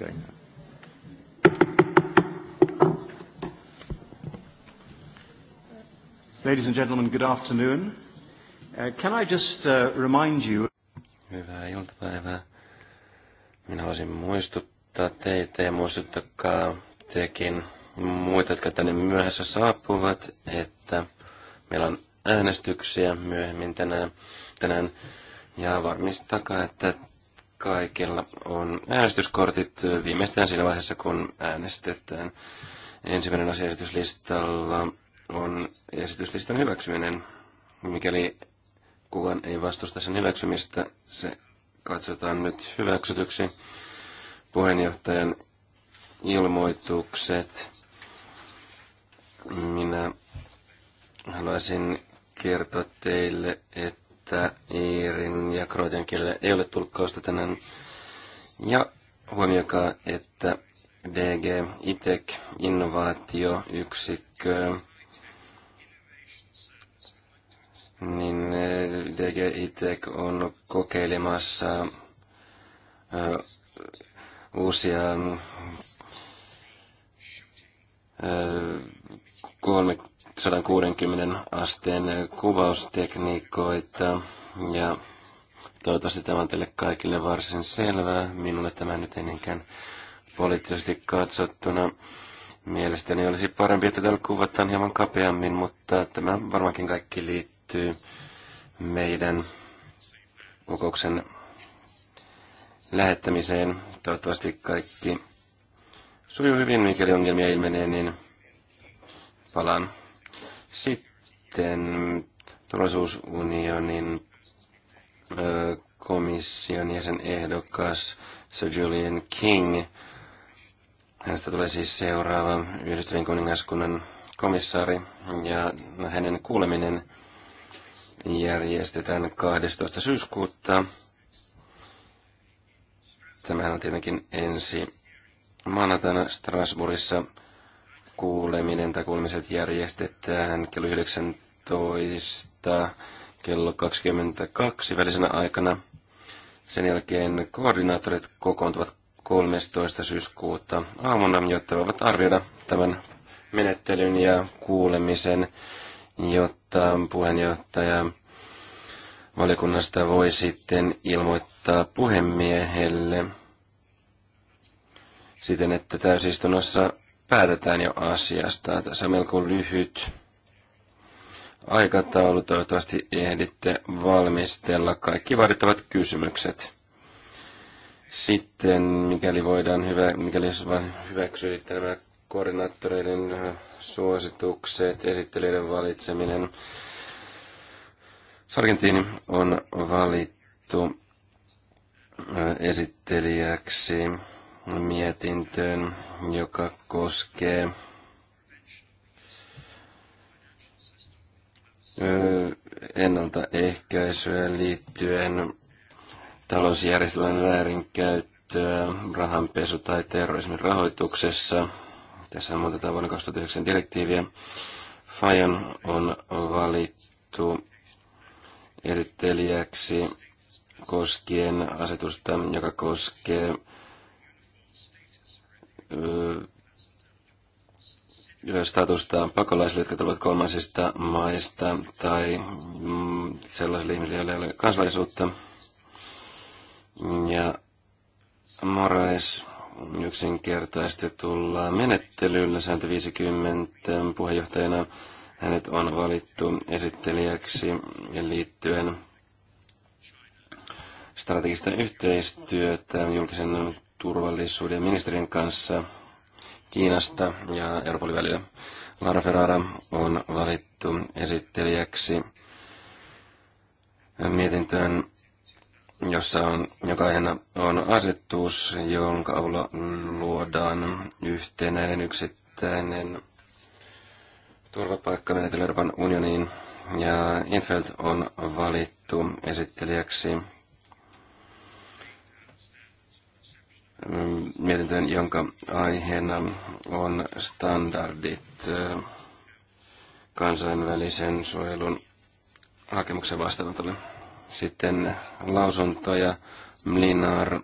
Vorgänge. Ladies and gentlemen, good afternoon. Uh, can I just uh, remind you... Hyvää iltapäivää. Minä haluaisin muistuttaa teitä ja muistuttakaa tekin muita, jotka tänne myöhässä saapuvat, että meillä on äänestyksiä myöhemmin tänään, tänään ja varmistakaa, että kaikilla on äänestyskortit viimeistään siinä vaiheessa, kun äänestetään. Ensimmäinen asia esityslistalla on esityslistan hyväksyminen. Mikäli kukaan ei vastusta sen hyväksymistä, se katsotaan nyt hyväksytyksi. Puheenjohtajan ilmoitukset. Minä haluaisin kertoa teille, että että Eerin ja Kroatian kielellä ei ole tulkkausta tänään. Ja huomioikaa, että DG ITEC innovaatioyksikkö niin eh, DG ITEC on kokeilemassa eh, uusia eh, kolme 160 asteen kuvaustekniikoita ja toivottavasti tämä on teille kaikille varsin selvää. Minulle tämä nyt ei niinkään poliittisesti katsottuna. Mielestäni olisi parempi, että täällä kuvataan hieman kapeammin, mutta tämä varmaankin kaikki liittyy meidän kokouksen lähettämiseen. Toivottavasti kaikki sujuu hyvin, mikäli ongelmia ilmenee, niin palaan sitten turvallisuusunionin komission jäsen ehdokas Sir Julian King. Hänestä tulee siis seuraava Yhdistyneen kuningaskunnan komissaari ja hänen kuuleminen järjestetään 12. syyskuuta. Tämähän on tietenkin ensi maanantaina Strasbourgissa kuuleminen tai kuulemiset järjestetään kello 19 kello 22 välisenä aikana. Sen jälkeen koordinaattorit kokoontuvat 13. syyskuuta aamuna, jotta voivat arvioida tämän menettelyn ja kuulemisen, jotta puheenjohtaja valiokunnasta voi sitten ilmoittaa puhemiehelle siten, että täysistunnossa päätetään jo asiasta. Tässä on melko lyhyt aikataulu. Toivottavasti ehditte valmistella kaikki vaadittavat kysymykset. Sitten, mikäli voidaan hyvä, mikäli jos vain hyväksyisitte nämä koordinaattoreiden äh, suositukset, esittelijöiden valitseminen. Sargentini on valittu äh, esittelijäksi mietintöön, joka koskee ennaltaehkäisyä liittyen talousjärjestelmän väärinkäyttöä rahanpesu- tai terrorismin rahoituksessa. Tässä muutetaan vuonna 2009 direktiiviä. Fajon on valittu esittelijäksi koskien asetusta, joka koskee statusta pakolaisille, jotka tulevat kolmansista maista tai mm, sellaisille ihmisille, joilla ei ole kansallisuutta. Ja Morais yksinkertaistetulla menettelyllä sääntö 50 puheenjohtajana hänet on valittu esittelijäksi liittyen strategista yhteistyötä julkisen turvallisuuden ministerin kanssa Kiinasta ja Euroopan välillä. Lara Ferrara on valittu esittelijäksi mietintöön, jossa on, joka aiheena on asetus, jonka avulla luodaan yhtenäinen yksittäinen turvapaikka Euroopan unioniin. Ja Infeld on valittu esittelijäksi mietintöön, jonka aiheena on standardit äh, kansainvälisen suojelun hakemuksen vastaanotolle. Sitten lausuntoja Mlinar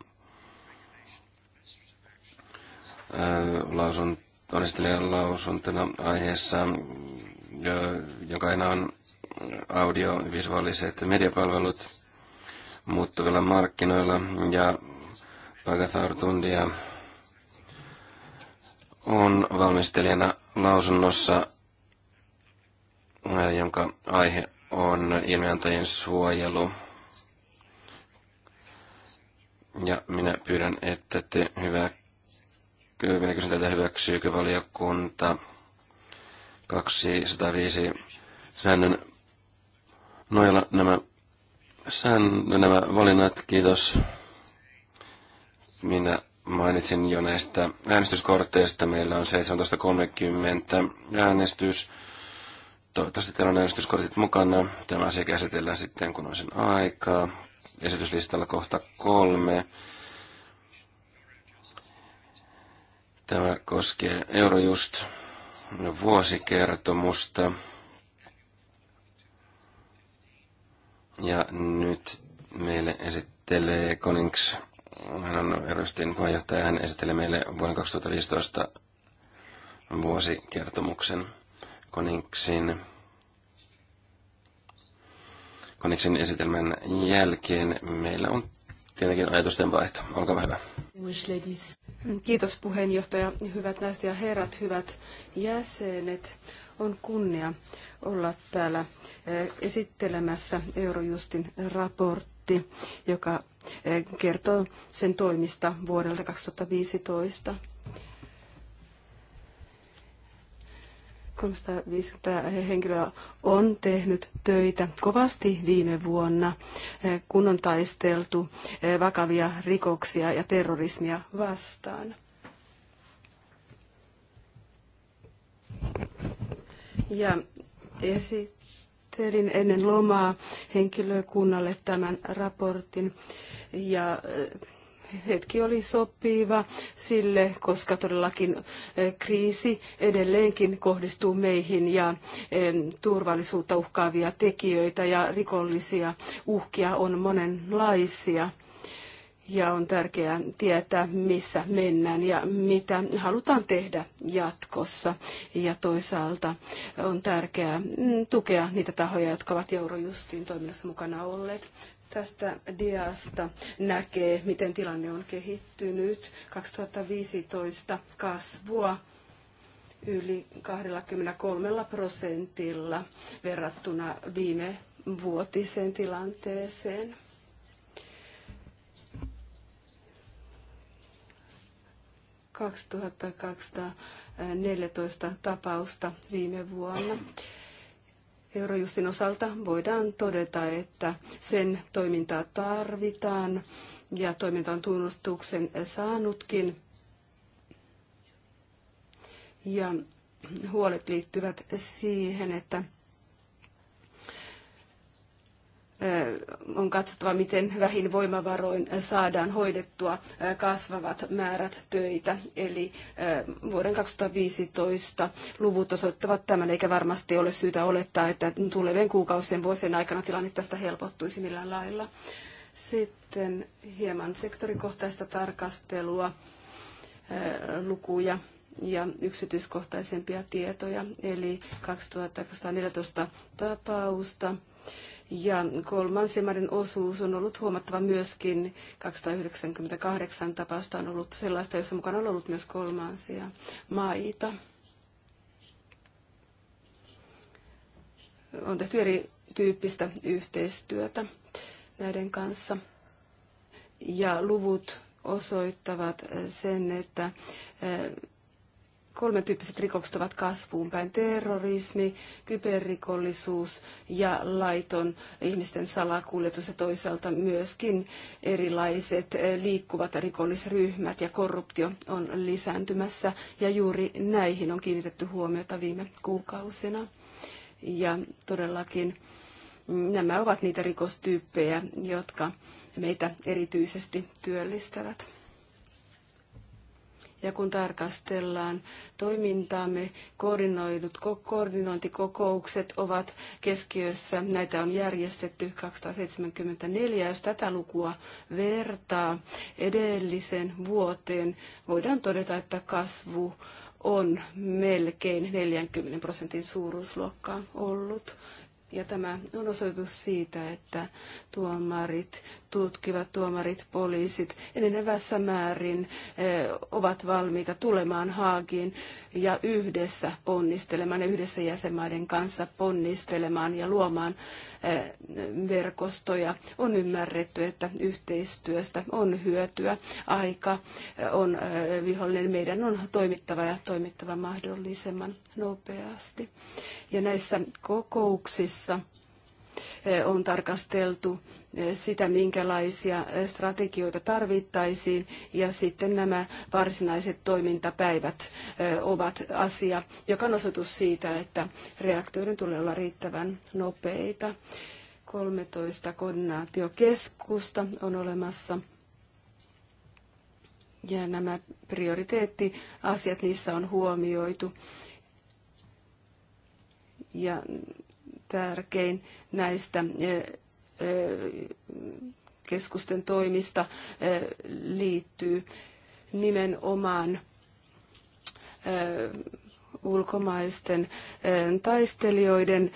on äh, todistelijan lausuntona aiheessa, joka aina on audiovisuaaliset mediapalvelut muuttuvilla markkinoilla ja Pagasaurtundia on valmistelijana lausunnossa, äh, jonka aihe on ilmiantajien suojelu. Ja minä pyydän, että te hyvä, minä kysyn teiltä hyväksyykö valiokunta 205 säännön nojalla nämä, sään, nämä valinnat. Kiitos. Minä mainitsin jo näistä äänestyskorteista. Meillä on 17.30 äänestys. Toivottavasti teillä on äänestyskortit mukana. Tämä asia käsitellään sitten, kun on sen aikaa. Esityslistalla kohta kolme. Tämä koskee Eurojust vuosikertomusta. Ja nyt meille esittelee Konings hän on Eurostin puheenjohtaja. Hän esitteli meille vuoden 2015 vuosikertomuksen Koniksin, Koniksin esitelmän jälkeen. Meillä on tietenkin ajatusten vaihto. Olkaa hyvä. Kiitos puheenjohtaja. Hyvät naiset ja herrat, hyvät jäsenet. On kunnia olla täällä eh, esittelemässä Eurojustin raportti, joka kertoo sen toimista vuodelta 2015. 350 henkilöä on tehnyt töitä kovasti viime vuonna, kun on taisteltu vakavia rikoksia ja terrorismia vastaan. Ja esi- tein ennen lomaa henkilökunnalle tämän raportin ja eh, hetki oli sopiva sille, koska todellakin eh, kriisi edelleenkin kohdistuu meihin ja turvallisuutta uhkaavia tekijöitä ja rikollisia uhkia on monenlaisia ja on tärkeää tietää, missä mennään ja mitä halutaan tehdä jatkossa. Ja toisaalta on tärkeää mm, tukea niitä tahoja, jotka ovat Eurojustin toiminnassa mukana olleet. Tästä diasta näkee, miten tilanne on kehittynyt. 2015 kasvua yli 23 prosentilla verrattuna viime vuotiseen tilanteeseen 2214 tapausta viime vuonna. Eurojustin osalta voidaan todeta, että sen toimintaa tarvitaan ja toiminta on tunnustuksen saanutkin. Ja huolet liittyvät siihen, että on katsottava, miten vähin voimavaroin saadaan hoidettua kasvavat määrät töitä. Eli vuoden 2015 luvut osoittavat tämän, eikä varmasti ole syytä olettaa, että tulevien kuukausien vuosien aikana tilanne tästä helpottuisi millään lailla. Sitten hieman sektorikohtaista tarkastelua, lukuja ja yksityiskohtaisempia tietoja, eli 2014 tapausta ja kolmansien maiden osuus on ollut huomattava myöskin. 298 tapausta on ollut sellaista, jossa mukana on ollut myös kolmansia maita. On tehty erityyppistä yhteistyötä näiden kanssa. Ja luvut osoittavat sen, että eh, Kolme tyyppiset rikokset ovat kasvuun päin. Terrorismi, kyberrikollisuus ja laiton ihmisten salakuljetus ja toisaalta myöskin erilaiset eh, liikkuvat rikollisryhmät ja korruptio on lisääntymässä ja juuri näihin on kiinnitetty huomiota viime kuukausina. Ja todellakin mm, nämä ovat niitä rikostyyppejä, jotka meitä erityisesti työllistävät. Ja kun tarkastellaan toimintaamme, koordinoidut ko- koordinointikokoukset ovat keskiössä. Näitä on järjestetty 274. Jos tätä lukua vertaa edellisen vuoteen, voidaan todeta, että kasvu on melkein 40 prosentin suuruusluokkaa ollut. Ja tämä on osoitus siitä, että tuomarit, tutkivat tuomarit, poliisit enenevässä määrin eh, ovat valmiita tulemaan Haagiin ja yhdessä ponnistelemaan ja yhdessä jäsenmaiden kanssa ponnistelemaan ja luomaan eh, verkostoja. On ymmärretty, että yhteistyöstä on hyötyä. Aika eh, on vihollinen. Meidän on toimittava ja toimittava mahdollisimman nopeasti. Ja näissä kokouksissa kanssa on tarkasteltu sitä, minkälaisia strategioita tarvittaisiin, ja sitten nämä varsinaiset toimintapäivät ovat asia, joka on osoitus siitä, että reaktioiden tulee olla riittävän nopeita. 13 koordinaatiokeskusta on olemassa. Ja nämä prioriteettiasiat, niissä on huomioitu. Ja tärkein näistä keskusten toimista liittyy nimenomaan ulkomaisten taistelijoiden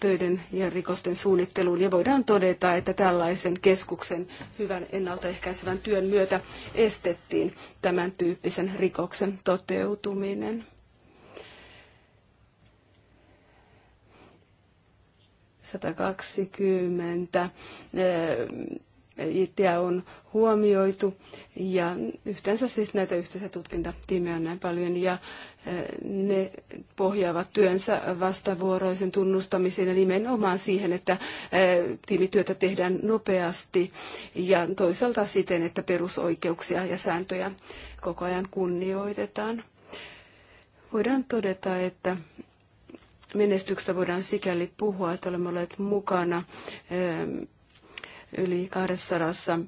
töiden ja rikosten suunnitteluun. Ja voidaan todeta, että tällaisen keskuksen hyvän ennaltaehkäisevän työn myötä estettiin tämän tyyppisen rikoksen toteutuminen. 120 eh, itseä on huomioitu ja yhteensä siis näitä yhteisiä tutkintatiimejä on näin paljon ja eh, ne pohjaavat työnsä vastavuoroisen tunnustamiseen ja nimenomaan siihen, että eh, tiimityötä tehdään nopeasti ja toisaalta siten, että perusoikeuksia ja sääntöjä koko ajan kunnioitetaan. Voidaan todeta, että menestyksestä voidaan sikäli puhua, että olemme olleet mukana ähm, yli 200 äh,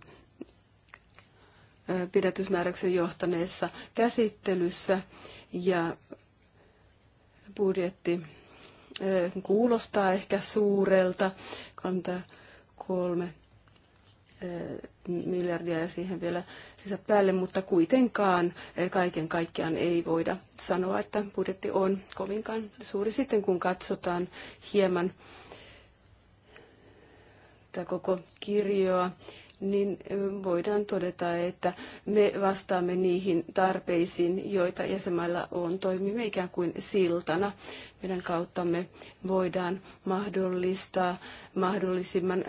pidätysmääräyksen johtaneessa käsittelyssä ja budjetti äh, kuulostaa ehkä suurelta, 33 äh, miljardia ja siihen vielä päälle, mutta kuitenkaan eh, kaiken kaikkiaan ei voida sanoa, että budjetti on kovinkaan suuri sitten, kun katsotaan hieman tätä koko kirjoa niin voidaan todeta, että me vastaamme niihin tarpeisiin, joita jäsenmailla on. Toimimme ikään kuin siltana. Meidän kauttamme voidaan mahdollistaa mahdollisimman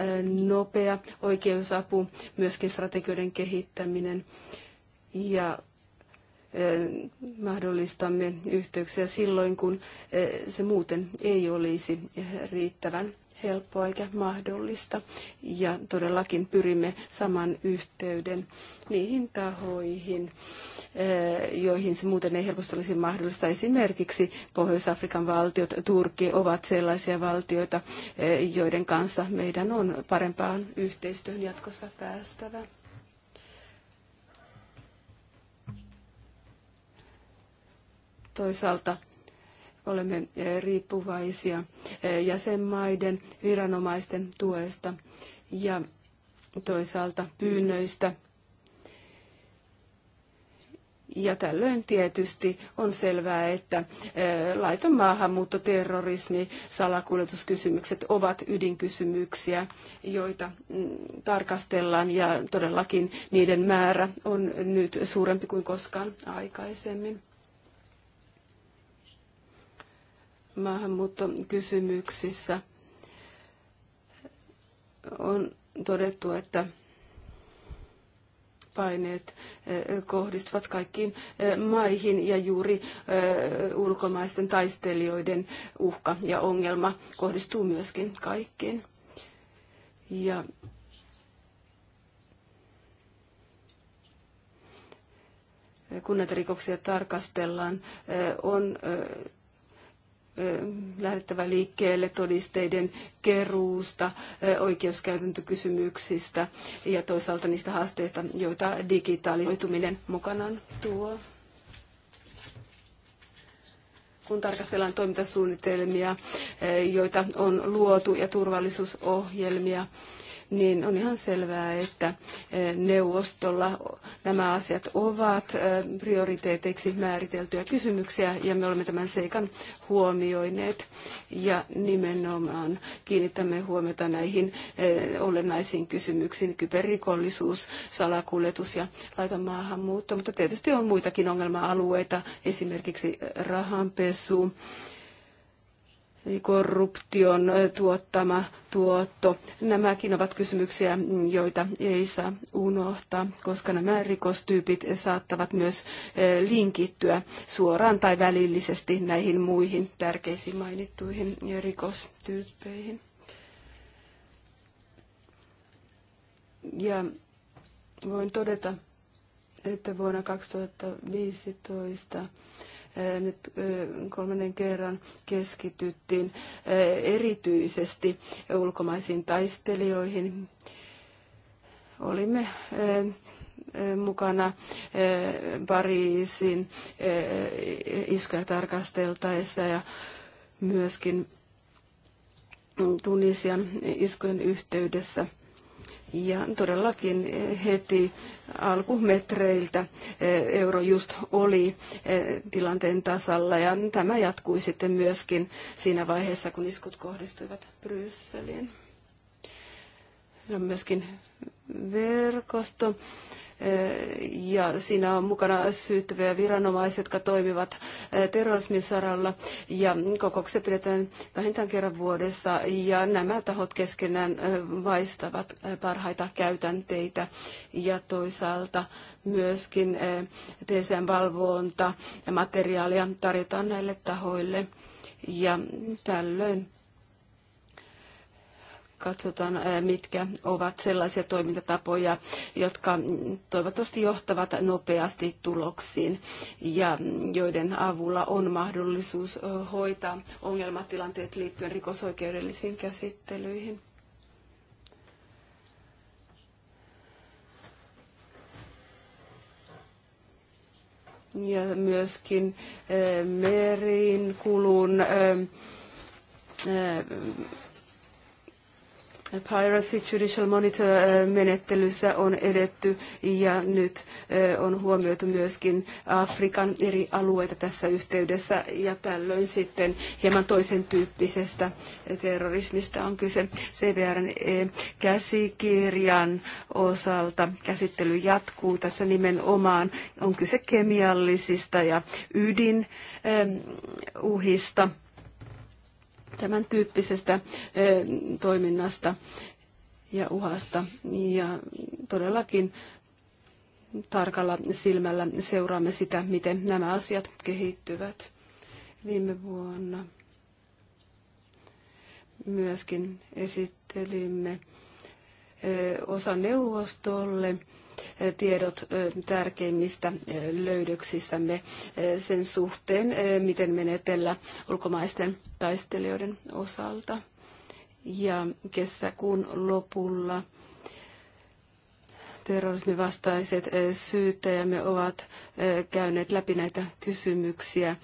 nopea oikeusapu, myöskin strategioiden kehittäminen ja mahdollistamme yhteyksiä silloin, kun se muuten ei olisi riittävän helppoa eikä mahdollista. Ja todellakin pyrimme saman yhteyden niihin tahoihin, eh, joihin se muuten ei helposti olisi mahdollista. Esimerkiksi Pohjois-Afrikan valtiot, Turkki ovat sellaisia valtioita, eh, joiden kanssa meidän on parempaan yhteistyöhön jatkossa päästävä. Toisaalta olemme eh, riippuvaisia eh, jäsenmaiden viranomaisten tuesta ja toisaalta pyynnöistä. Ja tällöin tietysti on selvää, että eh, laiton maahanmuutto, terrorismi, salakuljetuskysymykset ovat ydinkysymyksiä, joita mm, tarkastellaan ja todellakin niiden määrä on nyt suurempi kuin koskaan aikaisemmin. maahanmuuttokysymyksissä on todettu, että paineet eh, kohdistuvat kaikkiin eh, maihin ja juuri eh, ulkomaisten taistelijoiden uhka ja ongelma kohdistuu myöskin kaikkiin. Ja kun näitä rikoksia tarkastellaan, on lähdettävä liikkeelle todisteiden keruusta, oikeuskäytäntökysymyksistä ja toisaalta niistä haasteista, joita digitaalioituminen mukanaan tuo. Kun tarkastellaan toimintasuunnitelmia, joita on luotu ja turvallisuusohjelmia, niin on ihan selvää, että eh, neuvostolla nämä asiat ovat eh, prioriteeteiksi määriteltyjä kysymyksiä ja me olemme tämän seikan huomioineet ja nimenomaan kiinnitämme huomiota näihin eh, olennaisiin kysymyksiin, kyberrikollisuus, salakuljetus ja laiton maahanmuutto, mutta tietysti on muitakin ongelma-alueita, esimerkiksi rahanpesu, korruption tuottama tuotto. Nämäkin ovat kysymyksiä, joita ei saa unohtaa, koska nämä rikostyypit saattavat myös eh, linkittyä suoraan tai välillisesti näihin muihin tärkeisiin mainittuihin rikostyyppeihin. Ja voin todeta, että vuonna 2015 nyt kolmannen kerran keskityttiin erityisesti ulkomaisiin taistelijoihin. Olimme mukana Pariisin iskuja tarkasteltaessa ja myöskin Tunisian iskujen yhteydessä – ja todellakin eh, heti alkumetreiltä eh, Eurojust oli eh, tilanteen tasalla ja tämä jatkui sitten myöskin siinä vaiheessa, kun iskut kohdistuivat Brysseliin. Ja myöskin verkosto ja siinä on mukana syyttäviä viranomaisia, jotka toimivat eh, terrorismin saralla ja kokouksia pidetään vähintään kerran vuodessa ja nämä tahot keskenään eh, vaistavat eh, parhaita käytänteitä ja toisaalta myöskin TCM-valvonta ja materiaalia tarjotaan näille tahoille ja tällöin katsotaan, mitkä ovat sellaisia toimintatapoja, jotka toivottavasti johtavat nopeasti tuloksiin ja joiden avulla on mahdollisuus hoitaa ongelmatilanteet liittyen rikosoikeudellisiin käsittelyihin. ja myöskin merin kulun Piracy Judicial Monitor-menettelyssä on edetty ja nyt eh, on huomioitu myöskin Afrikan eri alueita tässä yhteydessä ja tällöin sitten hieman toisen tyyppisestä eh, terrorismista on kyse CVRn eh, käsikirjan osalta. Käsittely jatkuu tässä nimenomaan. On kyse kemiallisista ja ydinuhista tämän tyyppisestä toiminnasta ja uhasta. Ja todellakin tarkalla silmällä seuraamme sitä, miten nämä asiat kehittyvät viime vuonna. Myöskin esittelimme osa neuvostolle tiedot tärkeimmistä löydöksistämme sen suhteen, miten menetellä ulkomaisten taistelijoiden osalta. Ja kesäkuun lopulla terrorismivastaiset syyttäjämme ovat käyneet läpi näitä kysymyksiä,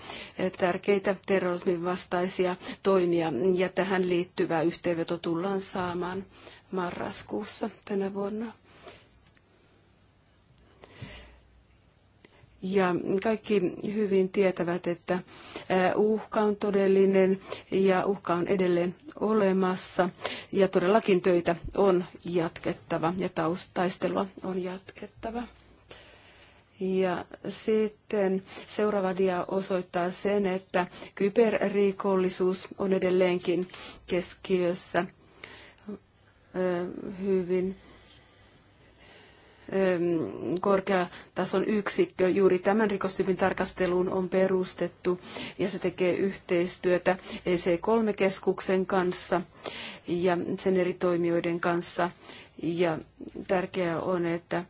tärkeitä terrorismivastaisia toimia, ja tähän liittyvä yhteenveto tullaan saamaan marraskuussa tänä vuonna. Ja kaikki hyvin tietävät, että uhka on todellinen ja uhka on edelleen olemassa. Ja todellakin töitä on jatkettava ja taistelua on jatkettava. Ja sitten seuraava dia osoittaa sen, että kyberrikollisuus on edelleenkin keskiössä hyvin korkeatason yksikkö juuri tämän rikostyypin tarkasteluun on perustettu ja se tekee yhteistyötä EC3-keskuksen kanssa ja sen eri toimijoiden kanssa. Ja tärkeää on, että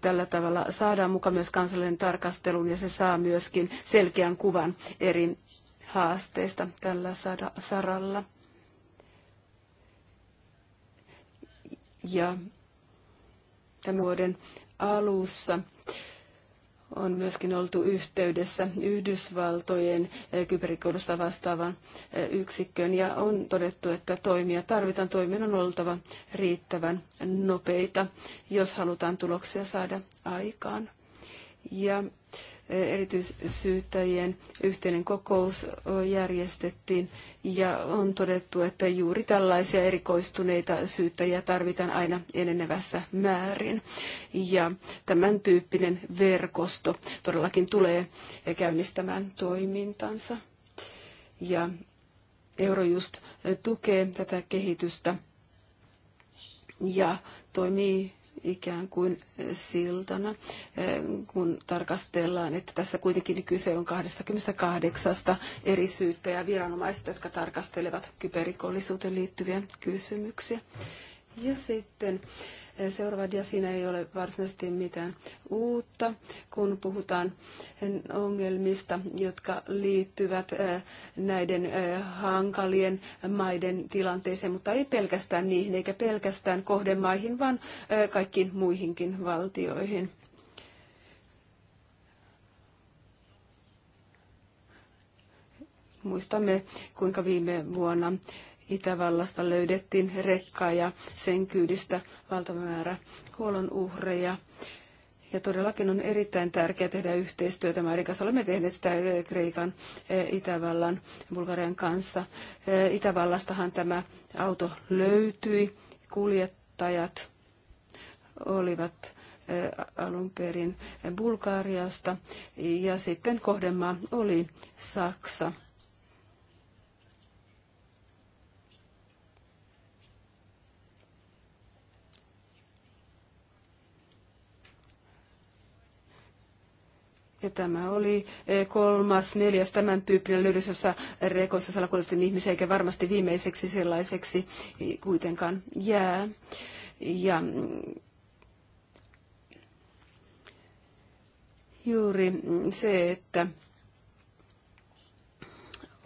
tällä tavalla saadaan mukaan myös kansallinen tarkastelun ja se saa myöskin selkeän kuvan eri haasteista tällä saralla. Ja tämän vuoden alussa on myöskin oltu yhteydessä Yhdysvaltojen eh, kyberrikollista vastaavan eh, yksikköön ja on todettu, että toimia tarvitaan. Toimien on oltava riittävän nopeita, jos halutaan tuloksia saada aikaan. Ja erityissyyttäjien yhteinen kokous järjestettiin ja on todettu, että juuri tällaisia erikoistuneita syyttäjiä tarvitaan aina enenevässä määrin. Ja tämän tyyppinen verkosto todellakin tulee käynnistämään toimintansa. Ja Eurojust tukee tätä kehitystä ja toimii ikään kuin siltana, eh, kun tarkastellaan, että tässä kuitenkin kyse on 28 eri syyttäjäviranomaista, jotka tarkastelevat kyberrikollisuuteen liittyviä kysymyksiä. Ja sitten eh, seuraava dia, siinä ei ole varsinaisesti mitään uutta, kun puhutaan eh, ongelmista, jotka liittyvät eh, näiden hankalien maiden tilanteeseen, mutta ei pelkästään niihin eikä pelkästään kohdemaihin, vaan kaikkiin muihinkin valtioihin. Muistamme, kuinka viime vuonna Itävallasta löydettiin rekkaa ja sen kyydistä valtava määrä kuolonuhreja. Ja todellakin on erittäin tärkeää tehdä yhteistyötä Mä kanssa. Olemme tehneet sitä eh, Kreikan, eh, Itävallan, Bulgarian kanssa. Eh, Itävallastahan tämä auto löytyi. Kuljettajat olivat alun perin Bulgariasta ja sitten kohdemaa oli Saksa. Ja tämä oli e, kolmas, neljäs tämän tyyppinen löydös, jossa rekossa salakuljetettiin ihmisiä, eikä varmasti viimeiseksi sellaiseksi kuitenkaan jää. Ja juuri se, että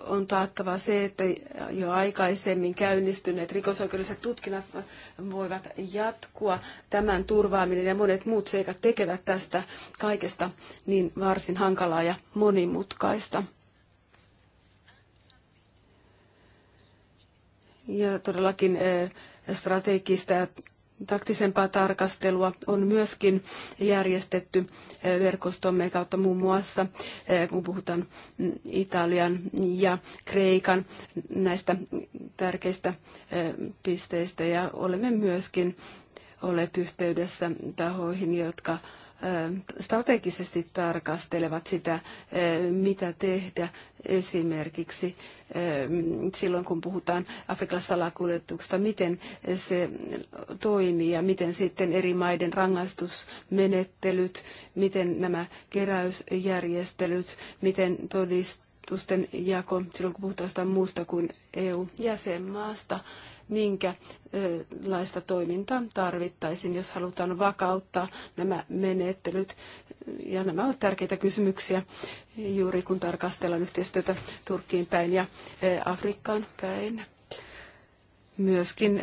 on taattava se, että jo aikaisemmin käynnistyneet rikosoikeudelliset tutkinnat voivat jatkua. Tämän turvaaminen ja monet muut seikat tekevät tästä kaikesta niin varsin hankalaa ja monimutkaista. Ja todellakin eh, strategista taktisempaa tarkastelua on myöskin järjestetty eh, verkostomme kautta muun muassa, eh, kun puhutaan mm, Italian ja Kreikan näistä tärkeistä eh, pisteistä ja olemme myöskin olleet yhteydessä tahoihin, jotka strategisesti tarkastelevat sitä, mitä tehdä esimerkiksi silloin, kun puhutaan Afrikan salakuljetuksesta, miten se toimii ja miten sitten eri maiden rangaistusmenettelyt, miten nämä keräysjärjestelyt, miten todistusten jako silloin, kun puhutaan jostain muusta kuin EU-jäsenmaasta minkälaista toimintaa tarvittaisiin, jos halutaan vakauttaa nämä menettelyt. Ja nämä ovat tärkeitä kysymyksiä juuri kun tarkastellaan yhteistyötä Turkkiin päin ja Afrikkaan päin. Myöskin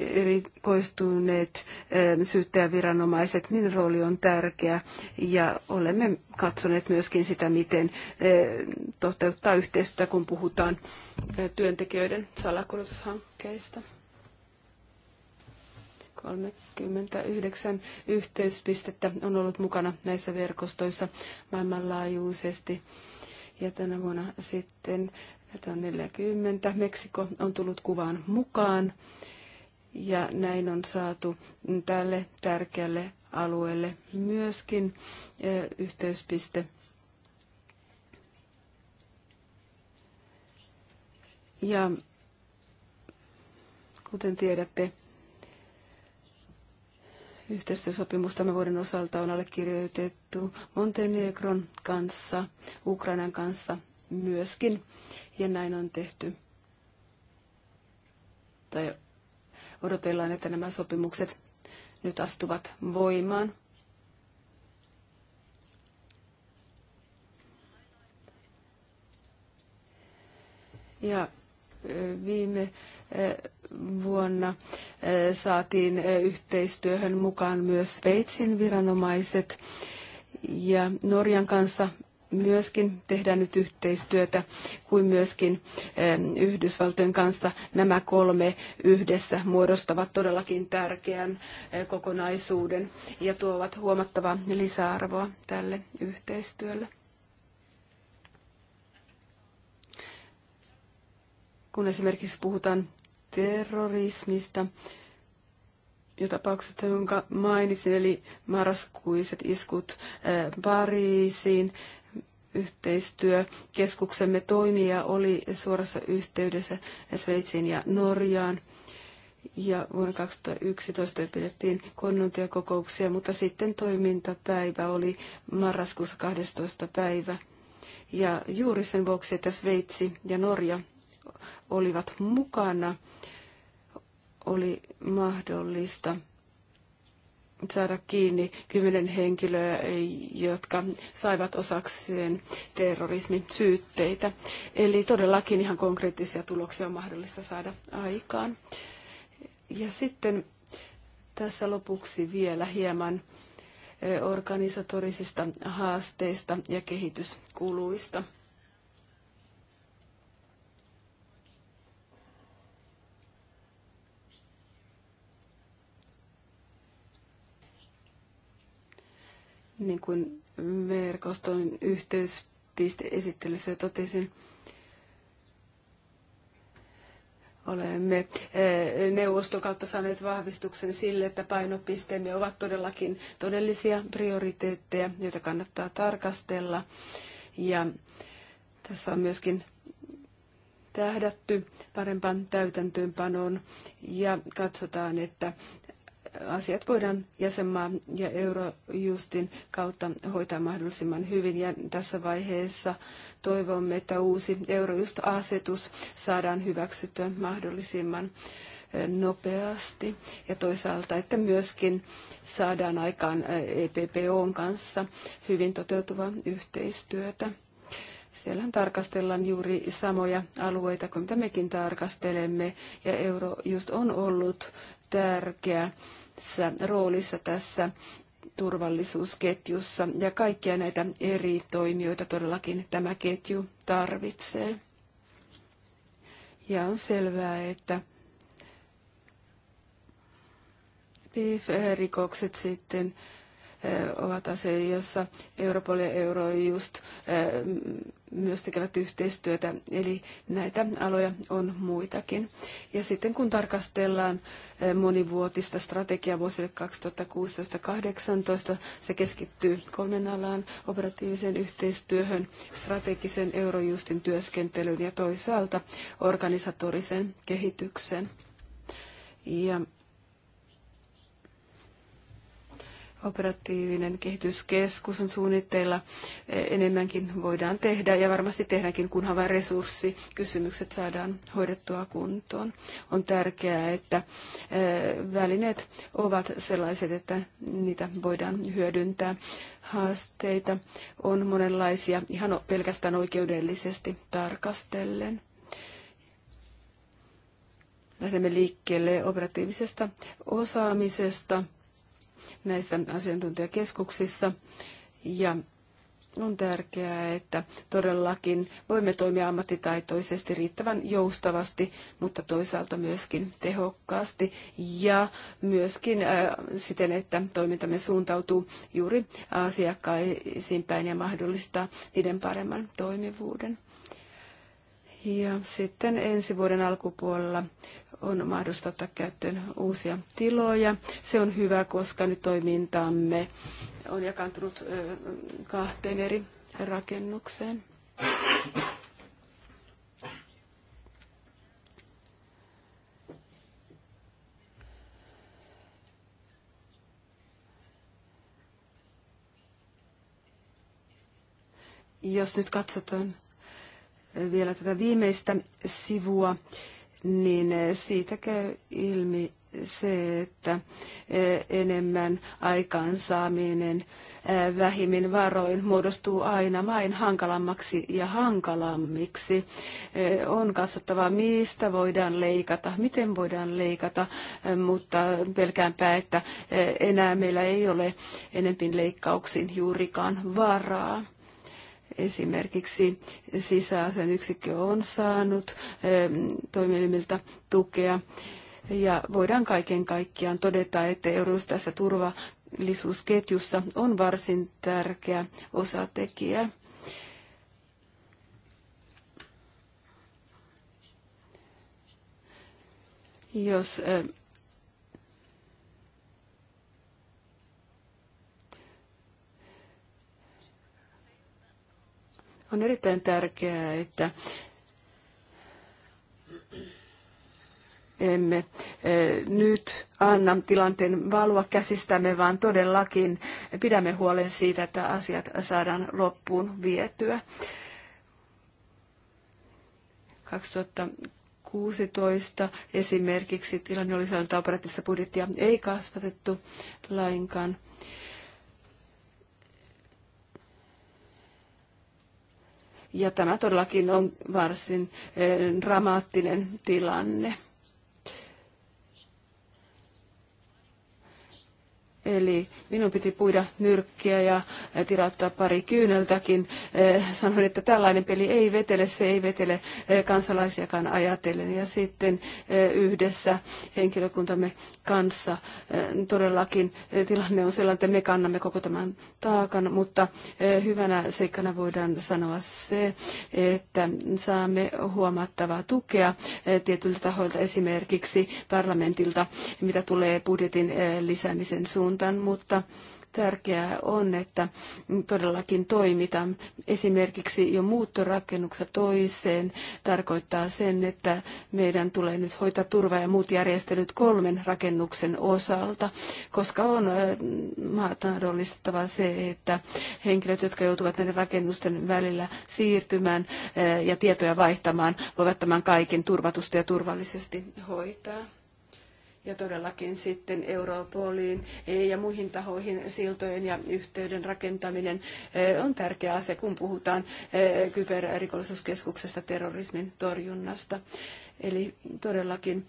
erikoistuneet ähm, syyttäjäviranomaiset, niin rooli on tärkeä ja olemme katsoneet myöskin sitä, miten ähm, toteuttaa yhteistyötä, kun puhutaan äh, työntekijöiden salakulutushankkeista. 39 yhteyspistettä on ollut mukana näissä verkostoissa maailmanlaajuisesti. Ja tänä vuonna sitten näitä on 40. Meksiko on tullut kuvaan mukaan. Mm ja näin on saatu tälle tärkeälle alueelle myöskin yhteyspiste. Ja kuten tiedätte, yhteistyösopimus tämän vuoden osalta on allekirjoitettu Montenegron kanssa, Ukrainan kanssa myöskin, ja näin on tehty. Tai odotellaan, että nämä sopimukset nyt astuvat voimaan. Ja viime vuonna saatiin yhteistyöhön mukaan myös Sveitsin viranomaiset ja Norjan kanssa myöskin tehdään nyt yhteistyötä, kuin myöskin Yhdysvaltojen kanssa. Nämä kolme yhdessä muodostavat todellakin tärkeän e, kokonaisuuden ja tuovat huomattavaa lisäarvoa tälle yhteistyölle. Kun esimerkiksi puhutaan terrorismista, ja tapauksesta, jonka mainitsin, eli marraskuiset iskut e, Pariisiin, yhteistyökeskuksemme toimija oli suorassa yhteydessä Sveitsiin ja Norjaan. Ja vuonna 2011 pidettiin konnuntiakokouksia, mutta sitten toimintapäivä oli marraskuussa 12. päivä. Ja juuri sen vuoksi, että Sveitsi ja Norja olivat mukana, oli mahdollista – saada kiinni kymmenen henkilöä, jotka saivat osakseen terrorismin syytteitä. Eli todellakin ihan konkreettisia tuloksia on mahdollista saada aikaan. Ja sitten tässä lopuksi vielä hieman eh, organisatorisista haasteista ja kehityskuluista. niin kuin verkoston yhteyspisteesittelyssä totesin, olemme eh, neuvoston kautta saaneet vahvistuksen sille, että painopisteemme ovat todellakin todellisia prioriteetteja, joita kannattaa tarkastella. Ja tässä on myöskin tähdätty parempaan täytäntöönpanoon ja katsotaan, että asiat voidaan jäsenmaan ja Eurojustin kautta hoitaa mahdollisimman hyvin. Ja tässä vaiheessa toivomme, että uusi Eurojust-asetus saadaan hyväksyttyä mahdollisimman eh, nopeasti ja toisaalta, että myöskin saadaan aikaan EPPOn eh, e kanssa hyvin toteutuvaa yhteistyötä. Siellä tarkastellaan juuri samoja alueita kuin mitä mekin tarkastelemme, ja Eurojust on ollut tärkeässä roolissa tässä turvallisuusketjussa ja kaikkia näitä eri toimijoita todellakin tämä ketju tarvitsee. Ja on selvää, että pfr rikokset sitten eh, ovat asia, jossa Europol ja Eurojust eh, myös tekevät yhteistyötä, eli näitä aloja on muitakin. Ja sitten kun tarkastellaan eh, monivuotista strategiaa vuosille 2016-2018, se keskittyy kolmen alaan operatiiviseen yhteistyöhön, strategisen eurojustin työskentelyyn ja toisaalta organisatorisen kehitykseen. Ja operatiivinen kehityskeskus on suunnitteilla. E, enemmänkin voidaan tehdä ja varmasti tehdäänkin, kunhan vain resurssikysymykset saadaan hoidettua kuntoon. On tärkeää, että e, välineet ovat sellaiset, että niitä voidaan hyödyntää. Haasteita on monenlaisia ihan pelkästään oikeudellisesti tarkastellen lähdemme liikkeelle operatiivisesta osaamisesta näissä asiantuntijakeskuksissa. Ja on tärkeää, että todellakin voimme toimia ammattitaitoisesti riittävän joustavasti, mutta toisaalta myöskin tehokkaasti ja myöskin äh, siten, että toimintamme suuntautuu juuri asiakkaisiin päin ja mahdollistaa niiden paremman toimivuuden. Ja sitten ensi vuoden alkupuolella on mahdollista ottaa käyttöön uusia tiloja. Se on hyvä, koska nyt toimintamme on jakantunut kahteen eri rakennukseen. Jos nyt katsotaan vielä tätä viimeistä sivua, niin siitä käy ilmi se, että eh, enemmän aikaansaaminen eh, vähimmin varoin muodostuu aina vain hankalammaksi ja hankalammiksi. Eh, on katsottava, mistä voidaan leikata, miten voidaan leikata, mutta pelkäänpä, että enää meillä ei ole enempin leikkauksiin juurikaan varaa. Esimerkiksi sisäasen yksikkö on saanut toimielimiltä tukea. Ja voidaan kaiken kaikkiaan todeta, että Euroopassa tässä turvallisuusketjussa on varsin tärkeä osatekijä. Jos On erittäin tärkeää, että emme eh, nyt anna tilanteen valua käsistämme, vaan todellakin pidämme huolen siitä, että asiat saadaan loppuun vietyä. 2016 esimerkiksi tilanne oli sellainen, operatiivista budjettia ei kasvatettu lainkaan. Ja tämä todellakin on varsin eh, dramaattinen tilanne. Eli minun piti puida nyrkkiä ja tirauttaa pari kyyneltäkin. Eh, sanoin, että tällainen peli ei vetele, se ei vetele eh, kansalaisiakaan ajatellen. Ja sitten eh, yhdessä henkilökuntamme kanssa todellakin tilanne on sellainen, että me kannamme koko tämän taakan, mutta hyvänä seikkana voidaan sanoa se, että saamme huomattavaa tukea tietyiltä tahoilta, esimerkiksi parlamentilta, mitä tulee budjetin lisäämisen suuntaan suuntaan, mutta tärkeää on, että todellakin toimitaan. Esimerkiksi jo muuttorakennuksessa toiseen tarkoittaa sen, että meidän tulee nyt hoitaa turva ja muut järjestelyt kolmen rakennuksen osalta, koska on mahdollistettava se, että henkilöt, jotka joutuvat näiden rakennusten välillä siirtymään ja tietoja vaihtamaan, voivat tämän kaiken turvatusti ja turvallisesti hoitaa ja todellakin sitten Europoliin ja muihin tahoihin siltojen ja yhteyden rakentaminen eh, on tärkeä asia, kun puhutaan eh, kyberrikollisuuskeskuksesta terrorismin torjunnasta. Eli todellakin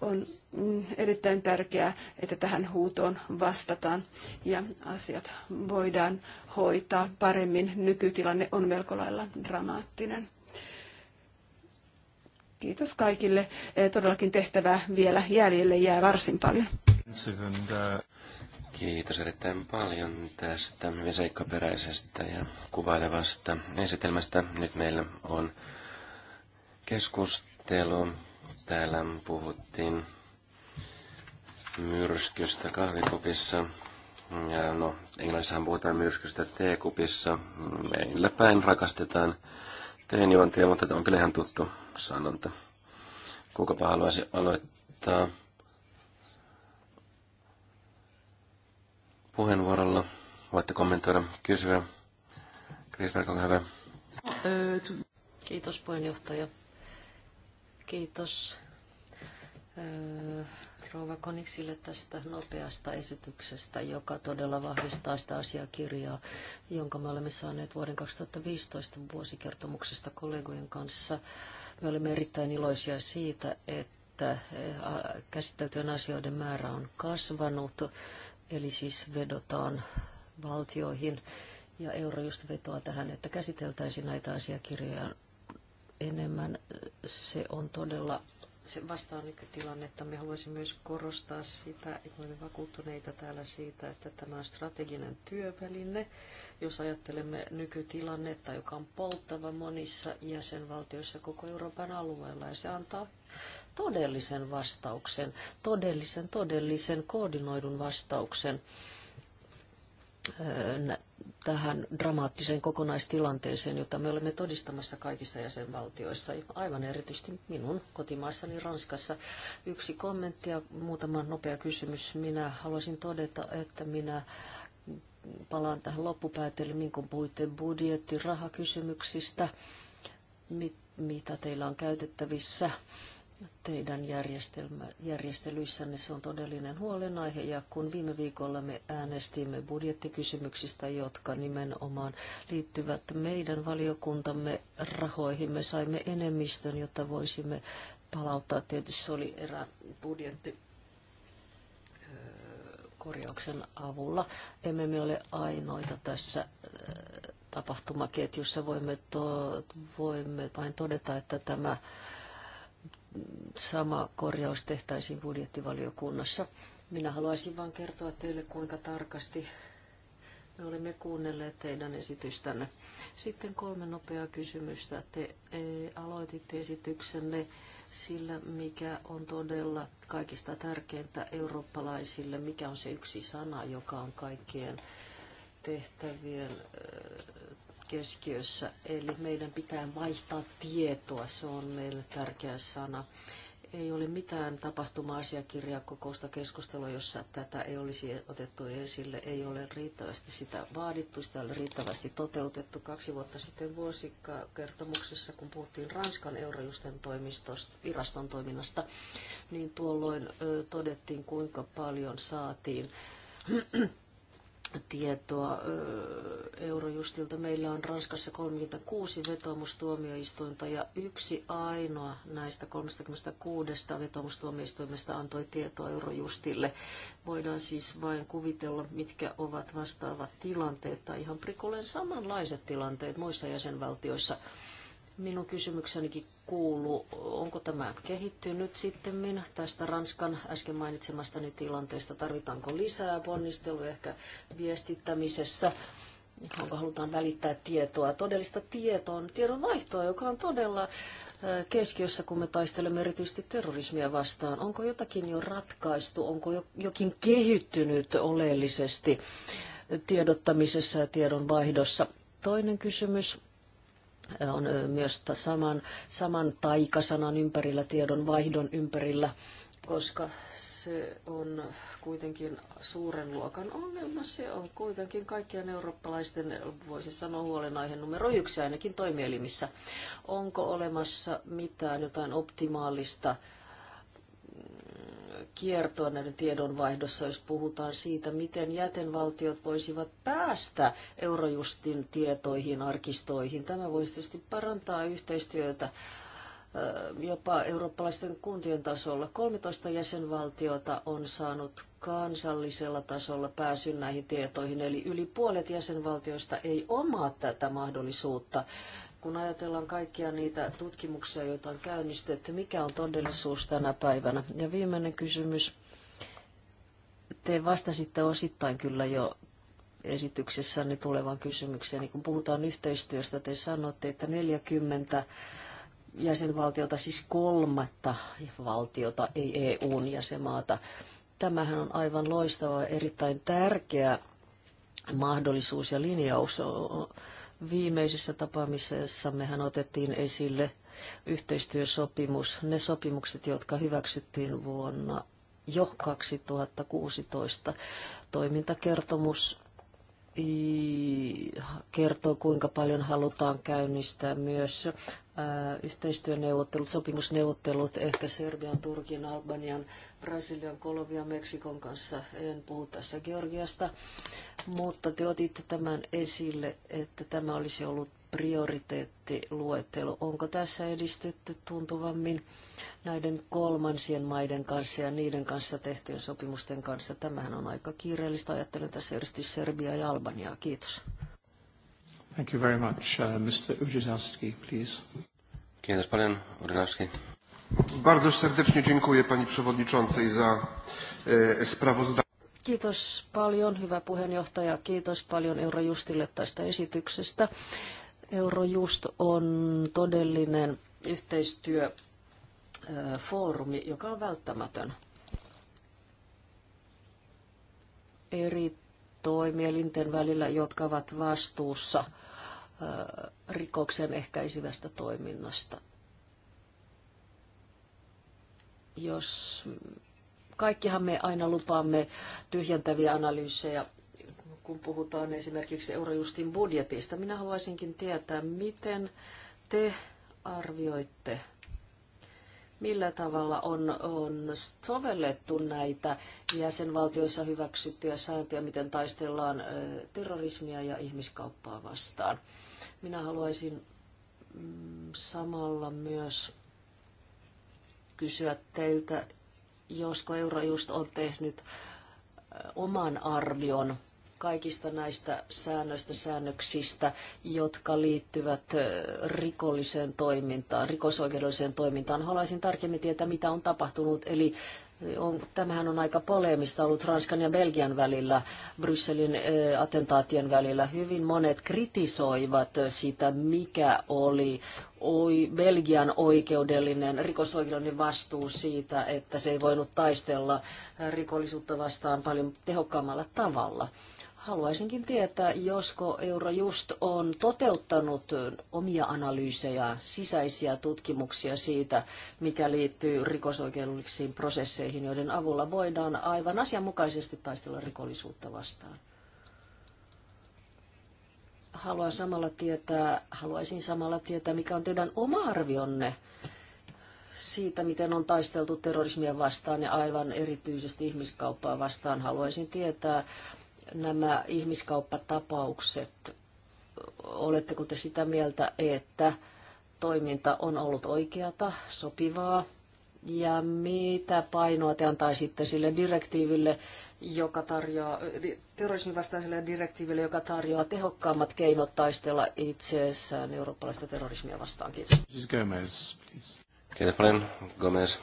on mm, erittäin tärkeää, että tähän huutoon vastataan ja asiat voidaan hoitaa paremmin. Nykytilanne on melko lailla dramaattinen. Kiitos kaikille. E, todellakin tehtävää vielä jäljelle jää varsin paljon. Kiitos erittäin paljon tästä hyvin seikkaperäisestä ja kuvailevasta esitelmästä. Nyt meillä on keskustelu. Täällä puhuttiin myrskystä kahvikupissa. Ja no, Englannissahan puhutaan myrskystä teekupissa. Meillä päin rakastetaan juontia, mutta tämä on kyllä ihan tuttu sanonta. Kukapa haluaisi aloittaa puheenvuorolla? Voitte kommentoida, kysyä. Krisberg, olkaa hyvä. Kiitos puheenjohtaja. Kiitos rouva Koniksille tästä nopeasta esityksestä, joka todella vahvistaa sitä asiakirjaa, jonka me olemme saaneet vuoden 2015 vuosikertomuksesta kollegojen kanssa. Me olemme erittäin iloisia siitä, että käsiteltyjen asioiden määrä on kasvanut, eli siis vedotaan valtioihin ja Eurojust vetoaa tähän, että käsiteltäisiin näitä asiakirjoja enemmän. Se on todella se vastaa nykytilannetta. Me haluaisin myös korostaa sitä, että olemme vakuuttuneita täällä siitä, että tämä on strateginen työväline. Jos ajattelemme nykytilannetta, joka on polttava monissa jäsenvaltioissa koko Euroopan alueella, ja se antaa todellisen vastauksen, todellisen, todellisen koordinoidun vastauksen tähän dramaattiseen kokonaistilanteeseen, jota me olemme todistamassa kaikissa jäsenvaltioissa, aivan erityisesti minun kotimaassani Ranskassa. Yksi kommentti ja muutama nopea kysymys. Minä haluaisin todeta, että minä palaan tähän loppupäätelmiin, niin kun puhuitte budjettirahakysymyksistä, mit, mitä teillä on käytettävissä teidän järjestelyissänne. Se on todellinen huolenaihe ja kun viime viikolla me äänestimme budjettikysymyksistä, jotka nimenomaan liittyvät meidän valiokuntamme rahoihin, me saimme enemmistön, jotta voisimme palauttaa. Tietysti se oli erä budjetti korjauksen avulla. Emme me ole ainoita tässä tapahtumaketjussa. Voimme, to, voimme vain todeta, että tämä sama korjaus tehtäisiin budjettivaliokunnassa. Minä haluaisin vain kertoa teille, kuinka tarkasti me olemme kuunnelleet teidän esitystänne. Sitten kolme nopeaa kysymystä. Te e, aloititte esityksenne sillä, mikä on todella kaikista tärkeintä eurooppalaisille, mikä on se yksi sana, joka on kaikkien tehtävien e, keskiössä, eli meidän pitää vaihtaa tietoa, se on meille tärkeä sana. Ei ole mitään tapahtuma-asiakirjaa kokousta keskustelua, jossa tätä ei olisi otettu esille, ei ole riittävästi sitä vaadittu, sitä ei ole riittävästi toteutettu. Kaksi vuotta sitten vuosikertomuksessa, kun puhuttiin Ranskan eurojusten toimistosta, viraston toiminnasta, niin tuolloin ö, todettiin, kuinka paljon saatiin tietoa Eurojustilta. Meillä on Ranskassa 36 vetomustuomioistuinta ja yksi ainoa näistä 36 vetomustuomioistuimesta antoi tietoa Eurojustille. Voidaan siis vain kuvitella, mitkä ovat vastaavat tilanteet tai ihan prikulleen samanlaiset tilanteet muissa jäsenvaltioissa. Minun kysymyksenikin Kuulu, Onko tämä kehittynyt sitten tästä Ranskan äsken mainitsemastani tilanteesta? Tarvitaanko lisää ponnistelua ehkä viestittämisessä? Onko halutaan välittää tietoa, todellista tietoon, tiedon vaihtoa, joka on todella äh, keskiössä, kun me taistelemme erityisesti terrorismia vastaan. Onko jotakin jo ratkaistu, onko jokin kehittynyt oleellisesti tiedottamisessa ja tiedonvaihdossa? Toinen kysymys on myös saman, saman taikasanan ympärillä, tiedon vaihdon ympärillä, koska se on kuitenkin suuren luokan ongelma. Se on kuitenkin kaikkien eurooppalaisten, voisi sanoa, huolenaihe numero yksi ainakin toimielimissä. Onko olemassa mitään jotain optimaalista kiertoa näiden tiedonvaihdossa, jos puhutaan siitä, miten jätenvaltiot voisivat päästä Eurojustin tietoihin, arkistoihin. Tämä voisi tietysti parantaa yhteistyötä jopa eurooppalaisten kuntien tasolla. 13 jäsenvaltiota on saanut kansallisella tasolla pääsyn näihin tietoihin, eli yli puolet jäsenvaltioista ei omaa tätä mahdollisuutta kun ajatellaan kaikkia niitä tutkimuksia, joita on käynnistetty, mikä on todellisuus tänä päivänä? Ja viimeinen kysymys. Te vastasitte osittain kyllä jo esityksessäni tulevan kysymykseen. Niin kun puhutaan yhteistyöstä, te sanotte, että 40 jäsenvaltiota, siis kolmatta valtiota, ei EUn jäsenmaata. Tämähän on aivan loistava, erittäin tärkeä mahdollisuus ja linjaus Viimeisessä mehän otettiin esille yhteistyösopimus, ne sopimukset, jotka hyväksyttiin vuonna jo 2016. Toimintakertomus kertoo, kuinka paljon halutaan käynnistää myös yhteistyöneuvottelut, sopimusneuvottelut ehkä Serbian, Turkin, Albanian Brasilian, Kolumbian, Meksikon kanssa. En puhu tässä Georgiasta, mutta te otitte tämän esille, että tämä olisi ollut prioriteettiluettelo. Onko tässä edistytty tuntuvammin näiden kolmansien maiden kanssa ja niiden kanssa tehtyjen sopimusten kanssa? Tämähän on aika kiireellistä. Ajattelen tässä erityisesti Serbia ja Albaniaa. Kiitos. Thank you very much. Uh, Mr. Udinowski, please. Kiitos paljon, Udinowski. Bardzo serdecznie dziękuję pani przewodniczącej za e, sprawozdanie. Kiitos paljon, hyvä puheenjohtaja. Kiitos paljon Eurojustille tästä esityksestä. Eurojust on todellinen yhteistyöfoorumi, e, joka on välttämätön. Eri toimielinten välillä, jotka ovat vastuussa e, rikoksen ehkäisivästä toiminnasta jos kaikkihan me aina lupaamme tyhjentäviä analyysejä, kun puhutaan esimerkiksi Eurojustin budjetista. Minä haluaisinkin tietää, miten te arvioitte, millä tavalla on, on sovellettu näitä jäsenvaltioissa hyväksyttyjä sääntöjä, miten taistellaan terrorismia ja ihmiskauppaa vastaan. Minä haluaisin mm, samalla myös kysyä teiltä, josko just on tehnyt oman arvion kaikista näistä säännöistä, säännöksistä, jotka liittyvät rikolliseen toimintaan, rikosoikeudelliseen toimintaan. Haluaisin tarkemmin tietää, mitä on tapahtunut, eli on, tämähän on aika poleemista ollut Ranskan ja Belgian välillä, Brysselin ä, attentaatien välillä. Hyvin monet kritisoivat sitä, mikä oli oi, Belgian oikeudellinen, rikosoikeudellinen vastuu siitä, että se ei voinut taistella rikollisuutta vastaan paljon tehokkaammalla tavalla. Haluaisinkin tietää, josko Eurojust on toteuttanut omia analyysejä, sisäisiä tutkimuksia siitä, mikä liittyy rikosoikeudellisiin prosesseihin, joiden avulla voidaan aivan asianmukaisesti taistella rikollisuutta vastaan. Haluan samalla tietää, haluaisin samalla tietää, mikä on teidän oma arvionne siitä, miten on taisteltu terrorismia vastaan ja aivan erityisesti ihmiskauppaa vastaan. Haluaisin tietää, nämä ihmiskauppatapaukset, oletteko te sitä mieltä, että toiminta on ollut oikeata, sopivaa? Ja mitä painoa te antaisitte sille direktiiville, joka tarjoaa, terrorismin vastaiselle direktiiville, joka tarjoaa tehokkaammat keinot taistella itseessään eurooppalaista terrorismia vastaan? Kiitos. Gomez, please. Kiitos paljon, Gomez.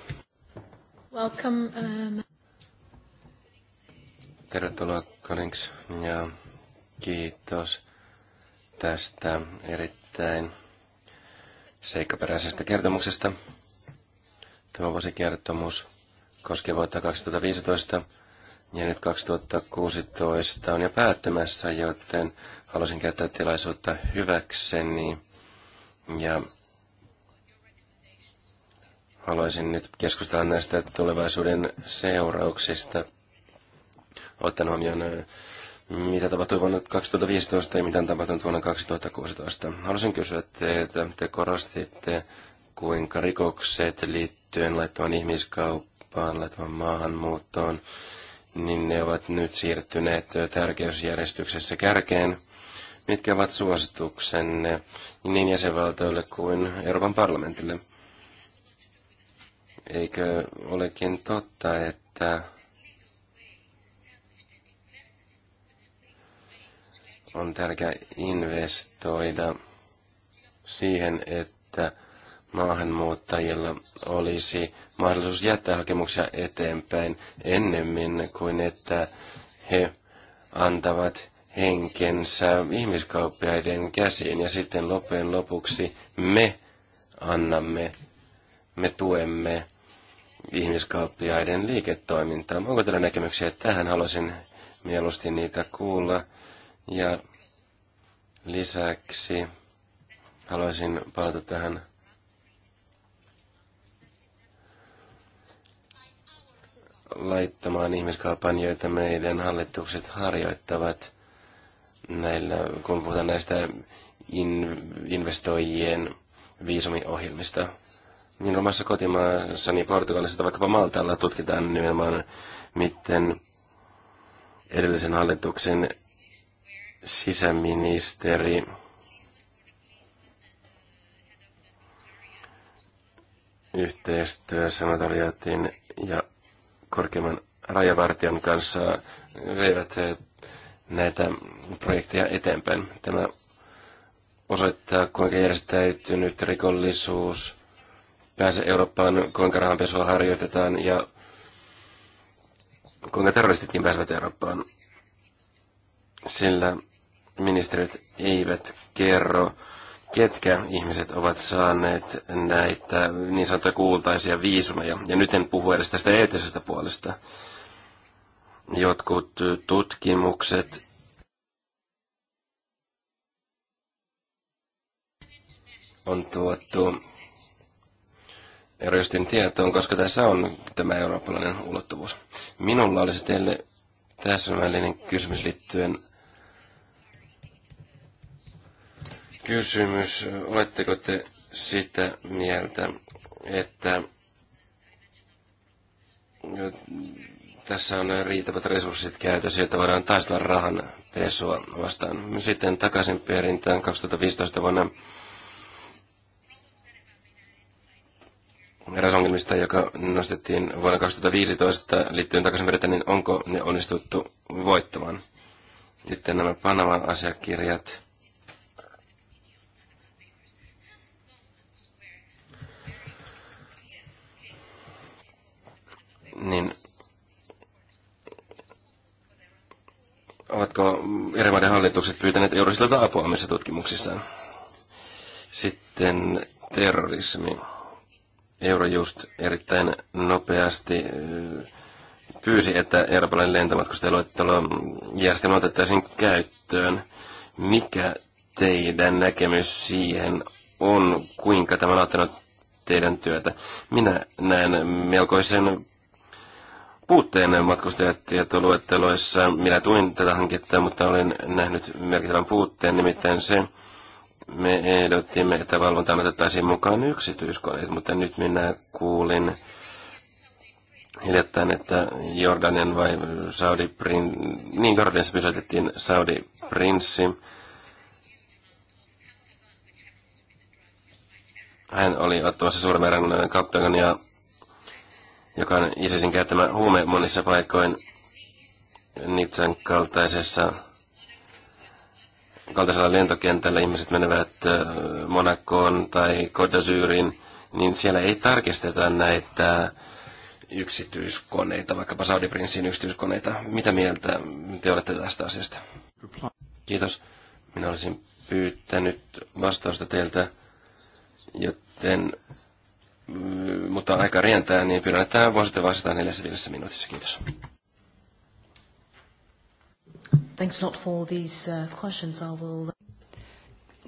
Welcome. Um... Tervetuloa Konings ja kiitos tästä erittäin seikkaperäisestä kertomuksesta. Tämä vuosikertomus koskee vuotta 2015 ja nyt 2016 on jo päättymässä, joten halusin käyttää tilaisuutta hyväkseni ja haluaisin nyt keskustella näistä tulevaisuuden seurauksista – ottaen huomioon mitä tapahtui vuonna 2015 ja mitä on tapahtunut vuonna 2016. Haluaisin kysyä teiltä, te korostitte, kuinka rikokset liittyen laittavan ihmiskauppaan, laittavan maahanmuuttoon, niin ne ovat nyt siirtyneet tärkeysjärjestyksessä kärkeen. Mitkä ovat suosituksenne niin jäsenvaltioille kuin Euroopan parlamentille? Eikö olekin totta, että on tärkeää investoida siihen, että maahanmuuttajilla olisi mahdollisuus jättää hakemuksia eteenpäin ennemmin kuin että he antavat henkensä ihmiskauppiaiden käsiin ja sitten loppujen lopuksi me annamme, me tuemme ihmiskauppiaiden liiketoimintaa. Onko teillä näkemyksiä tähän? Haluaisin mieluusti niitä kuulla. Ja lisäksi haluaisin palata tähän laittamaan ihmiskaupan, joita meidän hallitukset harjoittavat näillä, kun puhutaan näistä in, investoijien viisumiohjelmista. Niin omassa kotimaassani Portugalissa tai vaikkapa Maltalla tutkitaan nimenomaan, miten edellisen hallituksen sisäministeri yhteistyö notariaatin ja korkeimman rajavartijan kanssa veivät näitä projekteja eteenpäin. Tämä osoittaa, kuinka järjestäytynyt rikollisuus pääsee Eurooppaan, kuinka rahanpesua harjoitetaan ja kuinka terroristitkin pääsevät Eurooppaan. Sillä ministerit eivät kerro, ketkä ihmiset ovat saaneet näitä niin sanottuja kuultaisia viisumeja. Ja nyt en puhu edes tästä eettisestä puolesta. Jotkut tutkimukset on tuotu Eurojustin tietoon, koska tässä on tämä eurooppalainen ulottuvuus. Minulla olisi teille täsmällinen kysymys liittyen kysymys. Oletteko te sitä mieltä, että tässä on riittävät resurssit käytössä, että voidaan taistella rahan pesua vastaan. Sitten takaisin perintään 2015 vuonna eräs ongelmista, joka nostettiin vuonna 2015 liittyen takaisin perintään, niin onko ne onnistuttu voittamaan? Sitten nämä Panama-asiakirjat niin ovatko eri maiden hallitukset pyytäneet Eurosilta apua omissa tutkimuksissaan? Sitten terrorismi. Eurojust erittäin nopeasti eh, pyysi, että Euroopan lentomatkustajaluettelo järjestelmä otettaisiin käyttöön. Mikä teidän näkemys siihen on, kuinka tämä on ottanut teidän työtä? Minä näen melkoisen puutteen matkustajatietoluetteloissa. Minä tuin tätä hanketta, mutta olen nähnyt merkittävän puutteen, nimittäin se, me ehdottimme, että valvontaan otettaisiin mukaan yksityiskoneet, mutta nyt minä kuulin hiljattain, että Jordanian vai Saudi Prin... niin Jordanissa pysäytettiin Saudi Prinssi. Hän oli ottamassa suuren määrän kaptagania joka on ISISin käyttämä huume monissa paikoin Nitsan kaltaisessa kaltaisella lentokentällä ihmiset menevät Monakoon tai Kodasyyriin, niin siellä ei tarkisteta näitä yksityiskoneita, vaikkapa Saudi-prinssin yksityiskoneita. Mitä mieltä te olette tästä asiasta? Kiitos. Minä olisin pyytänyt vastausta teiltä, joten mutta aika rientää, niin pyydän, että voisitte vastata 45 minuutissa. Kiitos. Thanks for these uh, questions. I will... Uh,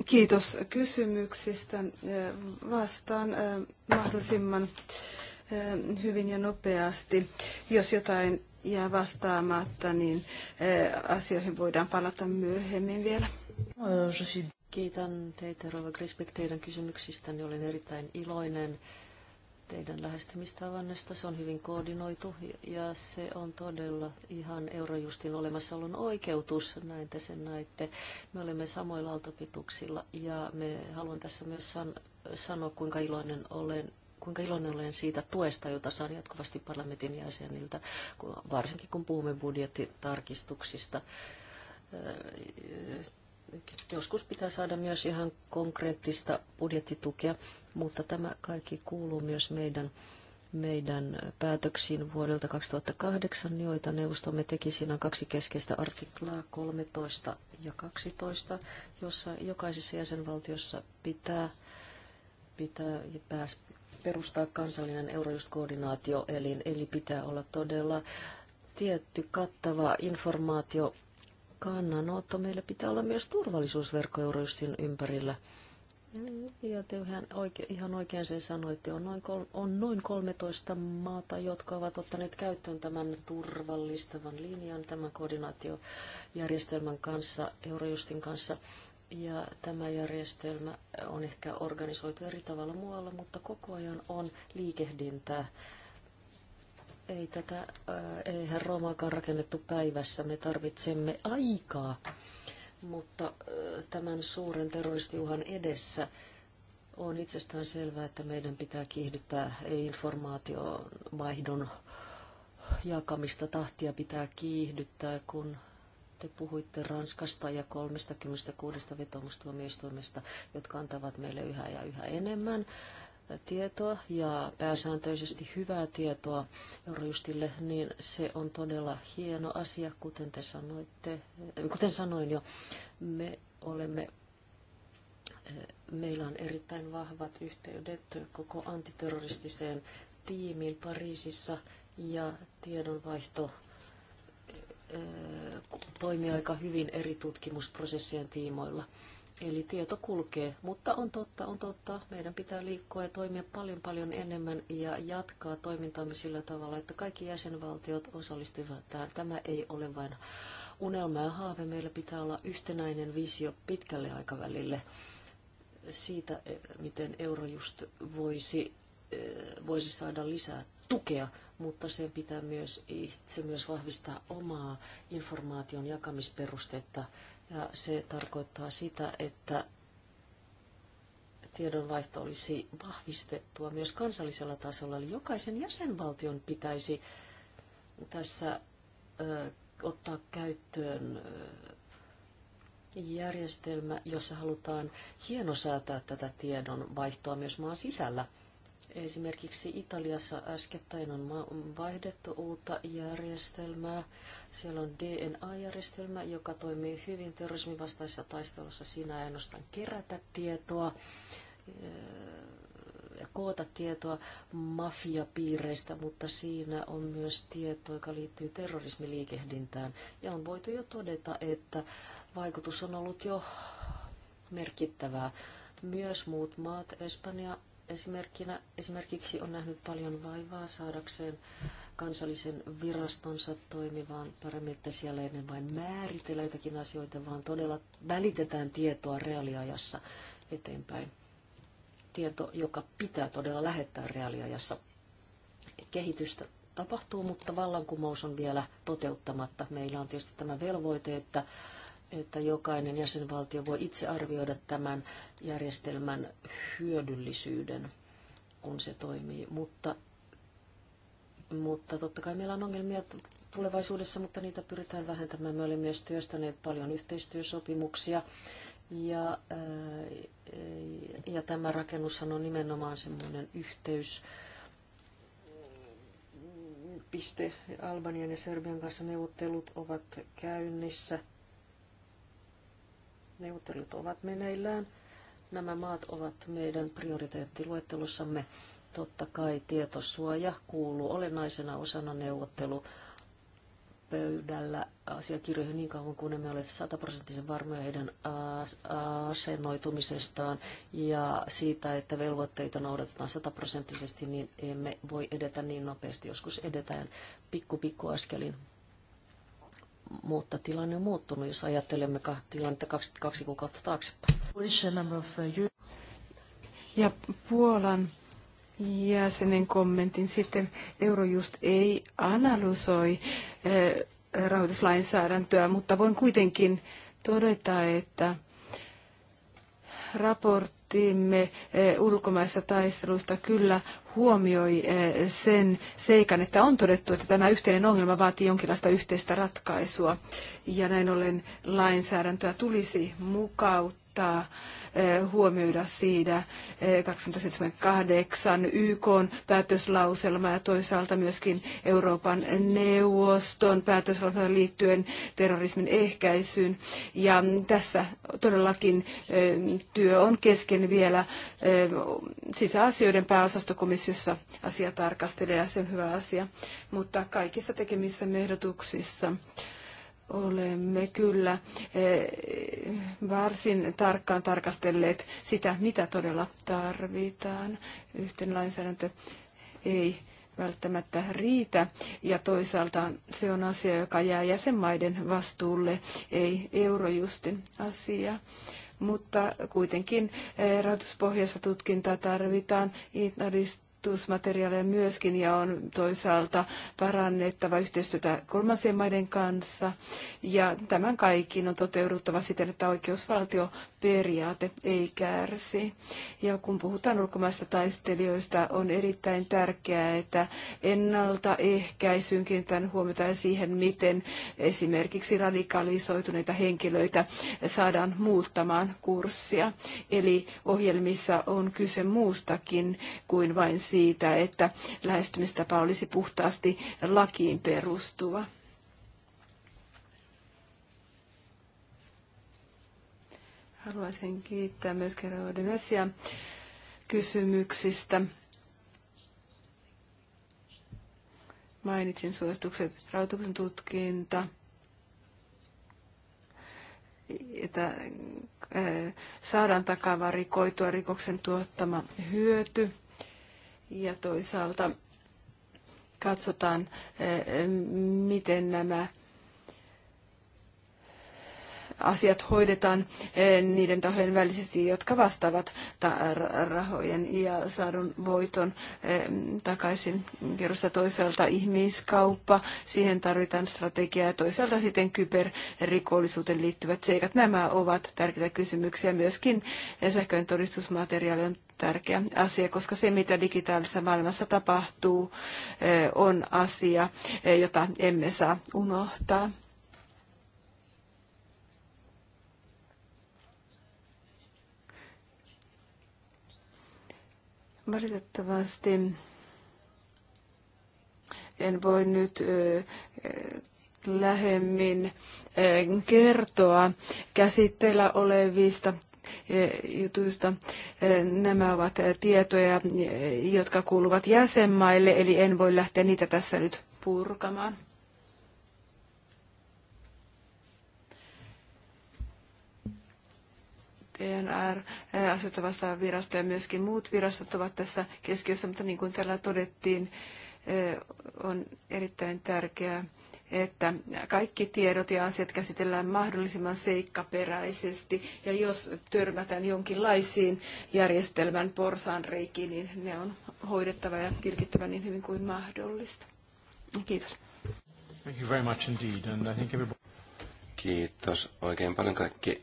Kiitos kysymyksistä. Vastaan mahdollisimman hyvin ja nopeasti. Jos jotain jää vastaamatta, niin asioihin voidaan palata myöhemmin vielä. Kiitän teitä, Rova Grisbeck, teidän kysymyksistä. Olen erittäin iloinen teidän lähestymistavannesta. Se on hyvin koordinoitu ja se on todella ihan Eurojustin olemassaolon oikeutus, näin te sen näette. Me olemme samoilla altopituksilla ja me haluan tässä myös san- sanoa, kuinka iloinen olen kuinka iloinen olen siitä tuesta, jota saan jatkuvasti parlamentin jäseniltä, varsinkin kun puhumme budjettitarkistuksista joskus pitää saada myös ihan konkreettista budjettitukea mutta tämä kaikki kuuluu myös meidän meidän päätöksiin vuodelta 2008, joita neuvostomme teki. Siinä on kaksi keskeistä artiklaa, 13 ja 12, jossa jokaisessa jäsenvaltiossa pitää, pitää pääs, perustaa kansallinen eurojust eli, eli pitää olla todella tietty kattava informaatio kannanotto. Meillä pitää olla myös turvallisuusverkko Eurojustin ympärillä – niin, ja te ihan oikein, ihan oikein sen sanoitte, on noin, kol, on noin 13 maata, jotka ovat ottaneet käyttöön tämän turvallistavan linjan, tämän koordinaatiojärjestelmän kanssa, Eurojustin kanssa. Ja tämä järjestelmä on ehkä organisoitu eri tavalla muualla, mutta koko ajan on liikehdintää. Ei tätä, eihän Roomaakaan rakennettu päivässä, me tarvitsemme aikaa mutta tämän suuren terroristiuhan edessä on itsestään selvää, että meidän pitää kiihdyttää informaation vaihdon jakamista tahtia pitää kiihdyttää, kun te puhuitte Ranskasta ja 36 vetomustuomioistuimesta, jotka antavat meille yhä ja yhä enemmän tietoa ja pääsääntöisesti hyvää tietoa Eurojustille, niin se on todella hieno asia, kuten te sanoitte, eh, kuten sanoin jo, me olemme eh, Meillä on erittäin vahvat yhteydet koko antiterroristiseen tiimiin Pariisissa ja tiedonvaihto eh, toimii aika hyvin eri tutkimusprosessien tiimoilla. Eli tieto kulkee, mutta on totta, on totta. Meidän pitää liikkua ja toimia paljon paljon enemmän ja jatkaa toimintaamme sillä tavalla, että kaikki jäsenvaltiot osallistuvat. Tämä ei ole vain unelma ja haave. Meillä pitää olla yhtenäinen visio pitkälle aikavälille siitä, e, miten Eurojust voisi, e, voisi saada lisää tukea, mutta sen pitää myös itse myös vahvistaa omaa informaation jakamisperustetta ja se tarkoittaa sitä, että tiedonvaihto olisi vahvistettua myös kansallisella tasolla. Eli jokaisen jäsenvaltion pitäisi tässä ö, ottaa käyttöön ö, järjestelmä, jossa halutaan hienosäätää tätä tiedon vaihtoa myös maan sisällä – Esimerkiksi Italiassa äskettäin on vaihdettu uutta järjestelmää. Siellä on DNA-järjestelmä, joka toimii hyvin terrorismin vastaisessa taistelussa. Siinä ei ainoastaan kerätä tietoa eh, ja koota tietoa mafiapiireistä, mutta siinä on myös tieto, joka liittyy terrorismiliikehdintään. Ja on voitu jo todeta, että vaikutus on ollut jo merkittävää. Myös muut maat, Espanja, esimerkkinä, esimerkiksi on nähnyt paljon vaivaa saadakseen kansallisen virastonsa toimivaan paremmin, että siellä ei vain määritellä jotakin asioita, vaan todella välitetään tietoa reaaliajassa eteenpäin. Tieto, joka pitää todella lähettää reaaliajassa. Kehitystä tapahtuu, mutta vallankumous on vielä toteuttamatta. Meillä on tietysti tämä velvoite, että että jokainen jäsenvaltio voi itse arvioida tämän järjestelmän hyödyllisyyden, kun se toimii. Mutta, mutta totta kai meillä on ongelmia tulevaisuudessa, mutta niitä pyritään vähentämään. Me olemme myös työstäneet paljon yhteistyösopimuksia. Ja, äh, ja tämä rakennushan on nimenomaan semmoinen yhteys piste. Albanian ja Serbian kanssa neuvottelut ovat käynnissä Neuvottelut ovat meneillään. Nämä maat ovat meidän prioriteettiluettelussamme. Totta kai tietosuoja kuuluu olennaisena osana neuvottelu pöydällä asiakirjoihin niin kauan kuin emme ole sataprosenttisen varmoja heidän asennoitumisestaan ja siitä, että velvoitteita noudatetaan sataprosenttisesti, niin emme voi edetä niin nopeasti. Joskus edetään pikku pikku askelin mutta tilanne on muuttunut, jos ajattelemme tilannetta 22 kuukautta taaksepäin. Ja Puolan jäsenen kommentin sitten Eurojust ei analysoi eh, rahoituslainsäädäntöä, mutta voin kuitenkin todeta, että raport viestimme eh, ulkomaissa taistelusta kyllä huomioi eh, sen seikan, että on todettu, että tämä yhteinen ongelma vaatii jonkinlaista yhteistä ratkaisua. Ja näin ollen lainsäädäntöä tulisi mukauttaa kannattaa eh, huomioida siitä 278 YK päätöslauselma ja toisaalta myöskin Euroopan neuvoston päätöslauselma liittyen terrorismin ehkäisyyn. Ja tässä todellakin eh, työ on kesken vielä eh, sisäasioiden pääosastokomissiossa asia tarkastelee ja se on hyvä asia, mutta kaikissa tekemissä ehdotuksissa olemme kyllä eh, varsin tarkkaan tarkastelleet sitä, mitä todella tarvitaan. Yhteen lainsäädäntö ei välttämättä riitä. Ja toisaalta se on asia, joka jää jäsenmaiden vastuulle, ei eurojustin asia. Mutta kuitenkin eh, rahoituspohjassa tutkintaa tarvitaan, opetusmateriaaleja myöskin ja on toisaalta parannettava yhteistyötä kolmansien maiden kanssa. Ja tämän kaikin on toteuduttava siten, että oikeusvaltioperiaate ei kärsi. Ja kun puhutaan ulkomaista taistelijoista, on erittäin tärkeää, että ennaltaehkäisyynkin tämän huomiota ja siihen, miten esimerkiksi radikalisoituneita henkilöitä saadaan muuttamaan kurssia. Eli ohjelmissa on kyse muustakin kuin vain siitä, siitä, että lähestymistapa olisi puhtaasti lakiin perustuva. Haluaisin kiittää myös kerran kysymyksistä. Mainitsin suositukset, rautuksen tutkinta, että saadaan takavarikoitua rikoksen tuottama hyöty ja toisaalta katsotaan, eh, miten nämä asiat hoidetaan eh, niiden tahojen välisesti, jotka vastaavat rahojen ja saadun voiton eh, takaisin kerrosta toisaalta ihmiskauppa, siihen tarvitaan strategiaa ja toisaalta sitten kyberrikollisuuteen liittyvät seikat. Nämä ovat tärkeitä kysymyksiä. Myöskin sähköinen todistusmateriaali on tärkeä asia, koska se, mitä digitaalisessa maailmassa tapahtuu, eh, on asia, eh, jota emme saa unohtaa. Valitettavasti en voi nyt eh, lähemmin kertoa käsitteillä olevista E, jutuista. E, nämä ovat tietoja, jotka kuuluvat jäsenmaille, eli en voi lähteä niitä tässä nyt purkamaan. PNR, e, asioita vastaan virasto ja myöskin muut virastot ovat tässä keskiössä, mutta niin kuin täällä todettiin, on erittäin tärkeää että kaikki tiedot ja asiat käsitellään mahdollisimman seikkaperäisesti. Ja jos törmätään jonkinlaisiin järjestelmän porsaanreikiin, niin ne on hoidettava ja tilkittävä niin hyvin kuin mahdollista. Kiitos. Thank you very much indeed. And I think everybody... Kiitos oikein paljon kaikki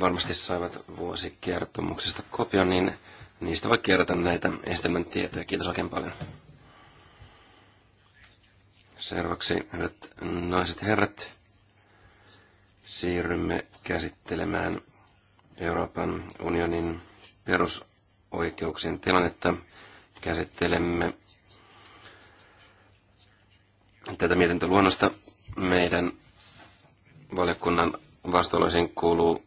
varmasti saivat vuosikertomuksesta kopion, niin niistä voi kerätä näitä esitelmän tietoja. Kiitos oikein paljon. Seuraavaksi, hyvät naiset herrat, siirrymme käsittelemään Euroopan unionin perusoikeuksien tilannetta. Käsittelemme tätä mietintöluonnosta. Meidän valiokunnan vastuullisiin kuuluu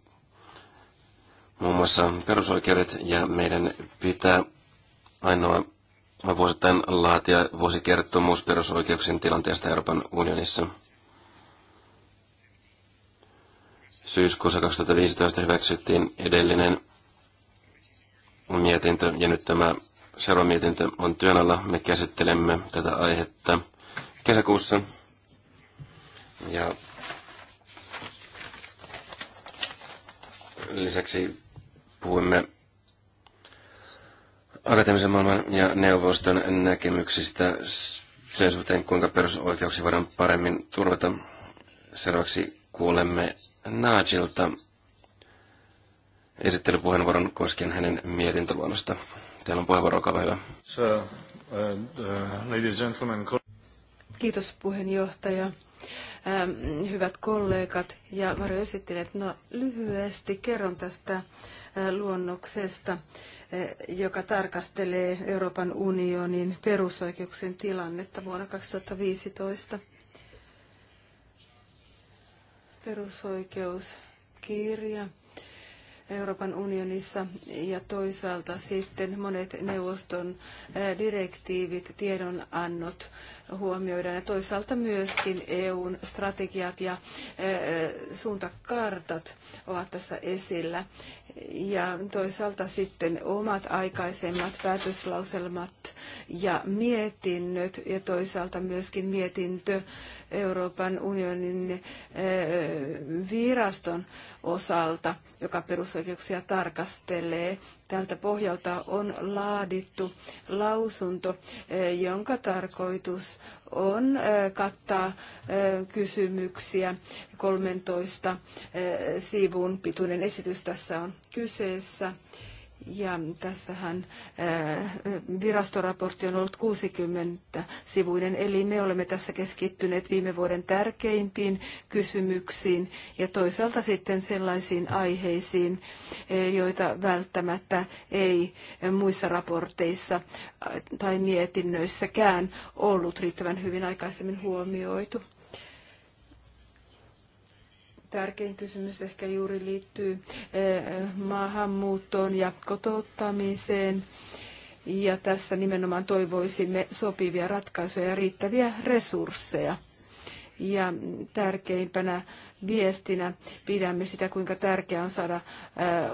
muun muassa perusoikeudet ja meidän pitää ainoa vuosittain laatia vuosikertomus perusoikeuksien tilanteesta Euroopan unionissa. Syyskuussa 2015 hyväksyttiin edellinen mietintö ja nyt tämä seuraava mietintö on työn alla. Me käsittelemme tätä aihetta kesäkuussa. Ja lisäksi puhuimme akateemisen maailman ja neuvoston näkemyksistä sen suhteen, kuinka perusoikeuksia voidaan paremmin turvata. Seuraavaksi kuulemme Naajilta esittelypuheenvuoron koskien hänen mietintöluonnosta. Teillä on puheenvuoro, olkaa hyvä. Uh, Kiitos puheenjohtaja. Ähm, hyvät kollegat ja varjoesittelijät, no lyhyesti kerron tästä äh, luonnoksesta. Eh, joka tarkastelee Euroopan unionin perusoikeuksien tilannetta vuonna 2015. Perusoikeuskirja Euroopan unionissa ja toisaalta sitten monet neuvoston eh, direktiivit, tiedonannot huomioidaan ja toisaalta myöskin EUn strategiat ja eh, suuntakartat ovat tässä esillä ja toisaalta sitten omat aikaisemmat päätöslauselmat ja mietinnöt ja toisaalta myöskin mietintö Euroopan unionin eh, viraston osalta, joka perusoikeuksia tarkastelee. Tältä pohjalta on laadittu lausunto, eh, jonka tarkoitus on eh, kattaa eh, kysymyksiä. 13 sivun pituinen esitys tässä on kyseessä. Ja tässähän äh, virastoraportti on ollut 60 sivuinen, eli me olemme tässä keskittyneet viime vuoden tärkeimpiin kysymyksiin ja toisaalta sitten sellaisiin aiheisiin, äh, joita välttämättä ei muissa raporteissa äh, tai mietinnöissäkään ollut riittävän hyvin aikaisemmin huomioitu tärkein kysymys ehkä juuri liittyy eh, maahanmuuttoon ja kotouttamiseen. Ja tässä nimenomaan toivoisimme sopivia ratkaisuja ja riittäviä resursseja ja tärkeimpänä viestinä pidämme sitä, kuinka tärkeää on saada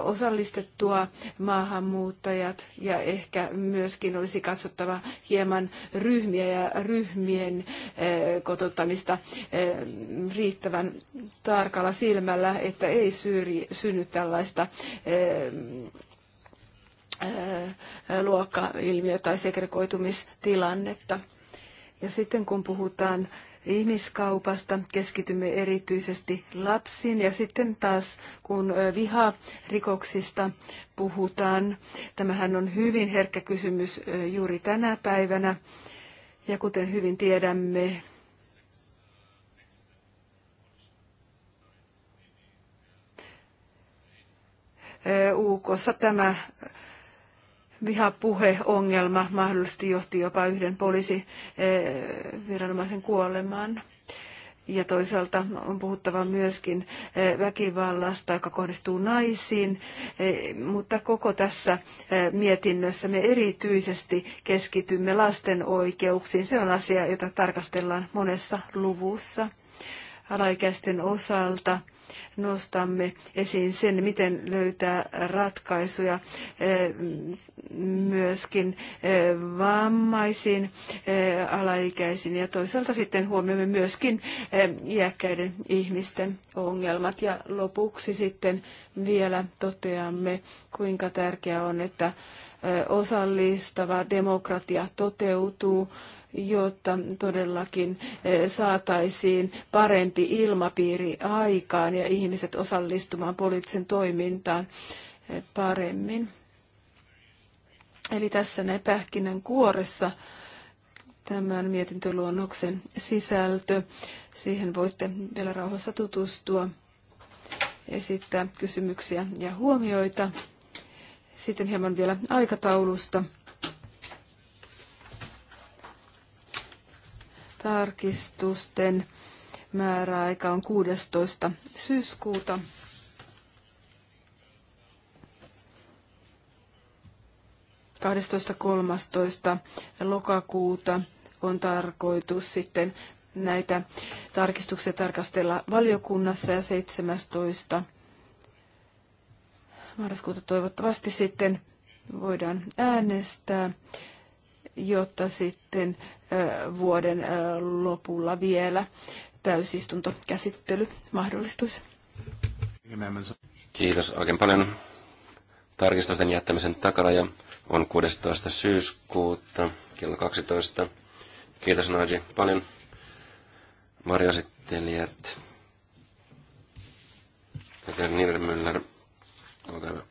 osallistettua maahanmuuttajat ja ehkä myöskin olisi katsottava hieman ryhmiä ja ryhmien kotouttamista riittävän tarkalla silmällä, että ei synny tällaista luokkailmiö tai segregoitumistilannetta. Ja sitten kun puhutaan ihmiskaupasta. Keskitymme erityisesti lapsiin ja sitten taas kun viharikoksista puhutaan, tämähän on hyvin herkkä kysymys juuri tänä päivänä. Ja kuten hyvin tiedämme, UKssa tämä vihapuheongelma mahdollisesti johti jopa yhden poliisiviranomaisen eh, kuolemaan. Ja toisaalta on puhuttava myöskin eh, väkivallasta, joka kohdistuu naisiin, eh, mutta koko tässä mietinnössä me erityisesti keskitymme lasten oikeuksiin. Se on asia, jota tarkastellaan monessa luvussa alaikäisten osalta nostamme esiin sen, miten löytää ratkaisuja eh, myöskin eh, vammaisiin eh, alaikäisiin ja toisaalta sitten huomioimme myöskin iäkkäiden ihmisten ongelmat. Ja lopuksi sitten vielä toteamme, kuinka tärkeää on, että osallistava demokratia toteutuu jotta todellakin eh, saataisiin parempi ilmapiiri aikaan ja ihmiset osallistumaan poliittisen toimintaan eh, paremmin. Eli tässä näin pähkinän kuoressa tämän mietintöluonnoksen sisältö. Siihen voitte vielä rauhassa tutustua, esittää kysymyksiä ja huomioita. Sitten hieman vielä aikataulusta. Tarkistusten määräaika on 16. syyskuuta. kolmastoista lokakuuta on tarkoitus sitten näitä tarkistuksia tarkastella valiokunnassa ja 17. marraskuuta toivottavasti sitten voidaan äänestää, jotta sitten vuoden lopulla vielä täysistuntokäsittely mahdollistuisi. Kiitos oikein paljon. Tarkistusten jättämisen takaraja on 16. syyskuuta kello 12. Kiitos Naji paljon. Varjoesittelijät. Peter Niedermüller, olkaa hyvä.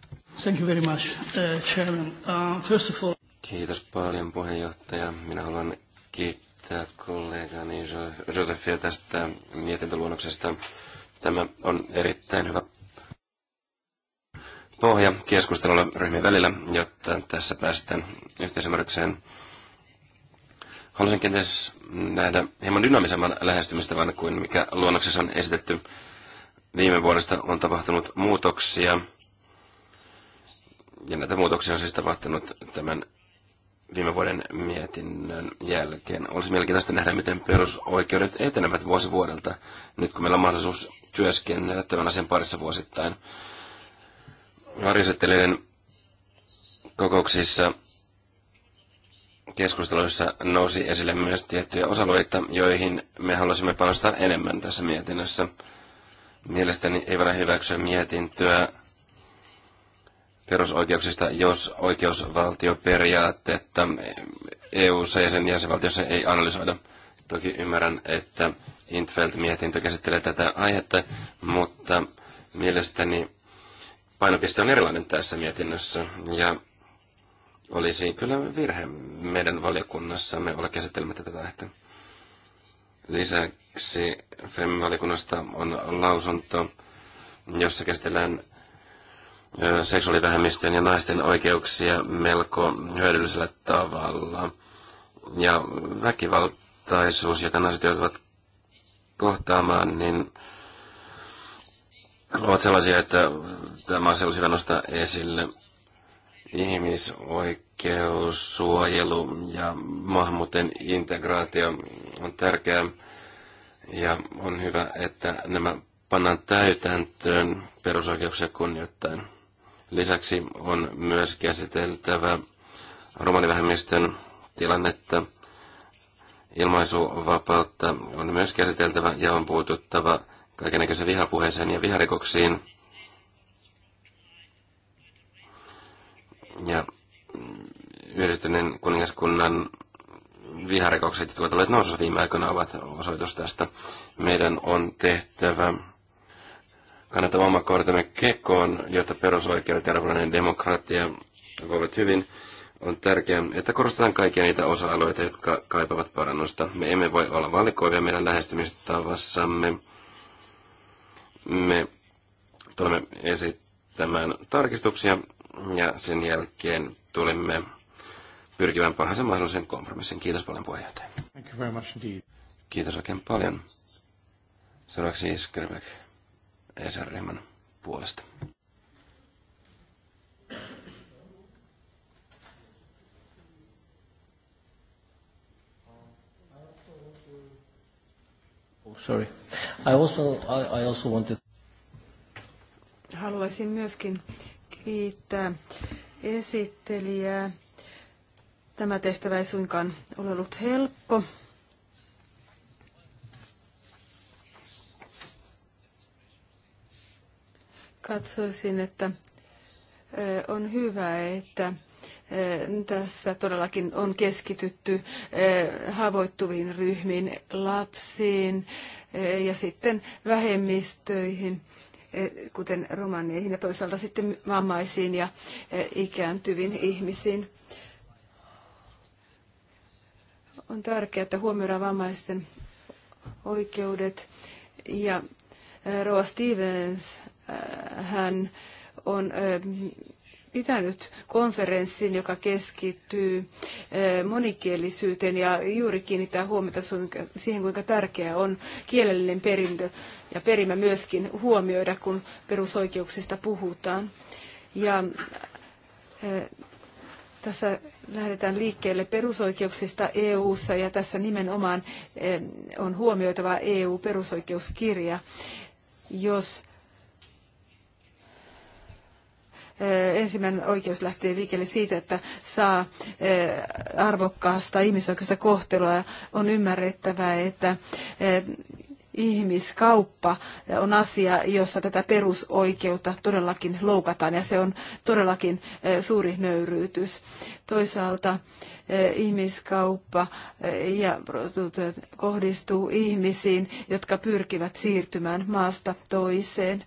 Thank you very much, uh, Chairman. Uh, first of all... Kiitos paljon puheenjohtaja. Minä haluan kiittää kollegani Josefia tästä mietintöluonnoksesta. Tämä on erittäin hyvä pohja keskustelulle ryhmien välillä, jotta tässä päästään yhteisymmärrykseen. Haluaisin kenties nähdä hieman dynaamisemman lähestymistavan kuin mikä luonnoksessa on esitetty. Viime vuodesta on tapahtunut muutoksia, ja näitä muutoksia on siis tapahtunut tämän viime vuoden mietinnön jälkeen. Olisi mielenkiintoista nähdä, miten perusoikeudet etenevät vuosi vuodelta, nyt kun meillä on mahdollisuus työskennellä tämän asian parissa vuosittain. Harjoittelijoiden kokouksissa keskusteluissa nousi esille myös tiettyjä osalueita, joihin me haluaisimme panostaa enemmän tässä mietinnössä. Mielestäni ei voida hyväksyä mietintöä, perusoikeuksista, jos oikeusvaltioperiaatteetta eu ja sen jäsenvaltiossa ei analysoida. Toki ymmärrän, että Intfeld-mietintö käsittelee tätä aihetta, mutta mielestäni painopiste on erilainen tässä mietinnössä. Ja olisi kyllä virhe meidän valiokunnassamme olla käsittelemättä tätä aihetta. Lisäksi FEM-valiokunnasta on lausunto, jossa käsitellään seksuaalivähemmistöjen ja naisten oikeuksia melko hyödyllisellä tavalla. Ja väkivaltaisuus, jota naiset joutuvat kohtaamaan, niin ovat sellaisia, että tämä on hyvä nostaa esille. Ihmisoikeus, suojelu ja maahanmuuttajien integraatio on tärkeää. Ja on hyvä, että nämä pannaan täytäntöön perusoikeuksia kunnioittain. Lisäksi on myös käsiteltävä romanivähemmistön tilannetta. Ilmaisuvapautta on myös käsiteltävä ja on puututtava kaikenlaiseen vihapuheeseen ja viharikoksiin. Ja yhdistyneen kuningaskunnan viharikokset, jotka ovat olleet nousussa viime aikoina, ovat osoitus tästä. Meidän on tehtävä Kannattaa oma kortemme kekoon, jotta perusoikeudet ja arvoinen demokratia voivat hyvin. On tärkeää, että korostetaan kaikkia niitä osa-alueita, jotka kaipaavat parannusta. Me emme voi olla valikoivia meidän lähestymistavassamme. Me tulemme esittämään tarkistuksia ja sen jälkeen tulemme pyrkivän parhaisen mahdollisen kompromissin. Kiitos paljon puheenjohtaja. Thank you very much indeed. Kiitos oikein paljon. Seuraavaksi Iskerbeck esr puolesta. Oh, sorry. I also, I, I also wanted... Haluaisin myöskin kiittää esittelijää. Tämä tehtävä ei suinkaan ole ollut helppo. Katsoisin, että on hyvä, että tässä todellakin on keskitytty haavoittuviin ryhmiin, lapsiin ja sitten vähemmistöihin, kuten romaneihin ja toisaalta sitten vammaisiin ja ikääntyviin ihmisiin. On tärkeää, että huomioidaan vammaisten oikeudet ja Roa Stevens hän on pitänyt konferenssin, joka keskittyy monikielisyyteen ja juuri kiinnittää huomiota siihen, kuinka tärkeää on kielellinen perintö ja perimä myöskin huomioida, kun perusoikeuksista puhutaan. Ja tässä lähdetään liikkeelle perusoikeuksista EU:ssa ja tässä nimenomaan on huomioitava EU-perusoikeuskirja. Jos Eh, ensimmäinen oikeus lähtee liikkeelle siitä, että saa eh, arvokkaasta ihmisoikeusta kohtelua ja on ymmärrettävää, että eh, ihmiskauppa on asia, jossa tätä perusoikeutta todellakin loukataan ja se on todellakin suuri nöyryytys. Toisaalta ihmiskauppa ja kohdistuu ihmisiin, jotka pyrkivät siirtymään maasta toiseen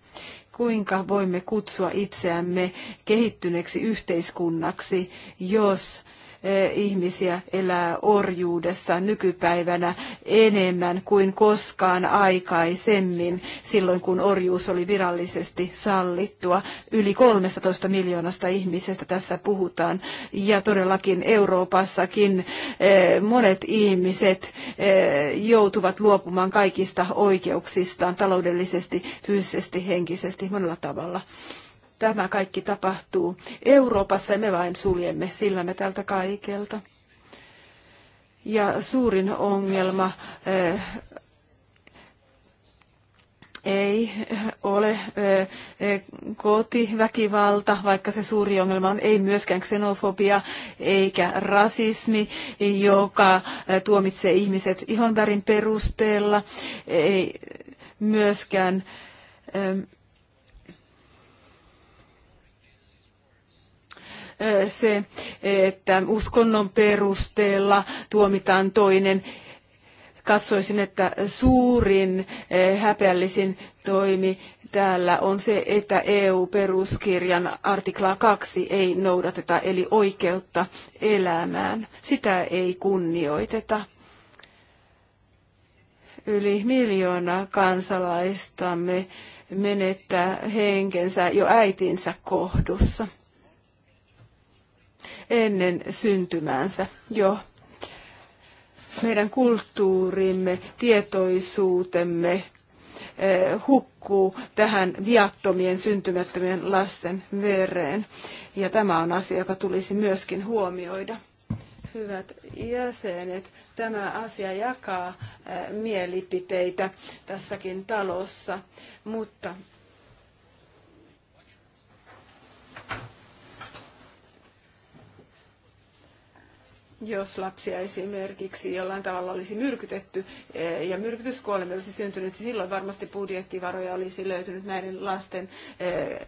kuinka voimme kutsua itseämme kehittyneeksi yhteiskunnaksi, jos Eh, ihmisiä elää orjuudessa nykypäivänä enemmän kuin koskaan aikaisemmin, silloin kun orjuus oli virallisesti sallittua. Yli 13 miljoonasta ihmisestä tässä puhutaan, ja todellakin Euroopassakin eh, monet ihmiset eh, joutuvat luopumaan kaikista oikeuksistaan taloudellisesti, fyysisesti, henkisesti, monella tavalla. Tämä kaikki tapahtuu Euroopassa ja me vain suljemme silmämme tältä kaikelta. Ja suurin ongelma eh, ei ole eh, eh, kotiväkivalta, vaikka se suuri ongelma on, ei myöskään xenofobia eikä rasismi, joka tuomitsee ihmiset ihonvärin perusteella, ei myöskään se, että uskonnon perusteella tuomitaan toinen. Katsoisin, että suurin häpeällisin toimi täällä on se, että EU-peruskirjan artiklaa 2 ei noudateta, eli oikeutta elämään. Sitä ei kunnioiteta. Yli miljoona kansalaistamme menettää henkensä jo äitinsä kohdussa ennen syntymäänsä jo. Meidän kulttuurimme, tietoisuutemme eh, hukkuu tähän viattomien syntymättömien lasten vereen. Ja tämä on asia, joka tulisi myöskin huomioida hyvät jäsenet, tämä asia jakaa eh, mielipiteitä tässäkin talossa, mutta jos lapsia esimerkiksi jollain tavalla olisi myrkytetty eh, ja myrkytyskuolema olisi syntynyt, niin silloin varmasti budjettivaroja olisi löytynyt näiden lasten eh,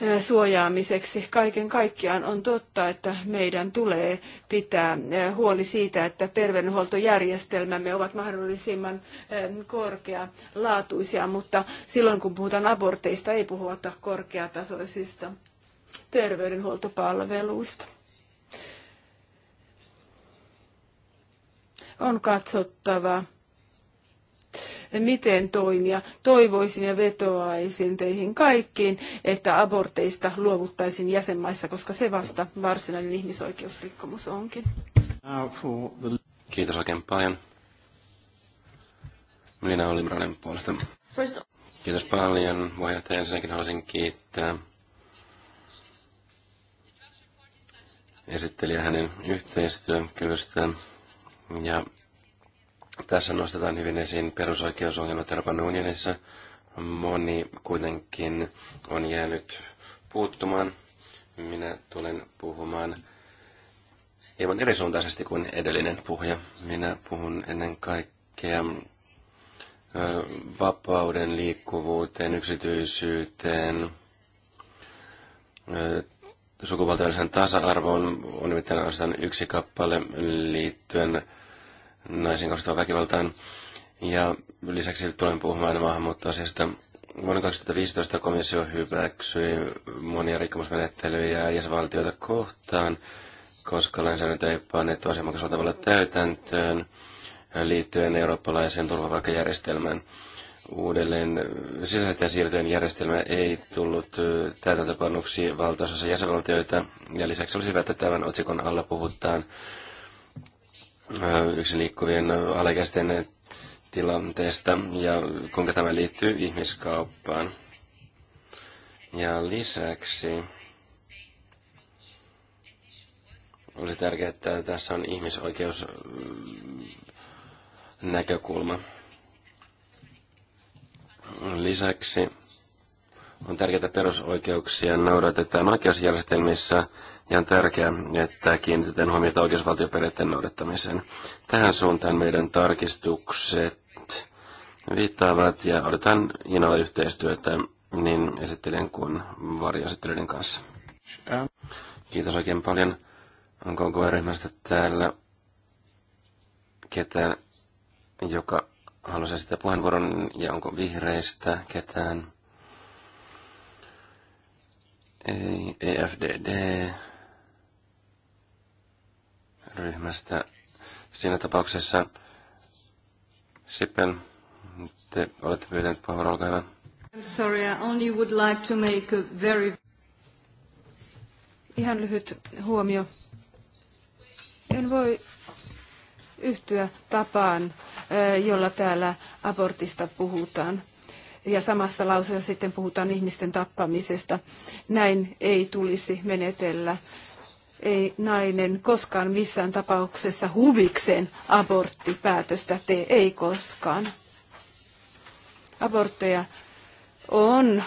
eh, suojaamiseksi. Kaiken kaikkiaan on totta, että meidän tulee pitää huoli siitä, että terveydenhuoltojärjestelmämme ovat mahdollisimman korkealaatuisia, mutta silloin kun puhutaan aborteista, ei puhuta korkeatasoisista terveydenhuoltopalveluista. On katsottava, miten toimia. Toivoisin ja vetoaisin teihin kaikkiin, että aborteista luovuttaisiin jäsenmaissa, koska se vasta varsinainen ihmisoikeusrikkomus onkin. Kiitos oikein paljon. Minä olin Branen puolesta. First... Kiitos paljon. Puheenjohtaja ensinnäkin haluaisin kiittää esittelijä hänen yhteistyökyvystään. Ja tässä nostetaan hyvin esiin perusoikeusongelmat Euroopan unionissa. Moni kuitenkin on jäänyt puuttumaan. Minä tulen puhumaan hieman erisuuntaisesti kuin edellinen puhuja. Minä puhun ennen kaikkea vapauden, liikkuvuuteen, yksityisyyteen, sukupuolten tasa-arvoon on nimittäin ainoastaan yksi kappale liittyen naisiin kohdistuvaan väkivaltaan. Ja lisäksi tulen puhumaan maahanmuuttoasiasta. Vuonna 2015 komissio hyväksyi monia rikkomusmenettelyjä jäsenvaltioita kohtaan, koska lainsäädäntö ei panettu asianmukaisella tavalla täytäntöön liittyen eurooppalaiseen turvapaikkajärjestelmään uudelleen sisäisten siirtojen järjestelmä ei tullut täytäntöpannuksi valtaosassa jäsenvaltioita. Ja lisäksi olisi hyvä, että tämän otsikon alla puhutaan yksin liikkuvien alaikäisten tilanteesta ja kuinka tämä liittyy ihmiskauppaan. Ja lisäksi olisi tärkeää, että tässä on ihmisoikeus näkökulma. Lisäksi on tärkeää, että perusoikeuksia noudatetaan oikeusjärjestelmissä ja on tärkeää, että kiinnitetään huomiota oikeusvaltioperiaatteen noudattamiseen. Tähän suuntaan meidän tarkistukset viittaavat ja odotan innolla yhteistyötä niin esittelijän kuin varjoesittelyiden kanssa. Kiitos oikein paljon. Onko ryhmästä täällä ketään, joka halusin sitä puheenvuoron, ja onko vihreistä ketään? Ei, EFDD ryhmästä. Siinä tapauksessa Sippel, te olette pyytäneet puheenvuoron, olkaa hyvä. I'm sorry, I only would like to make a very... Ihan lyhyt huomio. En voi yhtyä tapaan, jolla täällä abortista puhutaan. Ja samassa lauseessa sitten puhutaan ihmisten tappamisesta. Näin ei tulisi menetellä. Ei nainen koskaan missään tapauksessa huvikseen aborttipäätöstä tee, ei koskaan. Abortteja on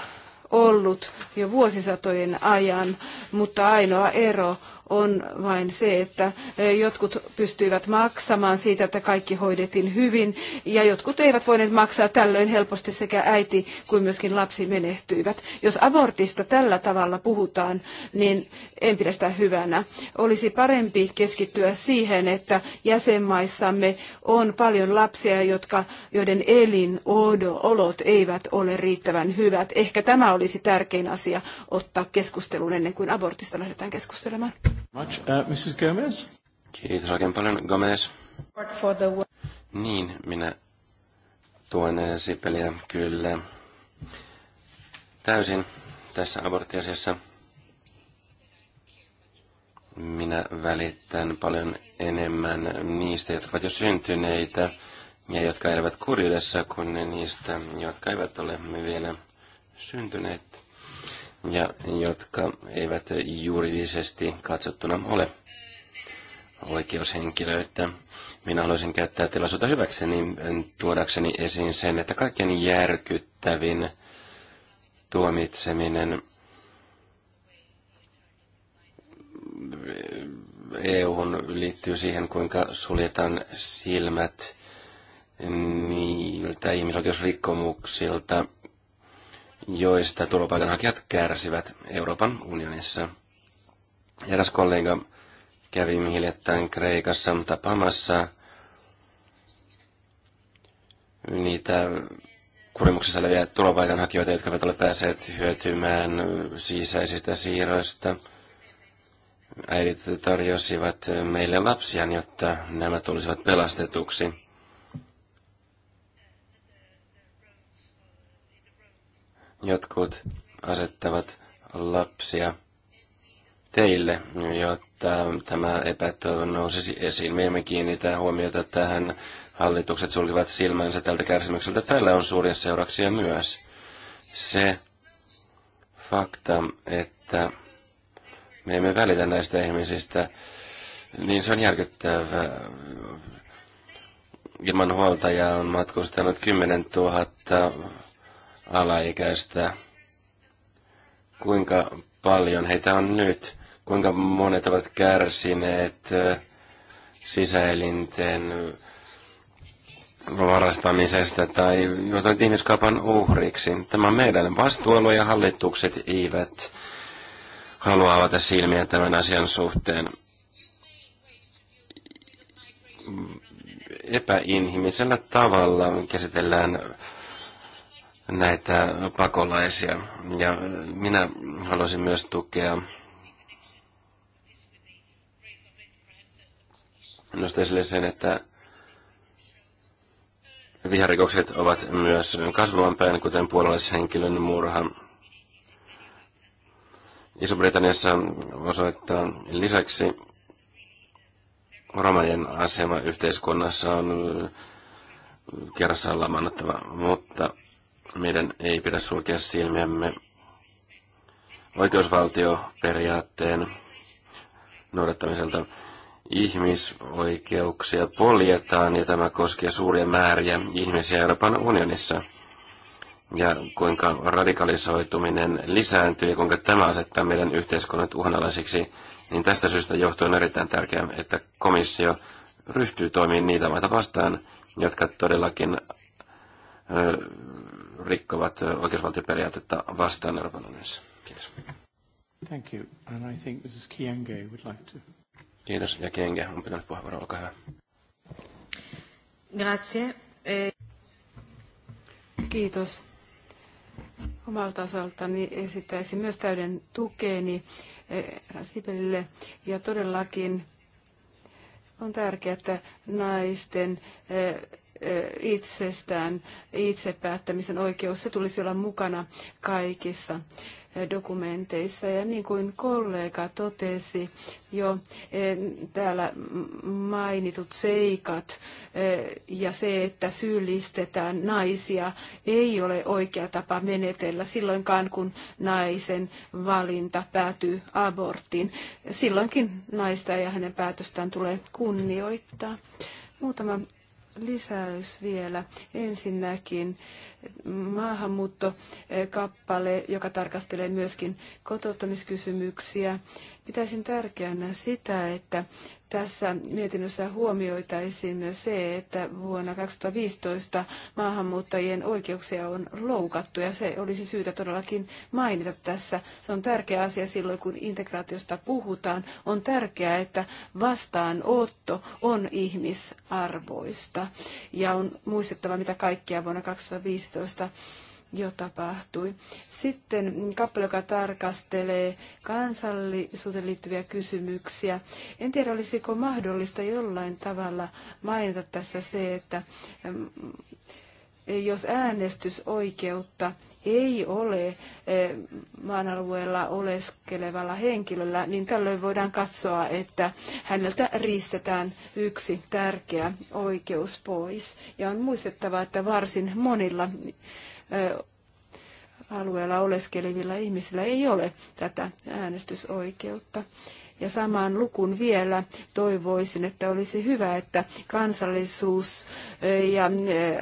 ollut jo vuosisatojen ajan, mutta ainoa ero on vain se, että e, jotkut pystyivät maksamaan siitä, että kaikki hoidettiin hyvin, ja jotkut eivät voineet maksaa. Tällöin helposti sekä äiti kuin myöskin lapsi menehtyivät. Jos abortista tällä tavalla puhutaan, niin en pidä sitä hyvänä. Olisi parempi keskittyä siihen, että jäsenmaissamme on paljon lapsia, jotka, joiden elinolot eivät ole riittävän hyvät. Ehkä tämä olisi tärkein asia ottaa keskusteluun ennen kuin abortista lähdetään keskustelemaan. Much, uh, Mrs. Gomez. Kiitos oikein paljon, Gomez. Niin, minä tuen Sipeliä kyllä täysin tässä aborttiasiassa. Minä välitän paljon enemmän niistä, jotka ovat jo syntyneitä ja jotka elävät kurjuudessa, kuin niistä, jotka eivät ole vielä syntyneet ja jotka eivät juridisesti katsottuna ole oikeushenkilöitä. Minä haluaisin käyttää tilaisuutta hyväkseni tuodakseni esiin sen, että kaiken järkyttävin tuomitseminen EUhun liittyy siihen, kuinka suljetaan silmät niiltä ihmisoikeusrikkomuksilta, joista turvapaikanhakijat kärsivät Euroopan unionissa. Eräs kollega kävi hiljattain Kreikassa tapaamassa niitä kurimuksessa olevia turvapaikanhakijoita, jotka eivät ole päässeet hyötymään sisäisistä siirroista. Äidit tarjosivat meille lapsia, jotta nämä tulisivat pelastetuksi. Jotkut asettavat lapsia teille, jotta tämä epätoivo nousisi esiin. Me emme kiinnitä huomiota tähän. Hallitukset sulkivat silmänsä tältä kärsimykseltä. Tällä on suuria seurauksia myös. Se fakta, että me emme välitä näistä ihmisistä, niin se on järkyttävä. Ilman huoltajaa on matkustanut 10 000 alaikäistä. Kuinka paljon heitä on nyt? Kuinka monet ovat kärsineet sisäelinten varastamisesta tai joutuneet ihmiskaupan uhriksi. Tämä on meidän vastuualue ja hallitukset eivät halua avata silmiä tämän asian suhteen. epäinhimisellä tavalla käsitellään näitä pakolaisia. Ja minä haluaisin myös tukea nostaa esille sen, että viharikokset ovat myös kasvavan päin, kuten puolalaishenkilön murha. Iso-Britanniassa osoittaa lisäksi romanien asema yhteiskunnassa on kerrassaan lamannuttava, mutta meidän ei pidä sulkea silmiämme oikeusvaltioperiaatteen noudattamiselta ihmisoikeuksia poljetaan, ja tämä koskee suuria määriä ihmisiä Euroopan unionissa. Ja kuinka radikalisoituminen lisääntyy ja kuinka tämä asettaa meidän yhteiskunnat uhanalaisiksi, niin tästä syystä johtuen on erittäin tärkeää, että komissio ryhtyy toimiin niitä maita vastaan, jotka todellakin rikkovat oikeusvaltioperiaatetta vastaan Euroopan unionissa. Kiitos. Thank you. And I think Mrs. Kienge would like to... Kiitos. Ja Kienge on pitänyt puheenvuoron. Olkaa hyvä. Grazie. Eh. Kiitos. Omalta osaltani esittäisin myös täyden tukeni eh, Rasipelille. ja todellakin on tärkeää, että naisten eh, itsestään itsepäättämisen oikeus, se tulisi olla mukana kaikissa dokumenteissa. Ja niin kuin kollega totesi jo täällä mainitut seikat ja se, että syyllistetään naisia, ei ole oikea tapa menetellä silloinkaan, kun naisen valinta päätyy aborttiin. Silloinkin naista ja hänen päätöstään tulee kunnioittaa. Muutama lisäys vielä. Ensinnäkin maahanmuuttokappale, joka tarkastelee myöskin kotouttamiskysymyksiä. Pitäisin tärkeänä sitä, että tässä mietinnössä huomioitaisiin myös se, että vuonna 2015 maahanmuuttajien oikeuksia on loukattu ja se olisi syytä todellakin mainita tässä. Se on tärkeä asia silloin, kun integraatiosta puhutaan. On tärkeää, että vastaanotto on ihmisarvoista ja on muistettava, mitä kaikkia vuonna 2015 jo tapahtui. Sitten kappale, joka tarkastelee kansallisuuteen liittyviä kysymyksiä. En tiedä, olisiko mahdollista jollain tavalla mainita tässä se, että jos äänestysoikeutta ei ole eh, maan alueella oleskelevalla henkilöllä, niin tällöin voidaan katsoa, että häneltä riistetään yksi tärkeä oikeus pois. Ja on muistettava, että varsin monilla eh, alueella oleskelevilla ihmisillä ei ole tätä äänestysoikeutta. Ja samaan lukuun vielä toivoisin, että olisi hyvä, että kansallisuus ja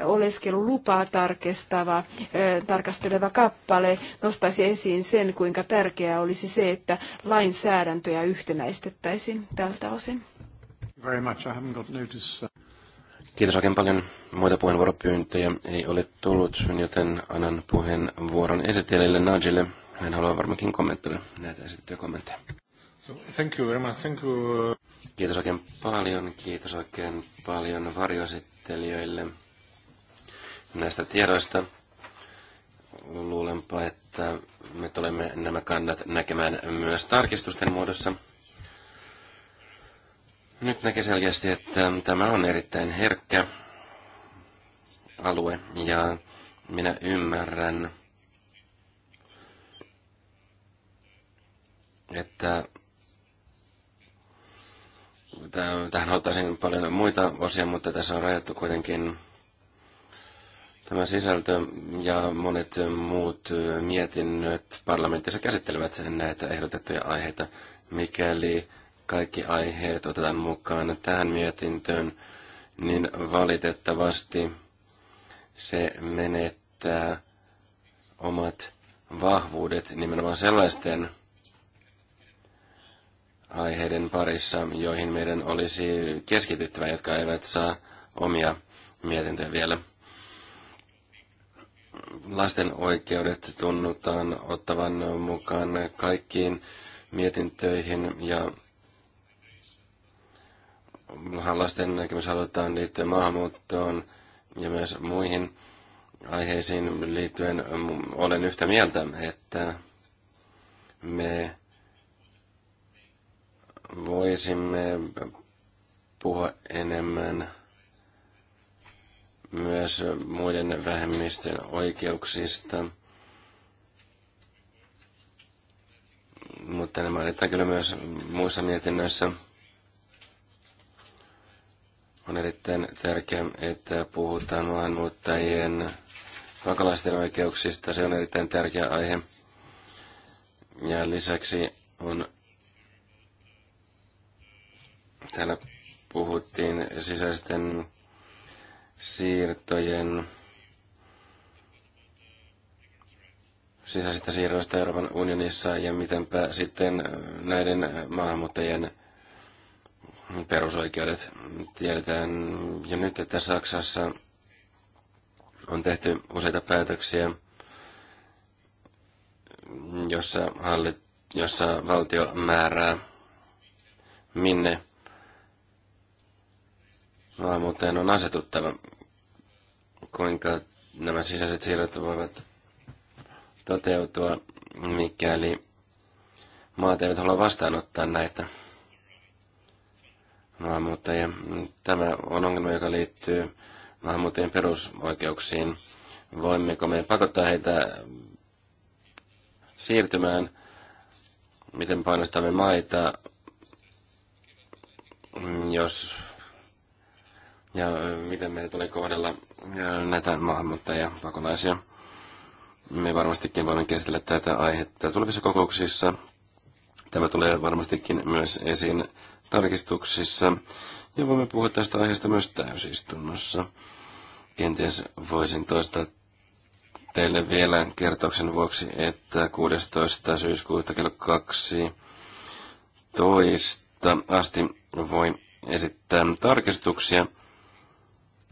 oleskelulupaa tarkistava, tarkasteleva kappale nostaisi esiin sen, kuinka tärkeää olisi se, että lainsäädäntöjä yhtenäistettäisiin tältä osin. Uh, Kiitos oikein paljon. Muita puheenvuoropyyntöjä ei ole tullut, joten annan puheenvuoron esittelijälle Najille. Hän haluaa varmaankin kommentoida näitä esitettyjä kommentteja. Thank you very much. Thank you. Kiitos oikein paljon. Kiitos oikein paljon varjoesittelijöille näistä tiedoista. Luulenpa, että me tulemme nämä kannat näkemään myös tarkistusten muodossa. Nyt näkee selkeästi, että tämä on erittäin herkkä alue ja minä ymmärrän, että Tähän ottaisin paljon muita osia, mutta tässä on rajattu kuitenkin tämä sisältö ja monet muut mietinnöt parlamentissa käsittelevät näitä ehdotettuja aiheita. Mikäli kaikki aiheet otetaan mukaan tähän mietintöön, niin valitettavasti se menettää omat vahvuudet nimenomaan sellaisten aiheiden parissa, joihin meidän olisi keskityttävä, jotka eivät saa omia mietintöjä vielä. Lasten oikeudet tunnutaan ottavan mukaan kaikkiin mietintöihin ja lasten näkemys halutaan liittyä maahanmuuttoon ja myös muihin aiheisiin liittyen. Olen yhtä mieltä, että me voisimme puhua enemmän myös muiden vähemmistöjen oikeuksista. Mutta ne mainitaan kyllä myös muissa mietinnöissä. On erittäin tärkeää, että puhutaan maahanmuuttajien pakolaisten oikeuksista. Se on erittäin tärkeä aihe. Ja lisäksi on Täällä puhuttiin sisäisten siirtojen sisäisistä siirroista Euroopan unionissa ja mitenpä sitten näiden maahanmuuttajien perusoikeudet. Tiedetään jo nyt, että Saksassa on tehty useita päätöksiä, jossa, hallit, jossa valtio määrää, minne maahanmuuttajan on asetuttava, kuinka nämä sisäiset siirrot voivat toteutua, mikäli maat eivät halua vastaanottaa näitä maahanmuuttajia. Tämä on ongelma, joka liittyy maahanmuuttajien perusoikeuksiin. Voimmeko me pakottaa heitä siirtymään? Miten painostamme maita, jos ja miten meidän tulee kohdella näitä maahanmuuttajia pakolaisia. Me varmastikin voimme käsitellä tätä aihetta tulevissa kokouksissa. Tämä tulee varmastikin myös esiin tarkistuksissa. Ja voimme puhua tästä aiheesta myös täysistunnossa. Kenties voisin toistaa teille vielä kertauksen vuoksi, että 16. syyskuuta kello 12 asti voi esittää tarkistuksia.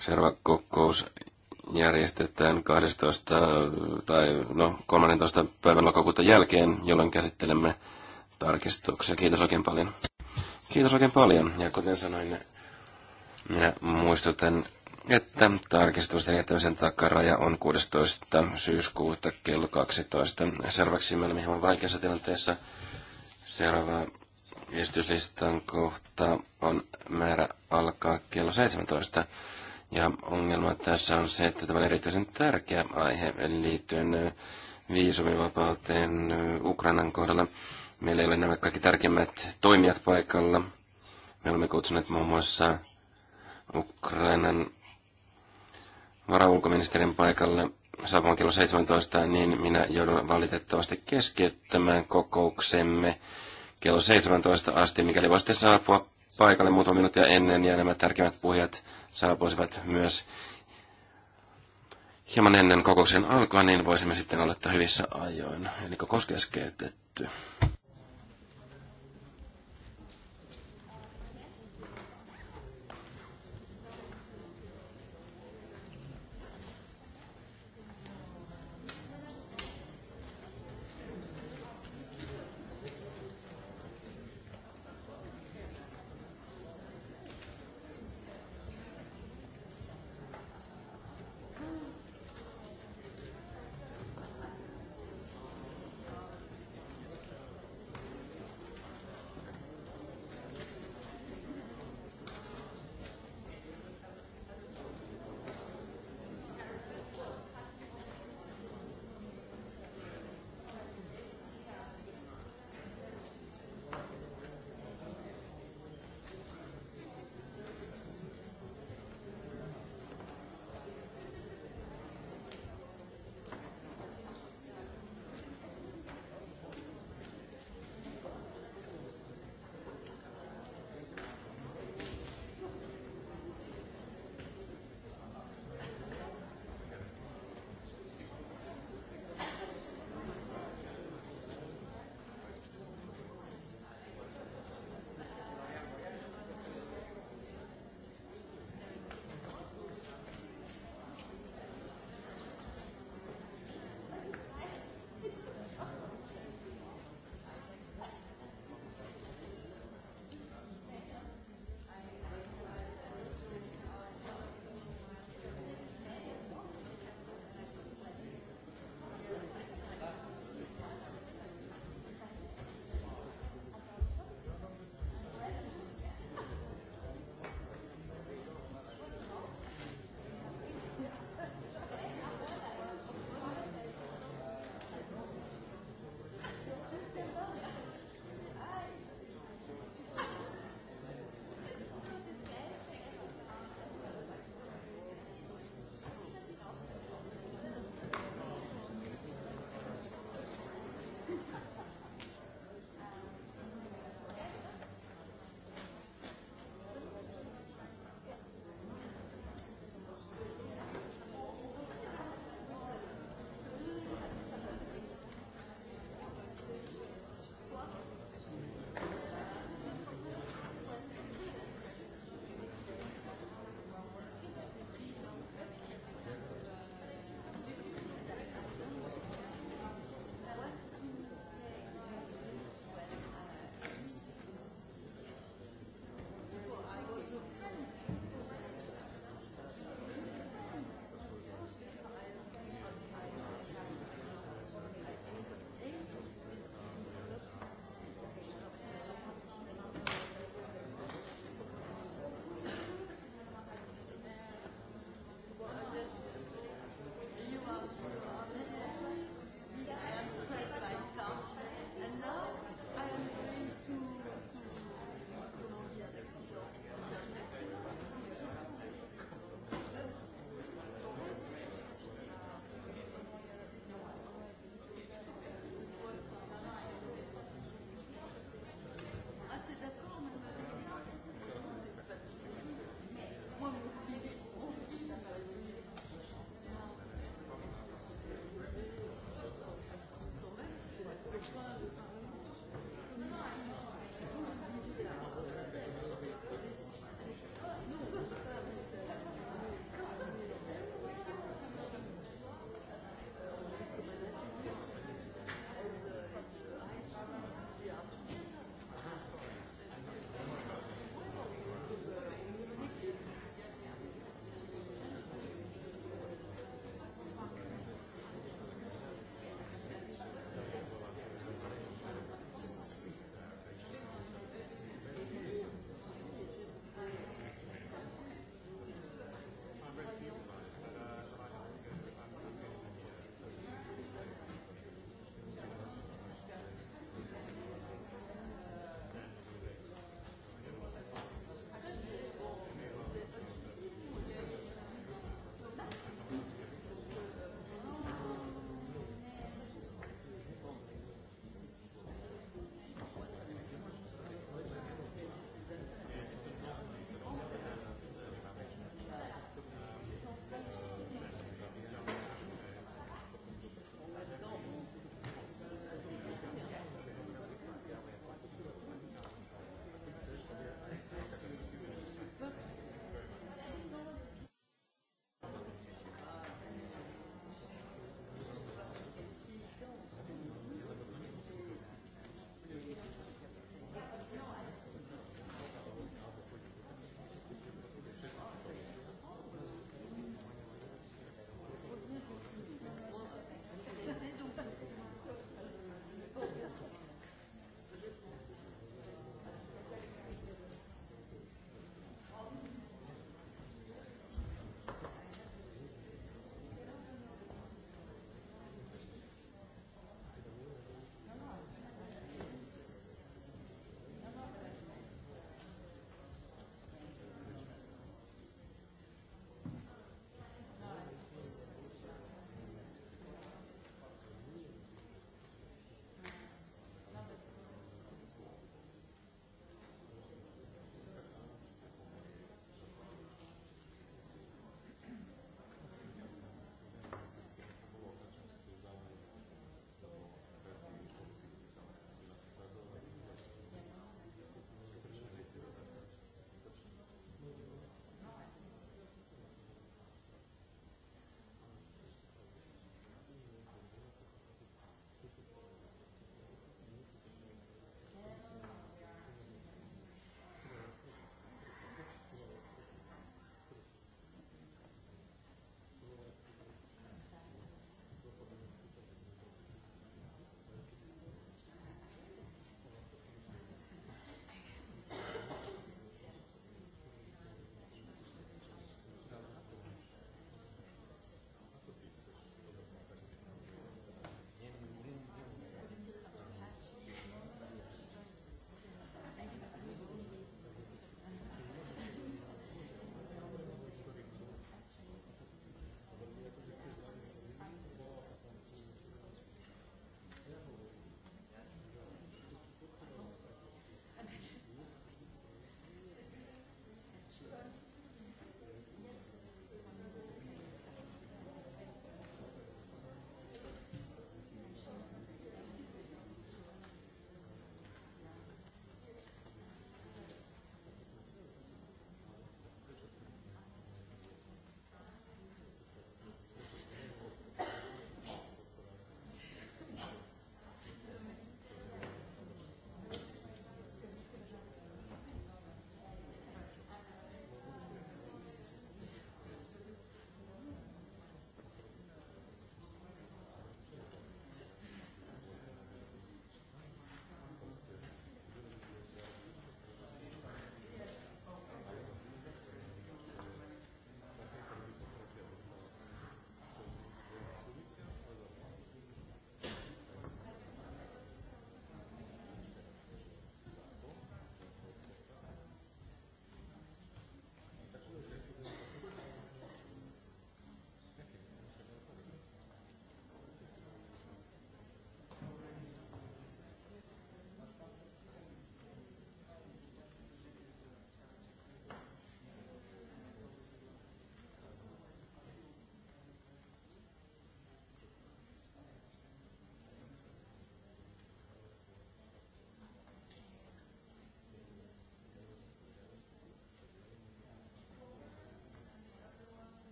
Seuraava kokous järjestetään 12 tai no 13 päivän lokakuuta jälkeen, jolloin käsittelemme tarkistuksia. Kiitos oikein paljon. Kiitos oikein paljon. Ja kuten sanoin, minä muistutan, että tarkistusten jättämisen takaraja on 16. syyskuuta kello 12. Seuraavaksi me olemme hieman vaikeassa tilanteessa. Seuraava esityslistan kohta on määrä alkaa kello 17. Ja ongelma tässä on se, että tämä on erityisen tärkeä aihe liittyen viisumivapauteen Ukrainan kohdalla. Meillä ei ole nämä kaikki tärkeimmät toimijat paikalla. Me olemme kutsuneet muun muassa Ukrainan varaulkoministerin paikalle saapumaan kello 17, niin minä joudun valitettavasti keskeyttämään kokouksemme kello 17 asti, mikäli voisitte saapua paikalle muutama minuuttia ennen ja nämä tärkeimmät puhujat saapuisivat myös hieman ennen kokouksen alkua, niin voisimme sitten aloittaa hyvissä ajoin. Eli kokous keskeytetty.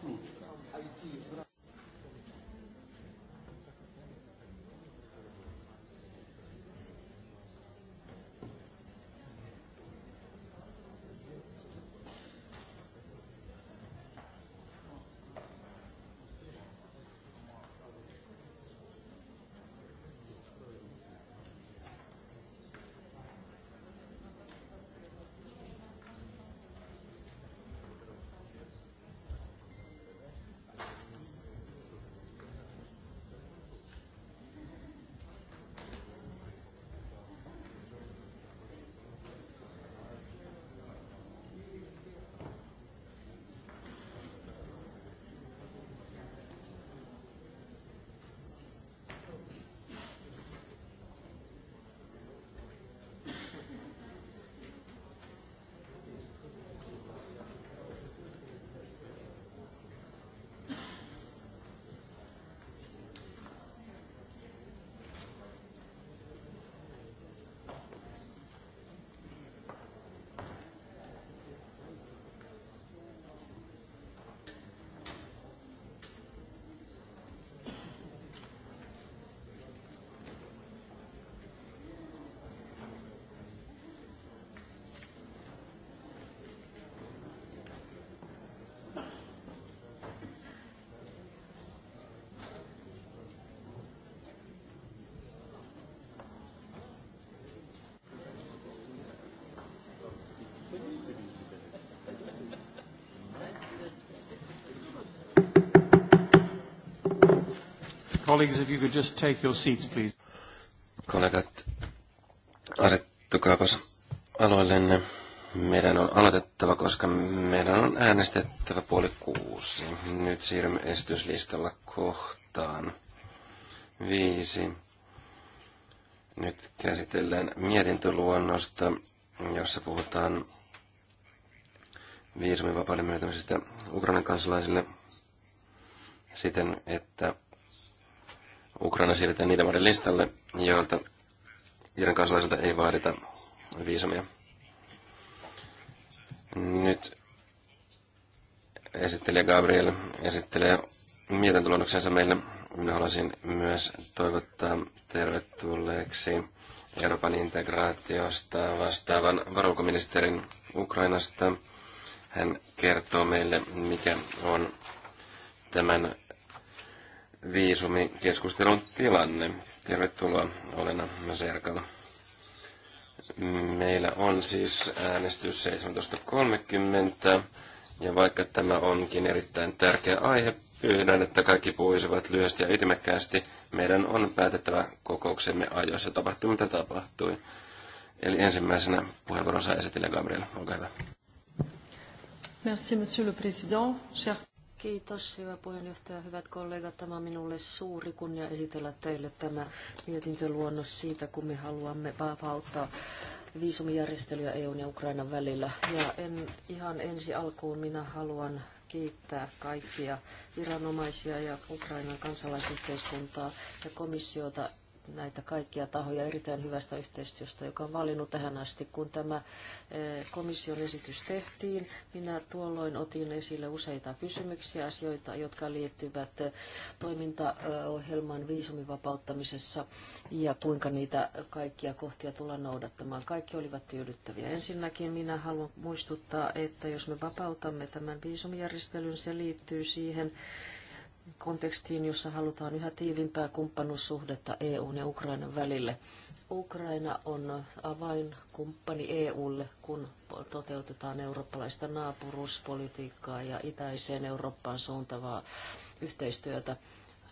slučka, a i cifra, Colleagues, if you could just take your seats, please. Kollegat, asettukaapas aloillenne. Meidän on aloitettava, koska meidän on äänestettävä puoli kuusi. Nyt siirrymme esityslistalla kohtaan viisi. Nyt käsitellään mietintöluonnosta, jossa puhutaan viisumivapauden myöntämisestä Ukrainan kansalaisille siten, että Ukraina siirretään niiden maiden listalle, joilta niiden kansalaisilta ei vaadita viisumia. Nyt esittelijä Gabriel esittelee mietintöluonnoksensa meille. Minä haluaisin myös toivottaa tervetulleeksi Euroopan integraatiosta vastaavan varuukoministerin Ukrainasta. Hän kertoo meille, mikä on tämän viisumikeskustelun tilanne. Tervetuloa Olena Serkala. Meillä on siis äänestys 17.30, ja vaikka tämä onkin erittäin tärkeä aihe, pyydän, että kaikki puhuisivat lyhyesti ja ytimekkäästi. Meidän on päätettävä kokouksemme ajoissa tapahtui, mitä tapahtui. Eli ensimmäisenä puheenvuoron saa esitellä Gabriel. Olkaa hyvä. Merci, monsieur le président. Kiitos, hyvä puheenjohtaja, hyvät kollegat. Tämä on minulle suuri kunnia esitellä teille tämä mietintöluonnos siitä, kun me haluamme vapauttaa viisumijärjestelyä EUn ja Ukrainan välillä. Ja en, ihan ensi alkuun minä haluan kiittää kaikkia viranomaisia ja Ukrainan kansalaisyhteiskuntaa ja komissiota näitä kaikkia tahoja erittäin hyvästä yhteistyöstä, joka on valinnut tähän asti. Kun tämä eh, komission esitys tehtiin, minä tuolloin otin esille useita kysymyksiä, asioita, jotka liittyvät eh, toimintaohjelman viisumivapauttamisessa vapauttamisessa ja kuinka niitä kaikkia kohtia tullaan noudattamaan. Kaikki olivat tyydyttäviä. Ensinnäkin minä haluan muistuttaa, että jos me vapautamme tämän viisumijärjestelyn, se liittyy siihen, kontekstiin, jossa halutaan yhä tiivimpää kumppanuussuhdetta EUn ja Ukrainan välille. Ukraina on avainkumppani EUlle, kun toteutetaan eurooppalaista naapuruuspolitiikkaa ja itäiseen Eurooppaan suuntavaa yhteistyötä.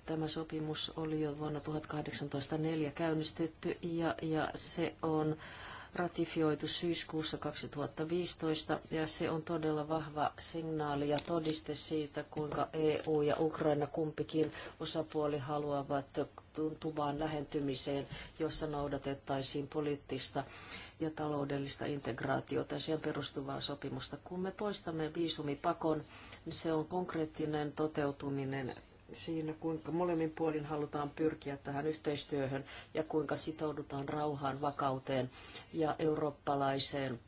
Tämä sopimus oli jo vuonna 1804 käynnistetty ja, ja se on ratifioitu syyskuussa 2015 ja se on todella vahva signaali ja todiste siitä, kuinka EU ja Ukraina kumpikin osapuoli haluavat tuntuvaan lähentymiseen, jossa noudatettaisiin poliittista ja taloudellista integraatiota siihen perustuvaa sopimusta. Kun me poistamme viisumipakon, niin se on konkreettinen toteutuminen siinä, kuinka molemmin puolin halutaan pyrkiä tähän yhteistyöhön ja kuinka sitoudutaan rauhaan, vakauteen ja eurooppalaiseen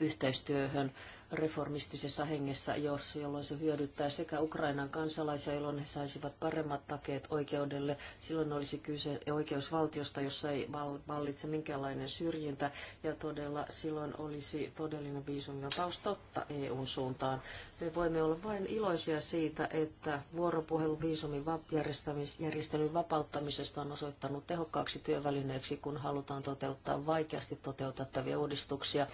yhteistyöhön reformistisessa hengessä, jos, jolloin se hyödyttää sekä Ukrainan kansalaisia, jolloin he saisivat paremmat takeet oikeudelle. Silloin olisi kyse oikeusvaltiosta, jossa ei vallitse minkäänlainen syrjintä, ja todella silloin olisi todellinen viisumivapaus totta EUn suuntaan. Me voimme olla vain iloisia siitä, että vuoropuhelu viisumin järjestelyn vapauttamisesta on osoittanut tehokkaaksi työvälineeksi, kun halutaan toteuttaa vaikeasti toteutettavia uudistuksia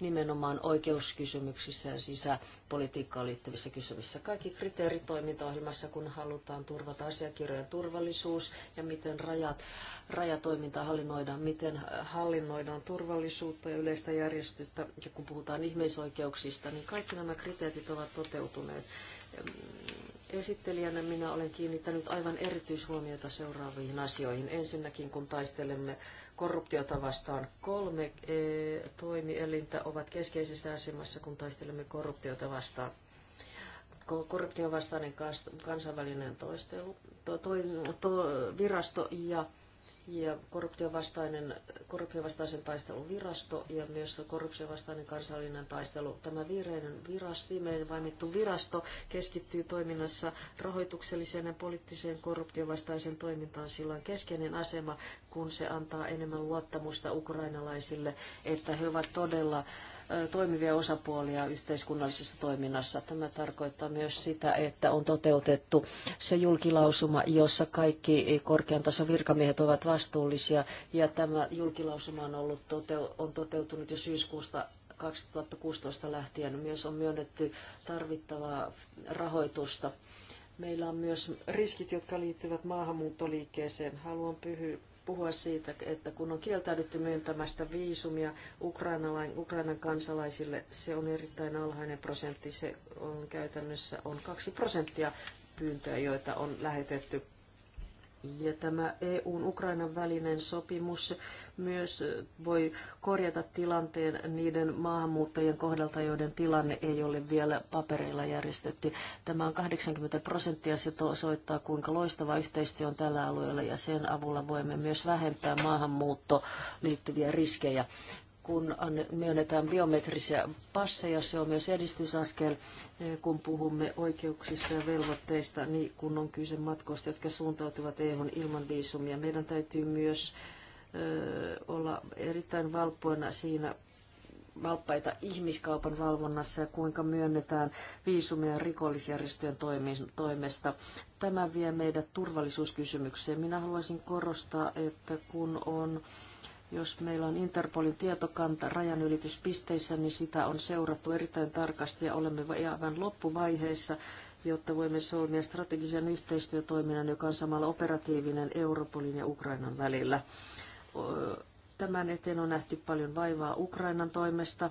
nimenomaan oikeuskysymyksissä ja sisäpolitiikkaan liittyvissä kysymyksissä. Kaikki kriteerit toimintaohjelmassa, kun halutaan turvata asiakirjojen turvallisuus ja miten rajat, rajatoimintaa hallinnoidaan, miten hallinnoidaan turvallisuutta ja yleistä järjestystä, ja kun puhutaan ihmisoikeuksista, niin kaikki nämä kriteerit ovat ovat toteutuneet. Esittelijänä minä olen kiinnittänyt aivan erityishuomiota seuraaviin asioihin. Ensinnäkin, kun taistelemme korruptiota vastaan, kolme e, toimielintä ovat keskeisessä asemassa, kun taistelemme korruptiota vastaan korruption vastainen kansainvälinen toistelu, to, to, to, virasto ja ja korruptiovastainen, korruptiovastaisen taistelun virasto ja myös korruptiovastainen kansallinen taistelu. Tämä viimeinen virasto, viimeinen mainittu virasto keskittyy toiminnassa rahoitukselliseen ja poliittiseen korruptiovastaisen toimintaan. Sillä on keskeinen asema, kun se antaa enemmän luottamusta ukrainalaisille, että he ovat todella äh, toimivia osapuolia yhteiskunnallisessa toiminnassa. Tämä tarkoittaa myös sitä, että on toteutettu se julkilausuma, jossa kaikki korkean tason virkamiehet ovat vastuullisia, ja tämä julkilausuma on, ollut toteu- on toteutunut jo syyskuusta 2016 lähtien. Myös on myönnetty tarvittavaa rahoitusta Meillä on myös riskit, jotka liittyvät maahanmuuttoliikkeeseen. Haluan pyhy, puhua siitä, että kun on kieltäydytty myöntämästä viisumia Ukrainan kansalaisille, se on erittäin alhainen prosentti. Se on käytännössä on kaksi prosenttia pyyntöjä, joita on lähetetty ja tämä EUn Ukrainan välinen sopimus myös voi korjata tilanteen niiden maahanmuuttajien kohdalta, joiden tilanne ei ole vielä papereilla järjestetty. Tämä on 80 prosenttia, se osoittaa kuinka loistava yhteistyö on tällä alueella ja sen avulla voimme myös vähentää maahanmuuttoon liittyviä riskejä kun myönnetään biometrisiä passeja. Se on myös edistysaskel, kun puhumme oikeuksista ja velvoitteista, niin kun on kyse matkoista, jotka suuntautuvat EU:hun ilman viisumia. Meidän täytyy myös olla erittäin valppoina siinä valppaita ihmiskaupan valvonnassa ja kuinka myönnetään viisumia rikollisjärjestöjen toimesta. Tämä vie meidät turvallisuuskysymykseen. Minä haluaisin korostaa, että kun on jos meillä on Interpolin tietokanta rajanylityspisteissä, niin sitä on seurattu erittäin tarkasti ja olemme aivan loppuvaiheessa, jotta voimme solmia strategisen yhteistyötoiminnan, joka on samalla operatiivinen Europolin ja Ukrainan välillä. Tämän eteen on nähty paljon vaivaa Ukrainan toimesta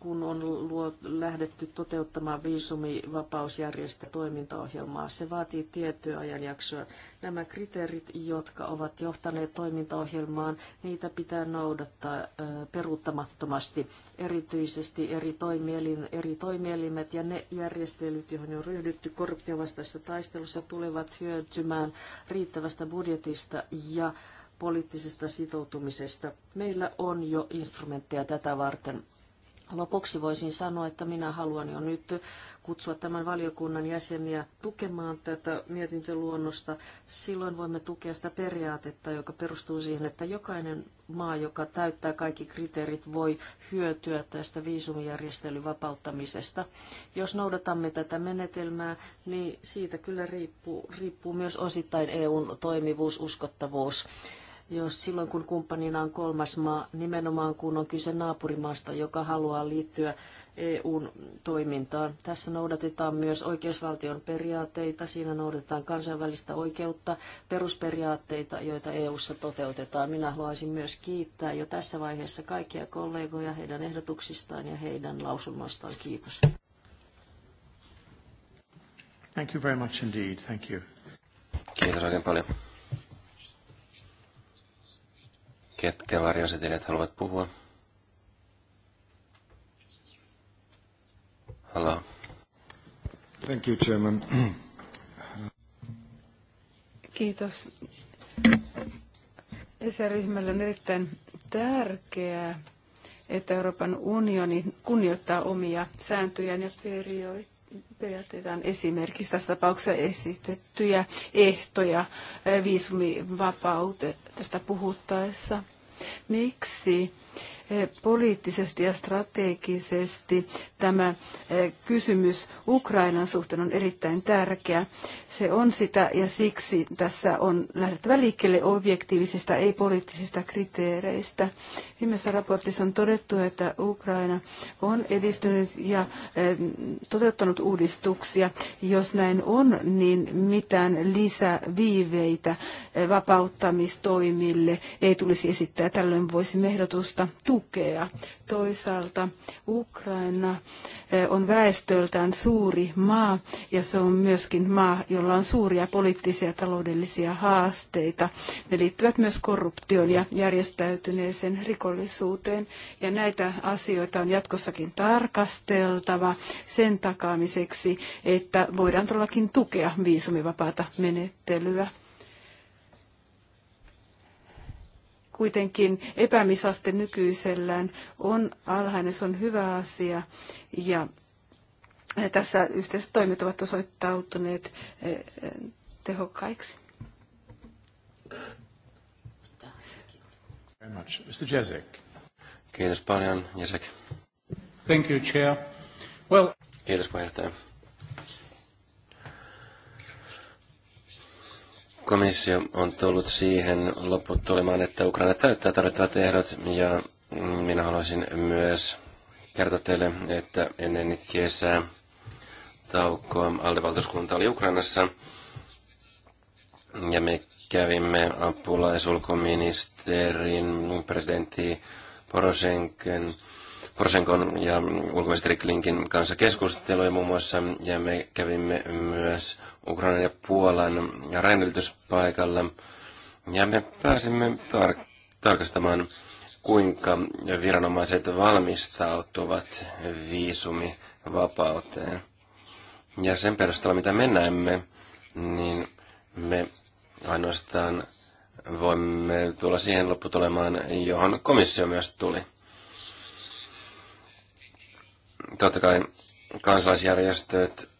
kun on luot, lähdetty toteuttamaan viisumivapausjärjestä toimintaohjelmaa. Se vaatii tiettyä ajanjaksoa. Nämä kriteerit, jotka ovat johtaneet toimintaohjelmaan, niitä pitää noudattaa ö, peruuttamattomasti. Erityisesti eri, toimielin, eri toimielimet ja ne järjestelyt, joihin on ryhdytty korruptiovastaisessa taistelussa, tulevat hyötymään riittävästä budjetista ja poliittisesta sitoutumisesta. Meillä on jo instrumentteja tätä varten Lopuksi voisin sanoa, että minä haluan jo nyt kutsua tämän valiokunnan jäseniä tukemaan tätä mietintöluonnosta. Silloin voimme tukea sitä periaatetta, joka perustuu siihen, että jokainen maa, joka täyttää kaikki kriteerit, voi hyötyä tästä viisumijärjestelyn vapauttamisesta. Jos noudatamme tätä menetelmää, niin siitä kyllä riippuu, riippuu myös osittain EUn toimivuus, uskottavuus jos silloin kun kumppanina on kolmas maa, nimenomaan kun on kyse naapurimaasta, joka haluaa liittyä EUn toimintaan. Tässä noudatetaan myös oikeusvaltion periaatteita, siinä noudatetaan kansainvälistä oikeutta, perusperiaatteita, joita EUssa toteutetaan. Minä haluaisin myös kiittää jo tässä vaiheessa kaikkia kollegoja heidän ehdotuksistaan ja heidän lausunnoistaan. Kiitos. Thank you very much indeed. Thank you. Kiitos oikein paljon. Ketkä varjosetelijät haluavat puhua? Hello. Thank you, Chairman. Kiitos. ESR-ryhmälle on erittäin tärkeää, että Euroopan unioni kunnioittaa omia sääntöjään ja perioita periaatteitaan esimerkiksi tässä tapauksessa esitettyjä ehtoja eh, viisumivapautusta puhuttaessa. Miksi Poliittisesti ja strategisesti tämä kysymys Ukrainan suhteen on erittäin tärkeä. Se on sitä ja siksi tässä on lähdettävä liikkeelle objektiivisista, ei poliittisista kriteereistä. Viimeisessä raportissa on todettu, että Ukraina on edistynyt ja toteuttanut uudistuksia. Jos näin on, niin mitään lisäviiveitä vapauttamistoimille ei tulisi esittää. Tällöin voisi ehdotusta tukea. Toisaalta Ukraina eh, on väestöltään suuri maa ja se on myöskin maa, jolla on suuria poliittisia ja taloudellisia haasteita. Ne liittyvät myös korruptioon ja järjestäytyneeseen rikollisuuteen ja näitä asioita on jatkossakin tarkasteltava sen takaamiseksi, että voidaan todellakin tukea viisumivapaata menettelyä. kuitenkin epämisaste nykyisellään on alhainen, se on hyvä asia ja tässä yhteiset toimet ovat osoittautuneet eh, eh, tehokkaiksi. Mr. Jezek. Kiitos paljon, Jezek. Thank you, Chair. Well... Kiitos puheenjohtaja. Komissio on tullut siihen lopputulemaan, että Ukraina täyttää tarvittavat ehdot ja minä haluaisin myös kertoa teille, että ennen kesää taukoa aldevaltuuskunta oli Ukrainassa ja me kävimme apulaisulkoministerin, presidentti Poroshenken, Poroshenkon ja ulkoministeri Klinkin kanssa keskusteluja muun muassa, ja me kävimme myös Ukrainan ja Puolan rajanylityspaikalla. Ja me pääsimme tar- tarkastamaan, kuinka viranomaiset valmistautuvat viisumivapauteen. Ja sen perusteella, mitä me näemme, niin me ainoastaan voimme tulla siihen lopputulemaan, johon komissio myös tuli. Totta kai kansalaisjärjestöt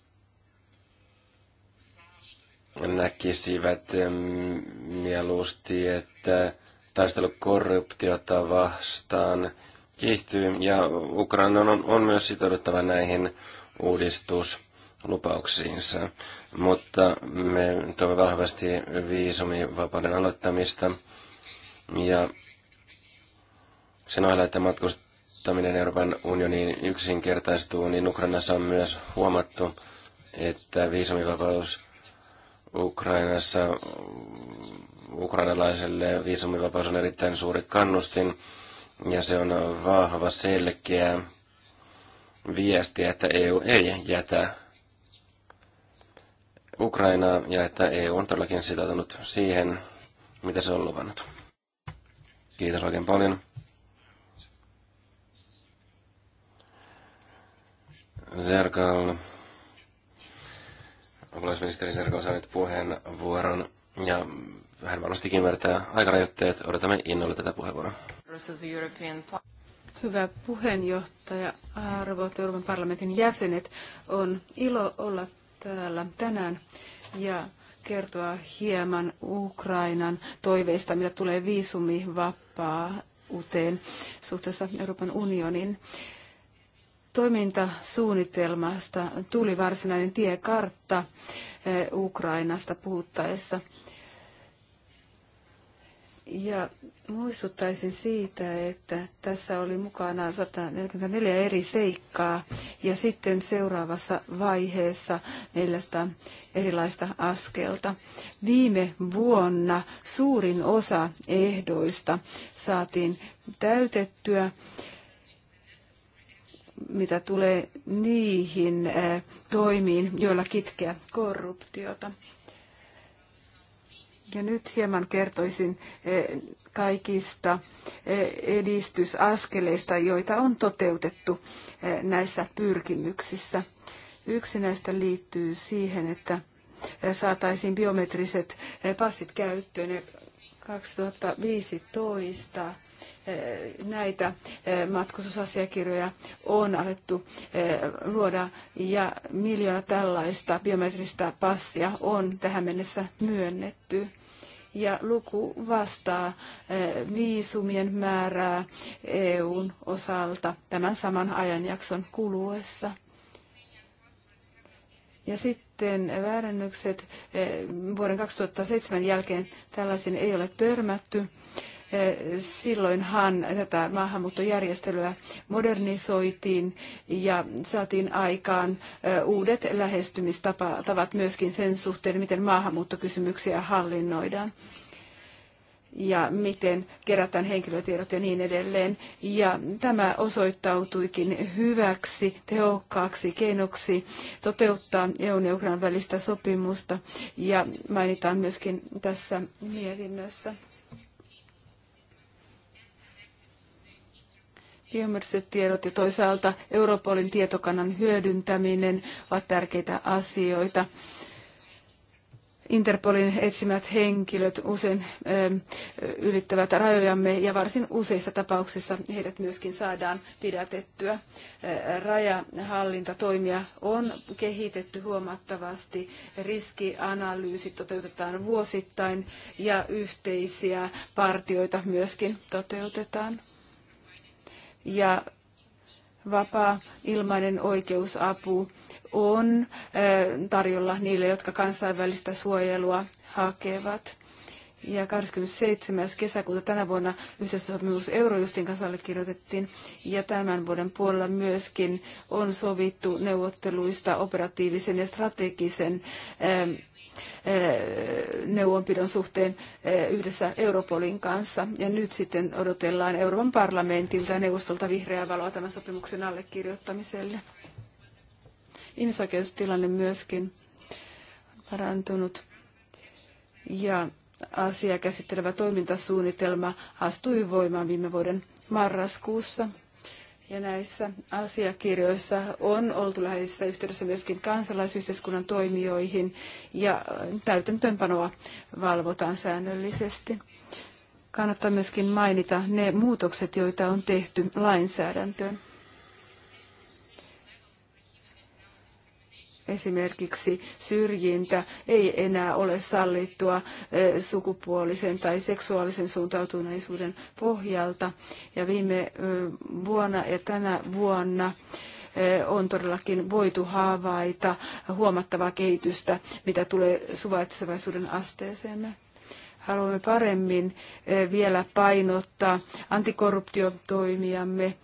näkisivät mieluusti, että taistelu korruptiota vastaan kiihtyy ja Ukraina on, on myös sitouduttava näihin uudistuslupauksiinsa. Mutta me tuomme vahvasti viisumivapauden aloittamista ja sen ohella, että matkustaminen Euroopan unioniin yksinkertaistuu, niin Ukrainassa on myös huomattu, että viisumivapaus – Ukrainassa ukrainalaiselle viisumivapaus on erittäin suuri kannustin ja se on vahva, selkeä viesti, että EU ei jätä Ukrainaa ja että EU on todellakin sitoutunut siihen, mitä se on luvannut. Kiitos oikein paljon. Zerkal Apulaisministeri Serko nyt puheenvuoron ja hän varmastikin ymmärtää aikarajoitteet. Odotamme innolla tätä puheenvuoroa. Hyvä puheenjohtaja, arvot Euroopan parlamentin jäsenet. On ilo olla täällä tänään ja kertoa hieman Ukrainan toiveista, mitä tulee viisumivapaa uuteen suhteessa Euroopan unionin. Toimintasuunnitelmasta tuli varsinainen tiekartta eh, Ukrainasta puhuttaessa. Ja muistuttaisin siitä, että tässä oli mukana 144 eri seikkaa ja sitten seuraavassa vaiheessa 400 erilaista askelta. Viime vuonna suurin osa ehdoista saatiin täytettyä mitä tulee niihin äh, toimiin, joilla kitkeä korruptiota. Ja nyt hieman kertoisin äh, kaikista äh, edistysaskeleista, joita on toteutettu näissä pyrkimyksissä. Yksi näistä liittyy siihen, että saataisiin biometriset passit käyttöön. 2015 Eh, näitä eh, matkustusasiakirjoja on alettu eh, luoda ja miljoona tällaista biometristä passia on tähän mennessä myönnetty ja luku vastaa viisumien määrää EUn osalta tämän saman ajanjakson kuluessa. Ja sitten väärännykset vuoden 2007 jälkeen tällaisiin ei ole törmätty. Eh, silloinhan tätä maahanmuuttojärjestelyä modernisoitiin ja saatiin aikaan eh, uudet lähestymistavat myöskin sen suhteen, miten maahanmuuttokysymyksiä hallinnoidaan ja miten kerätään henkilötiedot ja niin edelleen. Ja tämä osoittautuikin hyväksi, tehokkaaksi keinoksi toteuttaa EUn ja Ukrainan välistä sopimusta ja mainitaan myöskin tässä mietinnössä. biometriset tiedot ja toisaalta Europolin tietokannan hyödyntäminen ovat tärkeitä asioita. Interpolin etsimät henkilöt usein ähm, ylittävät rajojamme ja varsin useissa tapauksissa heidät myöskin saadaan pidätettyä. Äh, rajahallintatoimia on kehitetty huomattavasti, riskianalyysit toteutetaan vuosittain ja yhteisiä partioita myöskin toteutetaan ja vapaa ilmainen oikeusapu on äh, tarjolla niille, jotka kansainvälistä suojelua hakevat. Ja 27. kesäkuuta tänä vuonna yhteistyösopimus Eurojustin kanssa allekirjoitettiin ja tämän vuoden puolella myöskin on sovittu neuvotteluista operatiivisen ja strategisen ähm, Eh, neuvonpidon suhteen eh, yhdessä Europolin kanssa. Ja nyt sitten odotellaan Euroopan parlamentilta ja neuvostolta vihreää valoa tämän sopimuksen allekirjoittamiselle. Ihmisoikeustilanne myöskin parantunut. Ja asiaa käsittelevä toimintasuunnitelma astui voimaan viime vuoden marraskuussa. Ja näissä asiakirjoissa on oltu läheisessä yhteydessä myöskin kansalaisyhteiskunnan toimijoihin ja äh, täytäntöönpanoa valvotaan säännöllisesti. Kannattaa myöskin mainita ne muutokset, joita on tehty lainsäädäntöön. esimerkiksi syrjintä ei enää ole sallittua sukupuolisen tai seksuaalisen suuntautuneisuuden pohjalta. Ja viime vuonna ja tänä vuonna on todellakin voitu havaita huomattavaa kehitystä, mitä tulee suvaitsevaisuuden asteeseemme haluamme paremmin vielä painottaa antikorruptiotoimiamme,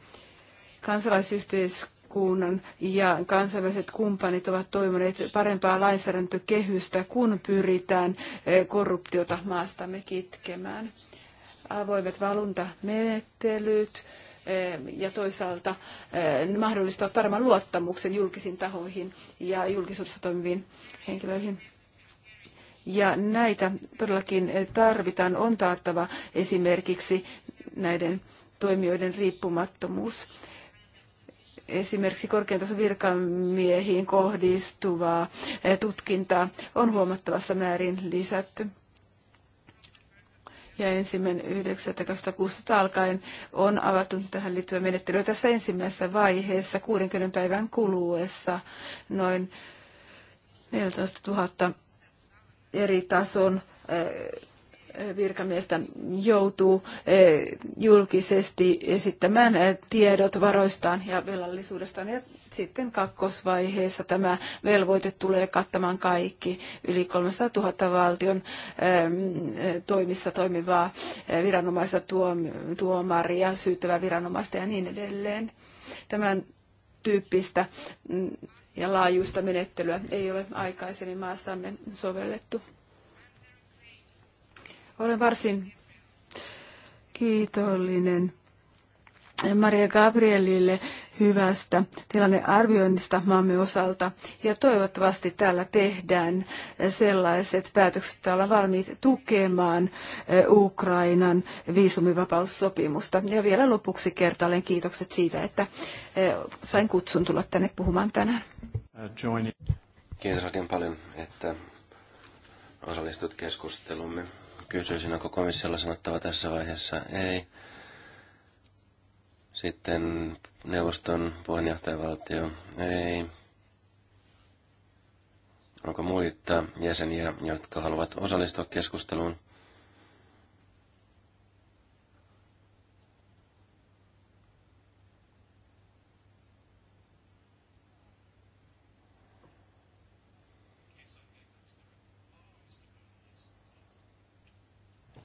kansalaisyhteiskunnan valiokunnan ja kansainväliset kumppanit ovat toivoneet parempaa lainsäädäntökehystä, kun pyritään eh, korruptiota maastamme kitkemään. Avoimet valuntamenettelyt eh, ja toisaalta eh, mahdollistavat paremman luottamuksen julkisiin tahoihin ja julkisuudessa toimiviin henkilöihin. Ja näitä todellakin tarvitaan, on taattava esimerkiksi näiden toimijoiden riippumattomuus esimerkiksi korkeintason virkamiehiin kohdistuvaa eh, tutkintaa on huomattavassa määrin lisätty. Ja ensimmäinen 9.2016 alkaen on avattu tähän liittyvä menettely. Tässä ensimmäisessä vaiheessa 60 päivän kuluessa noin 14 000 eri tason eh, virkamiestä joutuu eh, julkisesti esittämään eh, tiedot varoistaan ja velallisuudestaan. Ja sitten kakkosvaiheessa tämä velvoite tulee kattamaan kaikki yli 300 000 valtion ehm, eh, toimissa toimivaa viranomaista, tuomaria, syyttävää viranomaista ja niin edelleen. Tämän tyyppistä mm, ja laajuista menettelyä ei ole aikaisemmin maassamme sovellettu. Olen varsin kiitollinen Maria Gabrielille hyvästä tilannearvioinnista maamme osalta. Ja toivottavasti täällä tehdään sellaiset päätökset, että ollaan valmiit tukemaan Ukrainan viisumivapaussopimusta. Ja vielä lopuksi kertaalleen kiitokset siitä, että sain kutsun tulla tänne puhumaan tänään. Kiitos oikein paljon, että osallistut keskustelumme. Kysyisin, onko komissiolla sanottava tässä vaiheessa ei. Sitten neuvoston puheenjohtajavaltio ei. Onko muita jäseniä, jotka haluavat osallistua keskusteluun?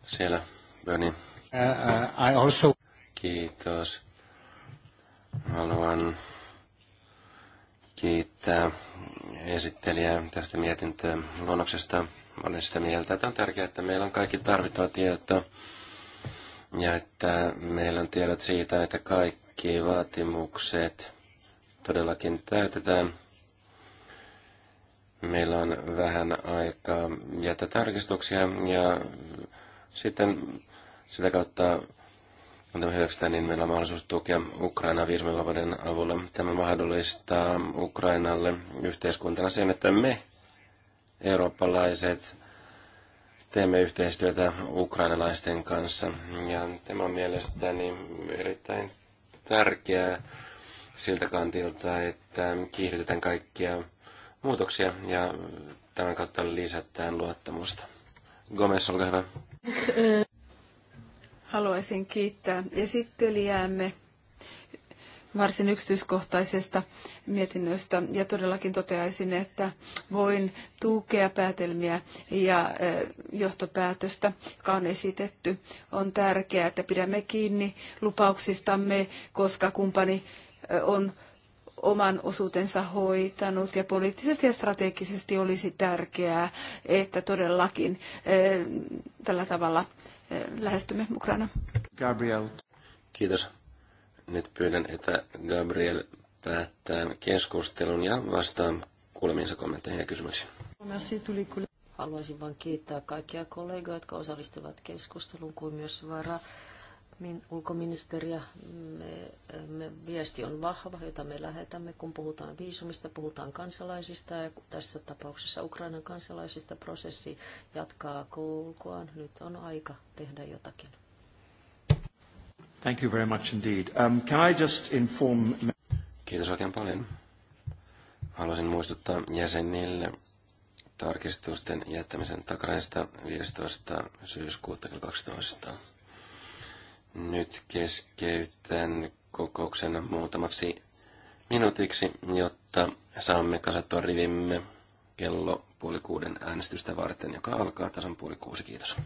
siellä, Bernie? Uh, uh, I also... Kiitos. Haluan kiittää esittelijää tästä mietintöä luonnoksesta. Olen sitä mieltä, että on tärkeää, että meillä on kaikki tarvittava tieto ja että meillä on tiedot siitä, että kaikki vaatimukset todellakin täytetään. Meillä on vähän aikaa jättää tarkistuksia ja sitten sitä kautta on tämä hyväksytään, niin meillä on mahdollisuus tukea Ukrainaa viisumivapauden avulla. Tämä mahdollistaa Ukrainalle yhteiskuntana sen, että me eurooppalaiset teemme yhteistyötä ukrainalaisten kanssa. Ja tämä on mielestäni erittäin tärkeää siltä kantilta, että kiihdytetään kaikkia muutoksia ja tämän kautta lisätään luottamusta. Gomez, olkaa hyvä. Haluaisin kiittää esittelijäämme varsin yksityiskohtaisesta mietinnöstä ja todellakin toteaisin, että voin tukea päätelmiä ja johtopäätöstä, joka on esitetty. On tärkeää, että pidämme kiinni lupauksistamme, koska kumppani on oman osuutensa hoitanut ja poliittisesti ja strategisesti olisi tärkeää, että todellakin eh, tällä tavalla eh, lähestymme Ukraina. Gabriel. Kiitos. Nyt pyydän, että Gabriel päättää keskustelun ja vastaa kuulemiinsa kommentteihin ja kysymyksiin. Haluaisin vain kiittää kaikkia kollegoja, jotka osallistuvat keskusteluun, kuin myös varaa min, ulkoministeriä. Me, me, viesti on vahva, jota me lähetämme, kun puhutaan viisumista, puhutaan kansalaisista ja tässä tapauksessa Ukrainan kansalaisista prosessi jatkaa kulkuaan. Nyt on aika tehdä jotakin. Thank you very much indeed. Um, can I just inform... Kiitos oikein paljon. Haluaisin muistuttaa jäsenille tarkistusten jättämisen takarajasta 15. syyskuuta 12. Nyt keskeytän kokouksen muutamaksi minuutiksi, jotta saamme kasattua rivimme kello puoli kuuden äänestystä varten, joka alkaa tasan puoli kuusi. Kiitos.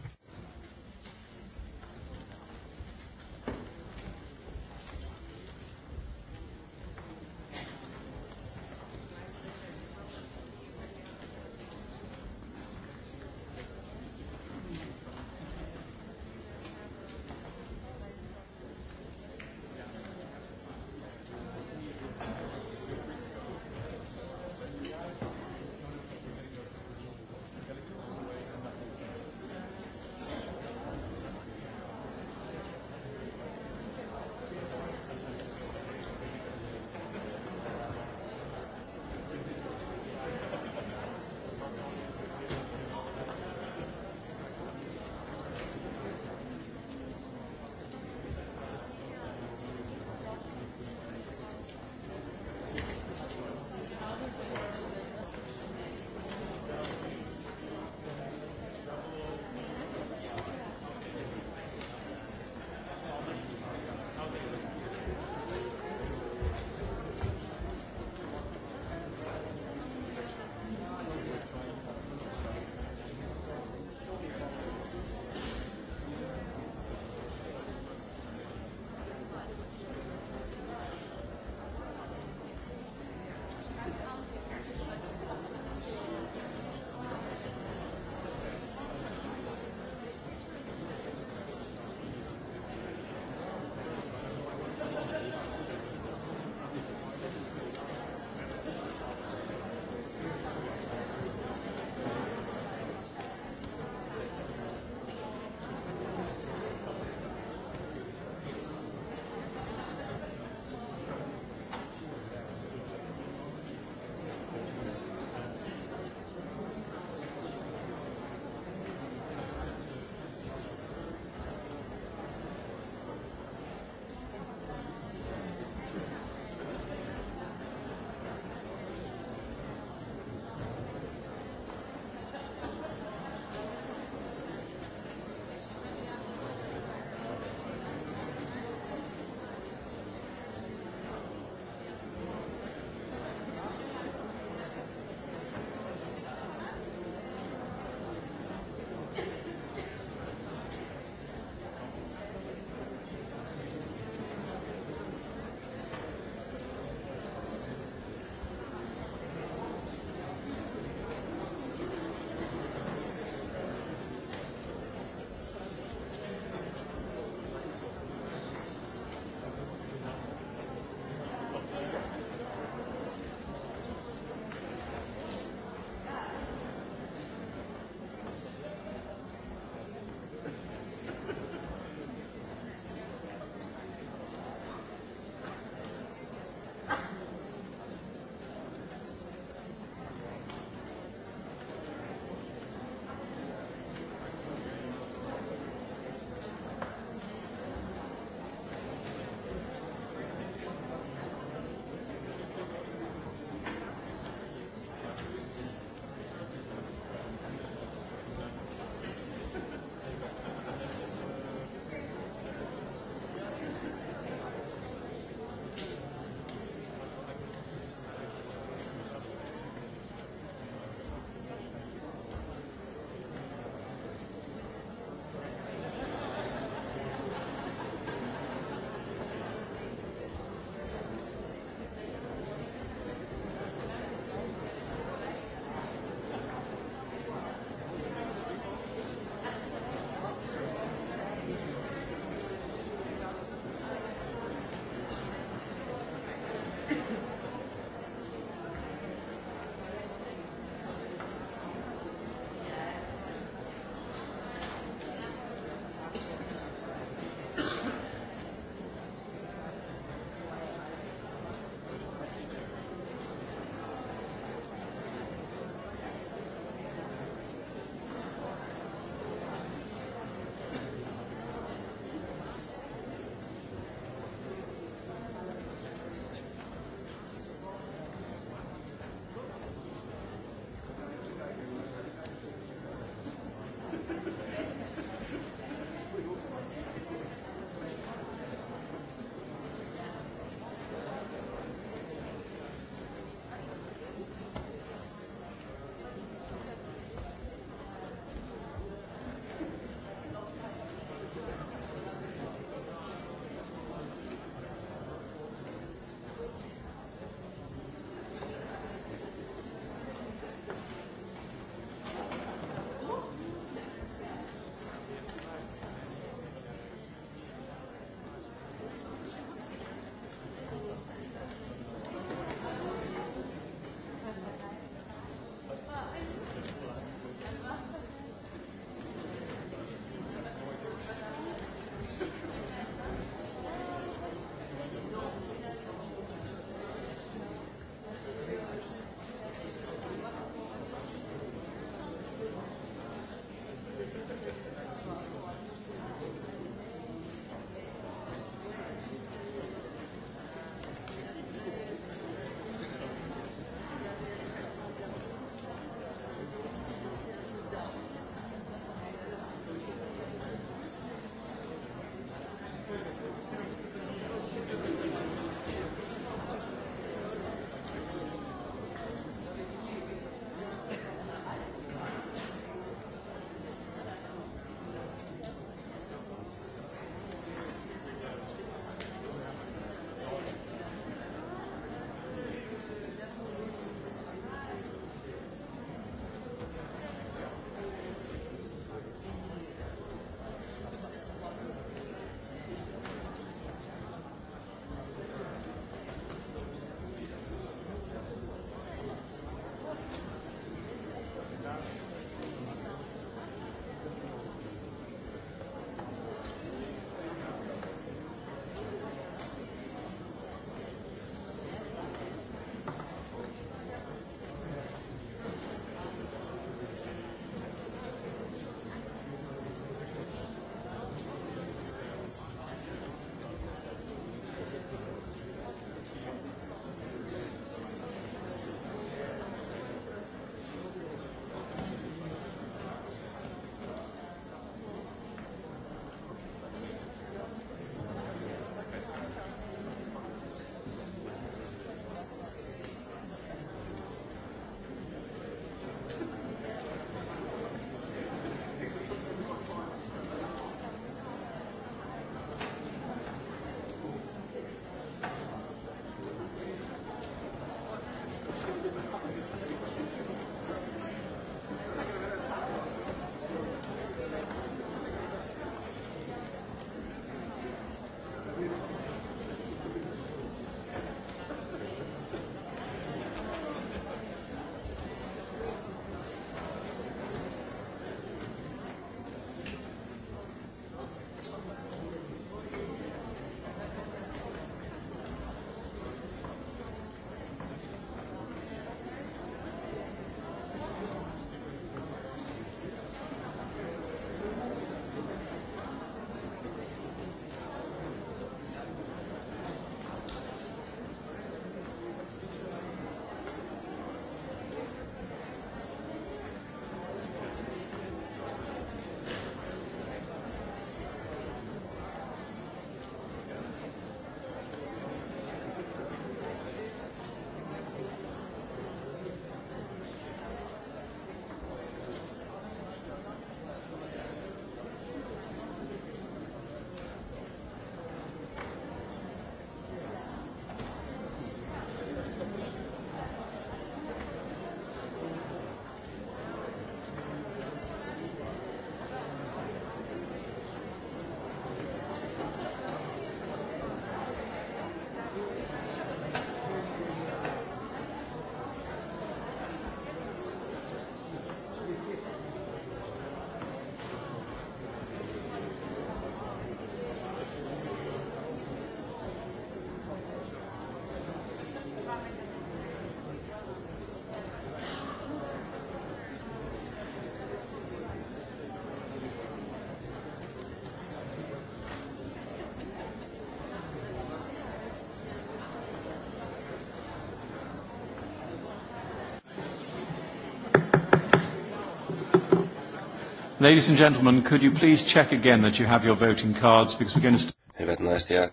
Ladies and gentlemen, could you please check again that you have your voting cards, because we're going to... Hyvät naiset ja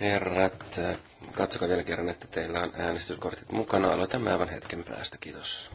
herrat, äh, katsokaa vielä kerran, että teillä on äänestyskortit mukana. Aloitamme aivan hetken päästä. Kiitos.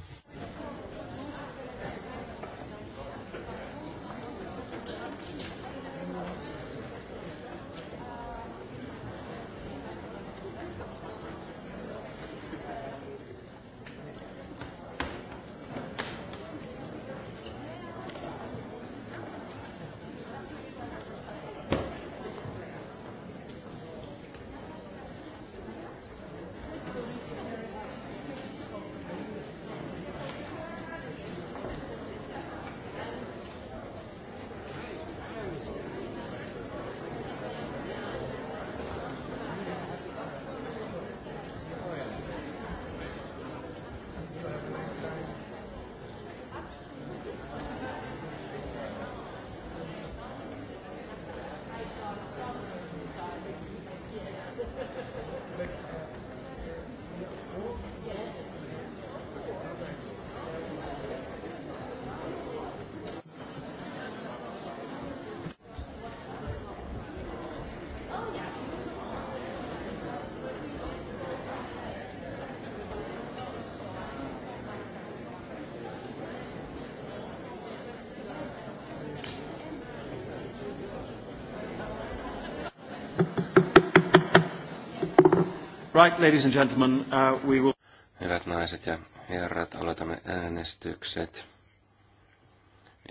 Right, ladies and gentlemen, uh, we will... Hyvät naiset ja herrat, aloitamme äänestykset.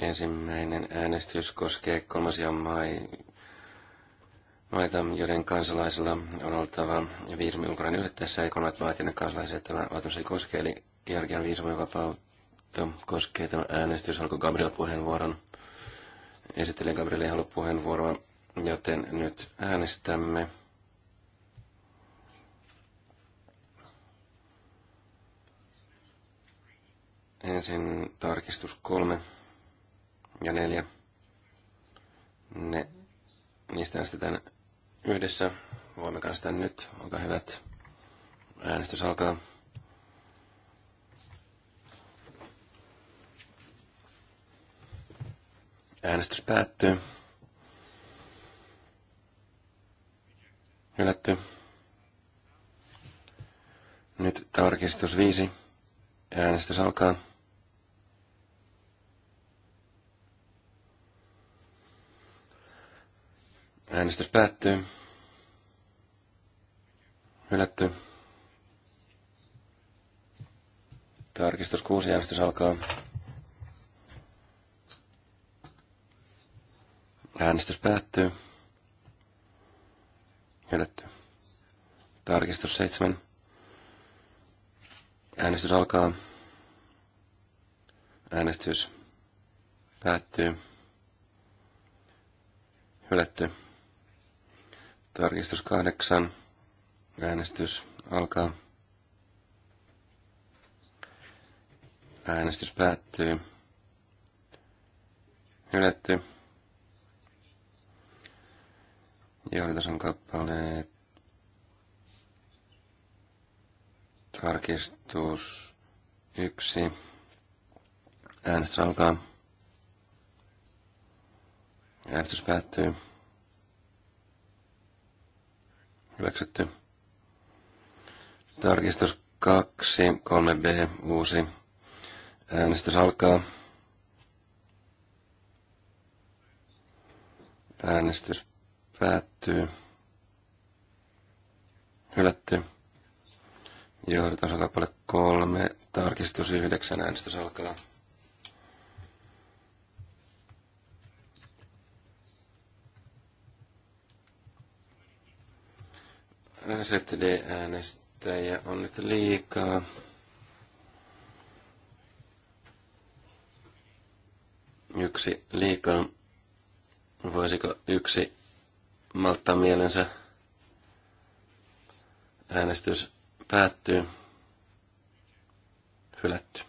Ensimmäinen äänestys koskee kolmasia mai, maita, joiden kansalaisilla on oltava viisumi Ukrainan ylittäessä ei kolmat maat ja kansalaisia tämä vaatimus ei koske, eli Georgian viisumivapautta koskee tämä äänestys. Alkoi Gabriel puheenvuoron. Esittelen Gabriel ei halua puheenvuoroa, joten nyt äänestämme. Sen tarkistus kolme ja neljä. Ne, niistä äänestetään yhdessä. Voimme kanssa nyt. Olkaa hyvät. Äänestys alkaa. Äänestys päättyy. Hylätty. Nyt tarkistus viisi. Äänestys alkaa. Äänestys päättyy. Hylätty. Tarkistus 6. Äänestys alkaa. Äänestys päättyy. Hylätty. Tarkistus 7. Äänestys alkaa. Äänestys päättyy. Hylätty. Tarkistus kahdeksan. Äänestys alkaa. Äänestys päättyy. Hylätty. Johdatus kappaleet. Tarkistus yksi. Äänestys alkaa. Äänestys päättyy. Hyväksytty. Tarkistus 2, 3b, uusi. Äänestys alkaa. Äänestys päättyy. Hylätty. Johdatusosakappale 3, tarkistus 9, äänestys alkaa. SD-äänestäjä on nyt liikaa. Yksi liikaa. Voisiko yksi malttaa mielensä? Äänestys päättyy. Hylätty.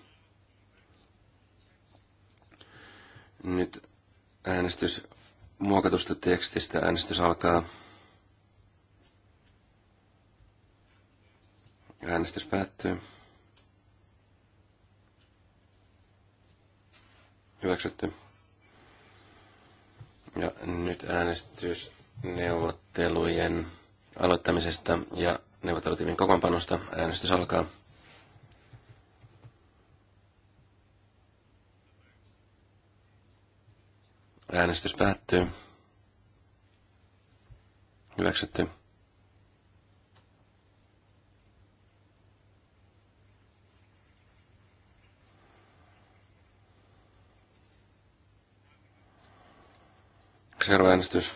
Nyt äänestys muokatusta tekstistä. Äänestys alkaa. Äänestys päättyy. Hyväksytty. Ja nyt äänestys neuvottelujen aloittamisesta ja neuvottelutiimin kokoonpanosta. Äänestys alkaa. Äänestys päättyy. Hyväksytty. Yksi herra äänestys.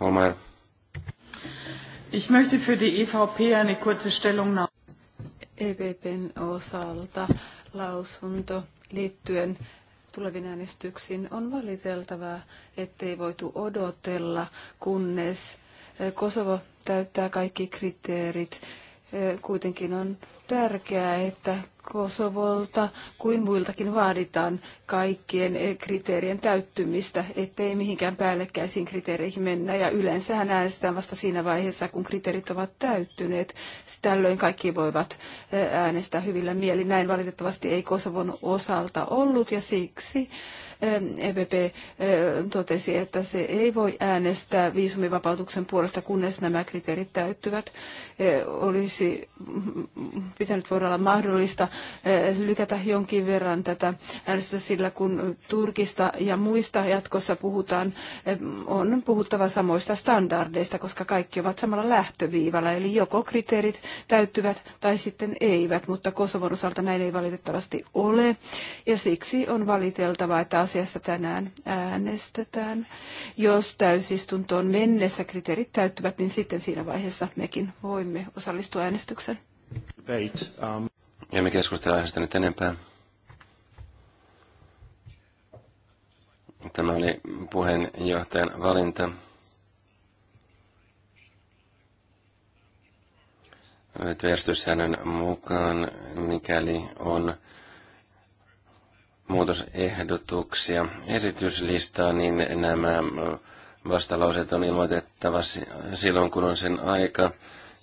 Holmeier. Ich möchte für die EVP eine kurze Stellungnahme. EVPn osalta lausunto liittyen tuleviin äänestyksiin on valiteltavaa, ettei voitu odotella, kunnes Kosovo täyttää kaikki kriteerit kuitenkin on tärkeää, että Kosovolta kuin muiltakin vaaditaan kaikkien eh, kriteerien täyttymistä, ettei mihinkään päällekkäisiin kriteereihin mennä. Ja yleensähän äänestetään vasta siinä vaiheessa, kun kriteerit ovat täyttyneet. Tällöin kaikki voivat eh, äänestää hyvillä mieli. Näin valitettavasti ei Kosovon osalta ollut ja siksi EPP eh, e totesi, että se ei voi äänestää viisumivapautuksen puolesta, kunnes nämä kriteerit täyttyvät. Olisi pitänyt voida olla mahdollista Eh, lykätä jonkin verran tätä äänestystä, sillä kun Turkista ja muista jatkossa puhutaan, eh, on puhuttava samoista standardeista, koska kaikki ovat samalla lähtöviivalla, eli joko kriteerit täyttyvät tai sitten eivät, mutta Kosovon osalta näin ei valitettavasti ole, ja siksi on valiteltava, että asiasta tänään äänestetään. Jos täysistuntoon mennessä kriteerit täyttyvät, niin sitten siinä vaiheessa mekin voimme osallistua äänestykseen. Um, emme keskustele aiheesta nyt enempää. Tämä oli puheenjohtajan valinta. Työjärjestyssäännön mukaan, mikäli on muutosehdotuksia esityslistaa, niin nämä vastalauseet on ilmoitettava silloin, kun on sen aika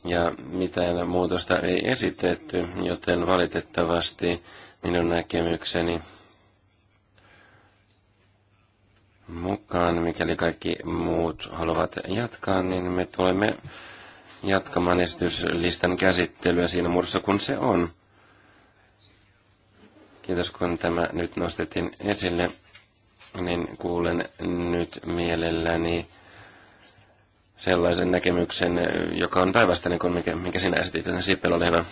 ja mitään muutosta ei esitetty, joten valitettavasti minun näkemykseni mukaan, mikäli kaikki muut haluavat jatkaa, niin me tulemme jatkamaan esityslistan käsittelyä siinä muodossa, kun se on. Kiitos, kun tämä nyt nostettiin esille, niin kuulen nyt mielelläni sellaisen näkemyksen, joka on päinvastainen kuin minkä, minkä sinä esitit. Sippel, ole hyvä.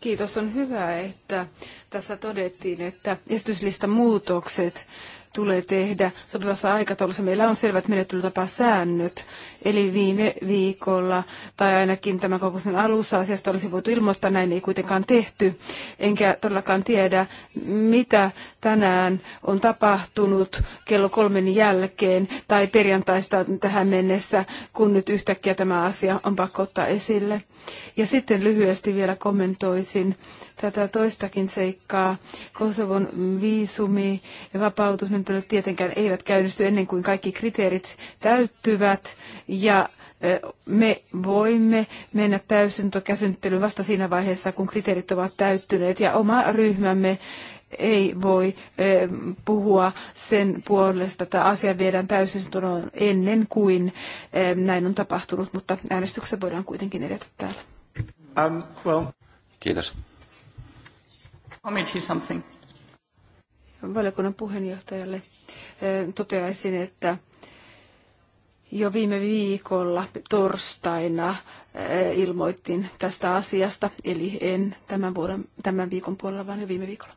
Kiitos, on hyvä, että tässä todettiin, että esityslistan muutokset tulee tehdä sopivassa aikataulussa. Meillä on selvät menettelytapasäännöt, eli viime viikolla tai ainakin tämän kokouksen alussa asiasta olisi voitu ilmoittaa, näin ei kuitenkaan tehty. Enkä todellakaan tiedä, mitä tänään on tapahtunut kello kolmen jälkeen tai perjantaista tähän mennessä, kun nyt yhtäkkiä tämä asia on pakko ottaa esille. Ja sitten lyhyesti vielä kommentoisin tätä toistakin seikkaa. Kosovon viisumi ja vapautusmenettelyt tietenkään eivät käynnisty ennen kuin kaikki kriteerit täyttyvät ja me voimme mennä täysintokäsittelyyn vasta siinä vaiheessa, kun kriteerit ovat täyttyneet ja oma ryhmämme ei voi puhua sen puolesta, että asia viedään täysistuntoon ennen kuin näin on tapahtunut, mutta äänestyksessä voidaan kuitenkin edetä täällä. Um, well. Kiitos. Valiokunnan puheenjohtajalle eh, toteaisin, että jo viime viikolla torstaina eh, ilmoitin tästä asiasta, eli en tämän, vuoden, tämän viikon puolella, vaan jo viime viikolla.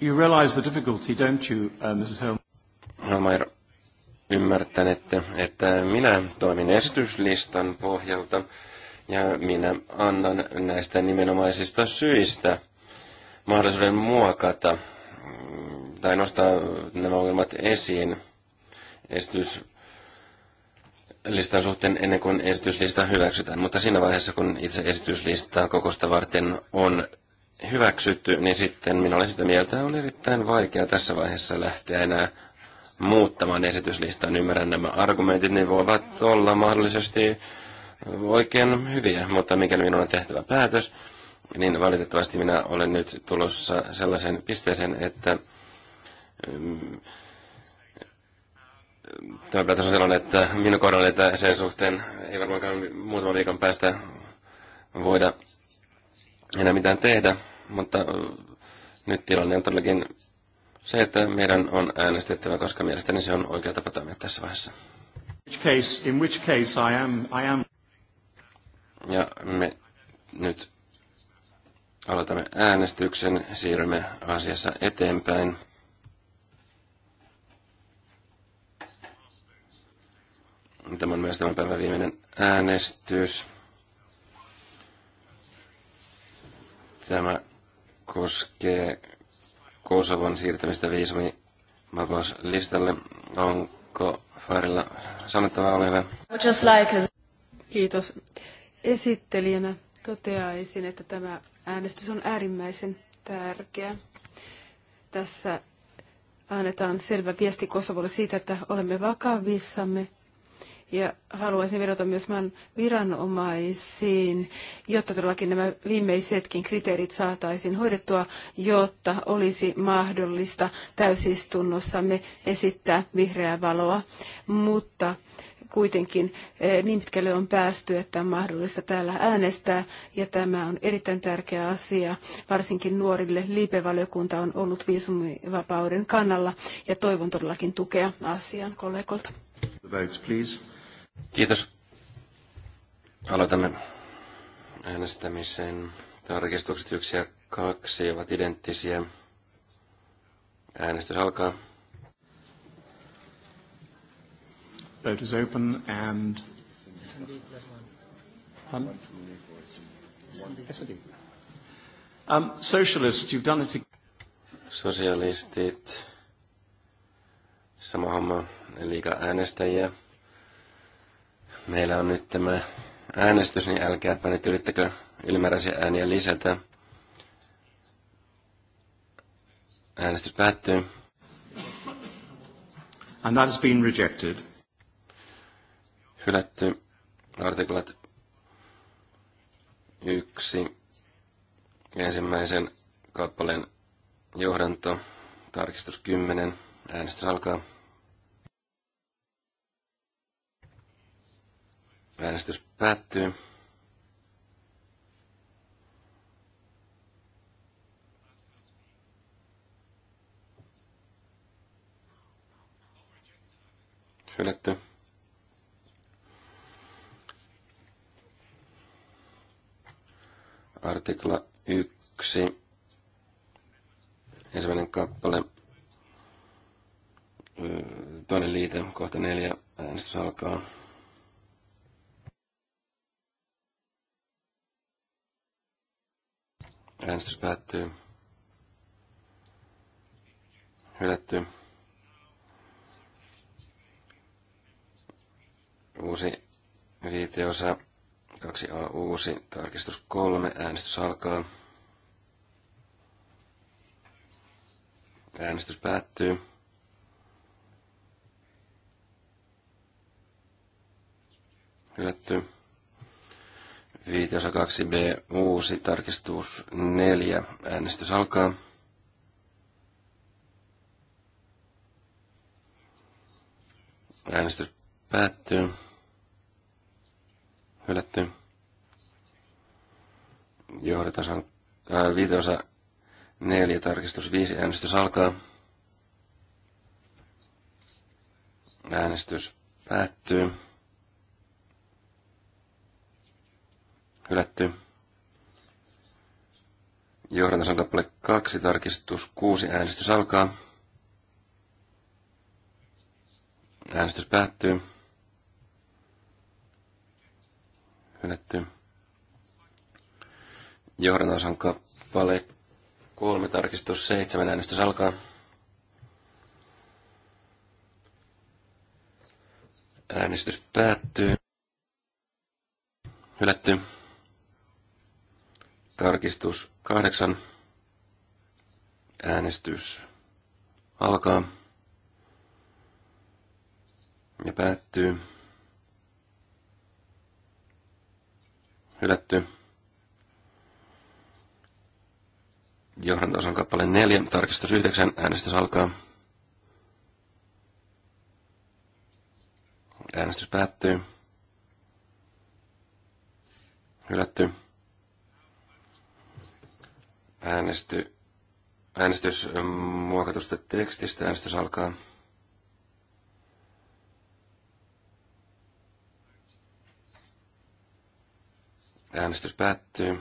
You realize the difficulty, don't you, uh, Mrs. Holmes? ymmärtänette, että minä toimin esityslistan pohjalta. Ja minä annan näistä nimenomaisista syistä mahdollisuuden muokata mm, tai nostaa nämä ongelmat esiin esityslistan suhteen ennen kuin esityslista hyväksytään. Mutta siinä vaiheessa, kun itse esityslistaa kokosta varten on hyväksytty, niin sitten minä olen sitä mieltä, että on erittäin vaikea tässä vaiheessa lähteä enää muuttamaan esityslistaa. Ymmärrän nämä argumentit, ne voivat olla mahdollisesti oikein hyviä, mutta mikäli minun on tehtävä päätös, niin valitettavasti minä olen nyt tulossa sellaisen pisteeseen, että mm, tämä päätös on sellainen, että minun kohdallani että sen suhteen ei varmaankaan muutaman viikon päästä voida enää mitään tehdä, mutta mm, nyt tilanne on todellakin se, että meidän on äänestettävä, koska mielestäni se on oikea tapa toimia tässä vaiheessa. In which case, in which case I am, I am. Ja me nyt aloitamme äänestyksen, siirrymme asiassa eteenpäin. Tämä on myös tämän päivän viimeinen äänestys. Tämä koskee Kosovon siirtämistä viisumivapauslistalle. Onko Farilla sanottavaa oleva? Kiitos esittelijänä toteaisin, että tämä äänestys on äärimmäisen tärkeä. Tässä annetaan selvä viesti Kosovolle siitä, että olemme vakavissamme ja haluaisin vedota myös maan viranomaisiin, jotta todellakin nämä viimeisetkin kriteerit saataisiin hoidettua, jotta olisi mahdollista täysistunnossamme esittää vihreää valoa. Mutta kuitenkin eh, niin pitkälle on päästy, että on mahdollista täällä äänestää, ja tämä on erittäin tärkeä asia, varsinkin nuorille. Liipevaliokunta on ollut viisumivapauden kannalla, ja toivon todellakin tukea asiaan kollegolta. Kiitos. Aloitamme äänestämisen. Tarkistukset 1 ja 2 ovat identtisiä. Äänestys alkaa. Vote is open and... Um, socialists, you've done it again. Sosialistit, sama homma, liikaa äänestäjiä. Meillä on nyt tämä äänestys, niin älkääpä nyt yrittäkö ylimääräisiä ääniä lisätä. Äänestys päättyy. And that has been rejected hylätty. Artiklat 1, ensimmäisen kappaleen johdanto, tarkistus 10, äänestys alkaa. Äänestys päättyy. Hylätty. Artikla 1, ensimmäinen kappale, toinen liite, kohta neljä, äänestys alkaa. Äänestys päättyy. Hylätty. Uusi viiteosa 2a uusi, tarkistus 3, äänestys alkaa. Äänestys päättyy. Hylätty. Viiteosa 2b uusi, tarkistus 4, äänestys alkaa. Äänestys päättyy hylätty. Johdetason äh, viiteosa neljä tarkistus viisi äänestys alkaa. Äänestys päättyy. Hylätty. Johdantason kappale 2, tarkistus 6, äänestys alkaa. Äänestys päättyy. käännetty Johdannosan kappale kolme tarkistus seitsemän äänestys alkaa. Äänestys päättyy. Hylätty. Tarkistus kahdeksan. Äänestys alkaa ja päättyy. hylätty. Johdantason kappale 4, tarkistus 9, äänestys alkaa. Äänestys päättyy. Hylätty. Äänesty, äänestys muokatusta tekstistä, äänestys alkaa. Äänestys päättyy.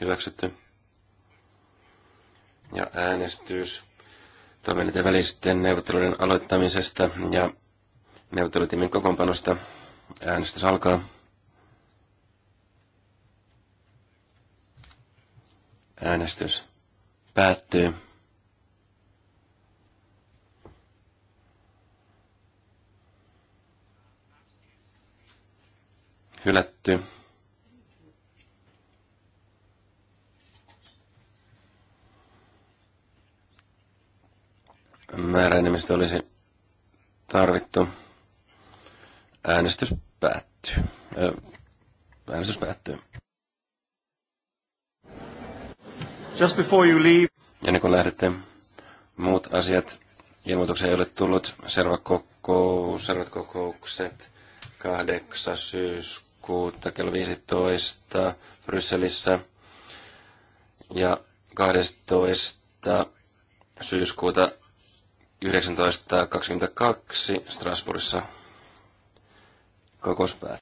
Hyväksytty. Ja äänestys toimijoiden välisten neuvotteluiden aloittamisesta ja neuvottelutiimin kokoonpanosta. Äänestys alkaa. Äänestys päättyy. Hylätty. määräenemmistö olisi tarvittu. Äänestys päättyy. Äänestys päättyy. Just before you leave. Ennen kuin lähdette, muut asiat. Ilmoituksia ei ole tullut. Servakokous, servakokoukset 8. syyskuuta kello 15 Brysselissä ja 12. syyskuuta 19.22 Strasbourgissa kokous päättyi.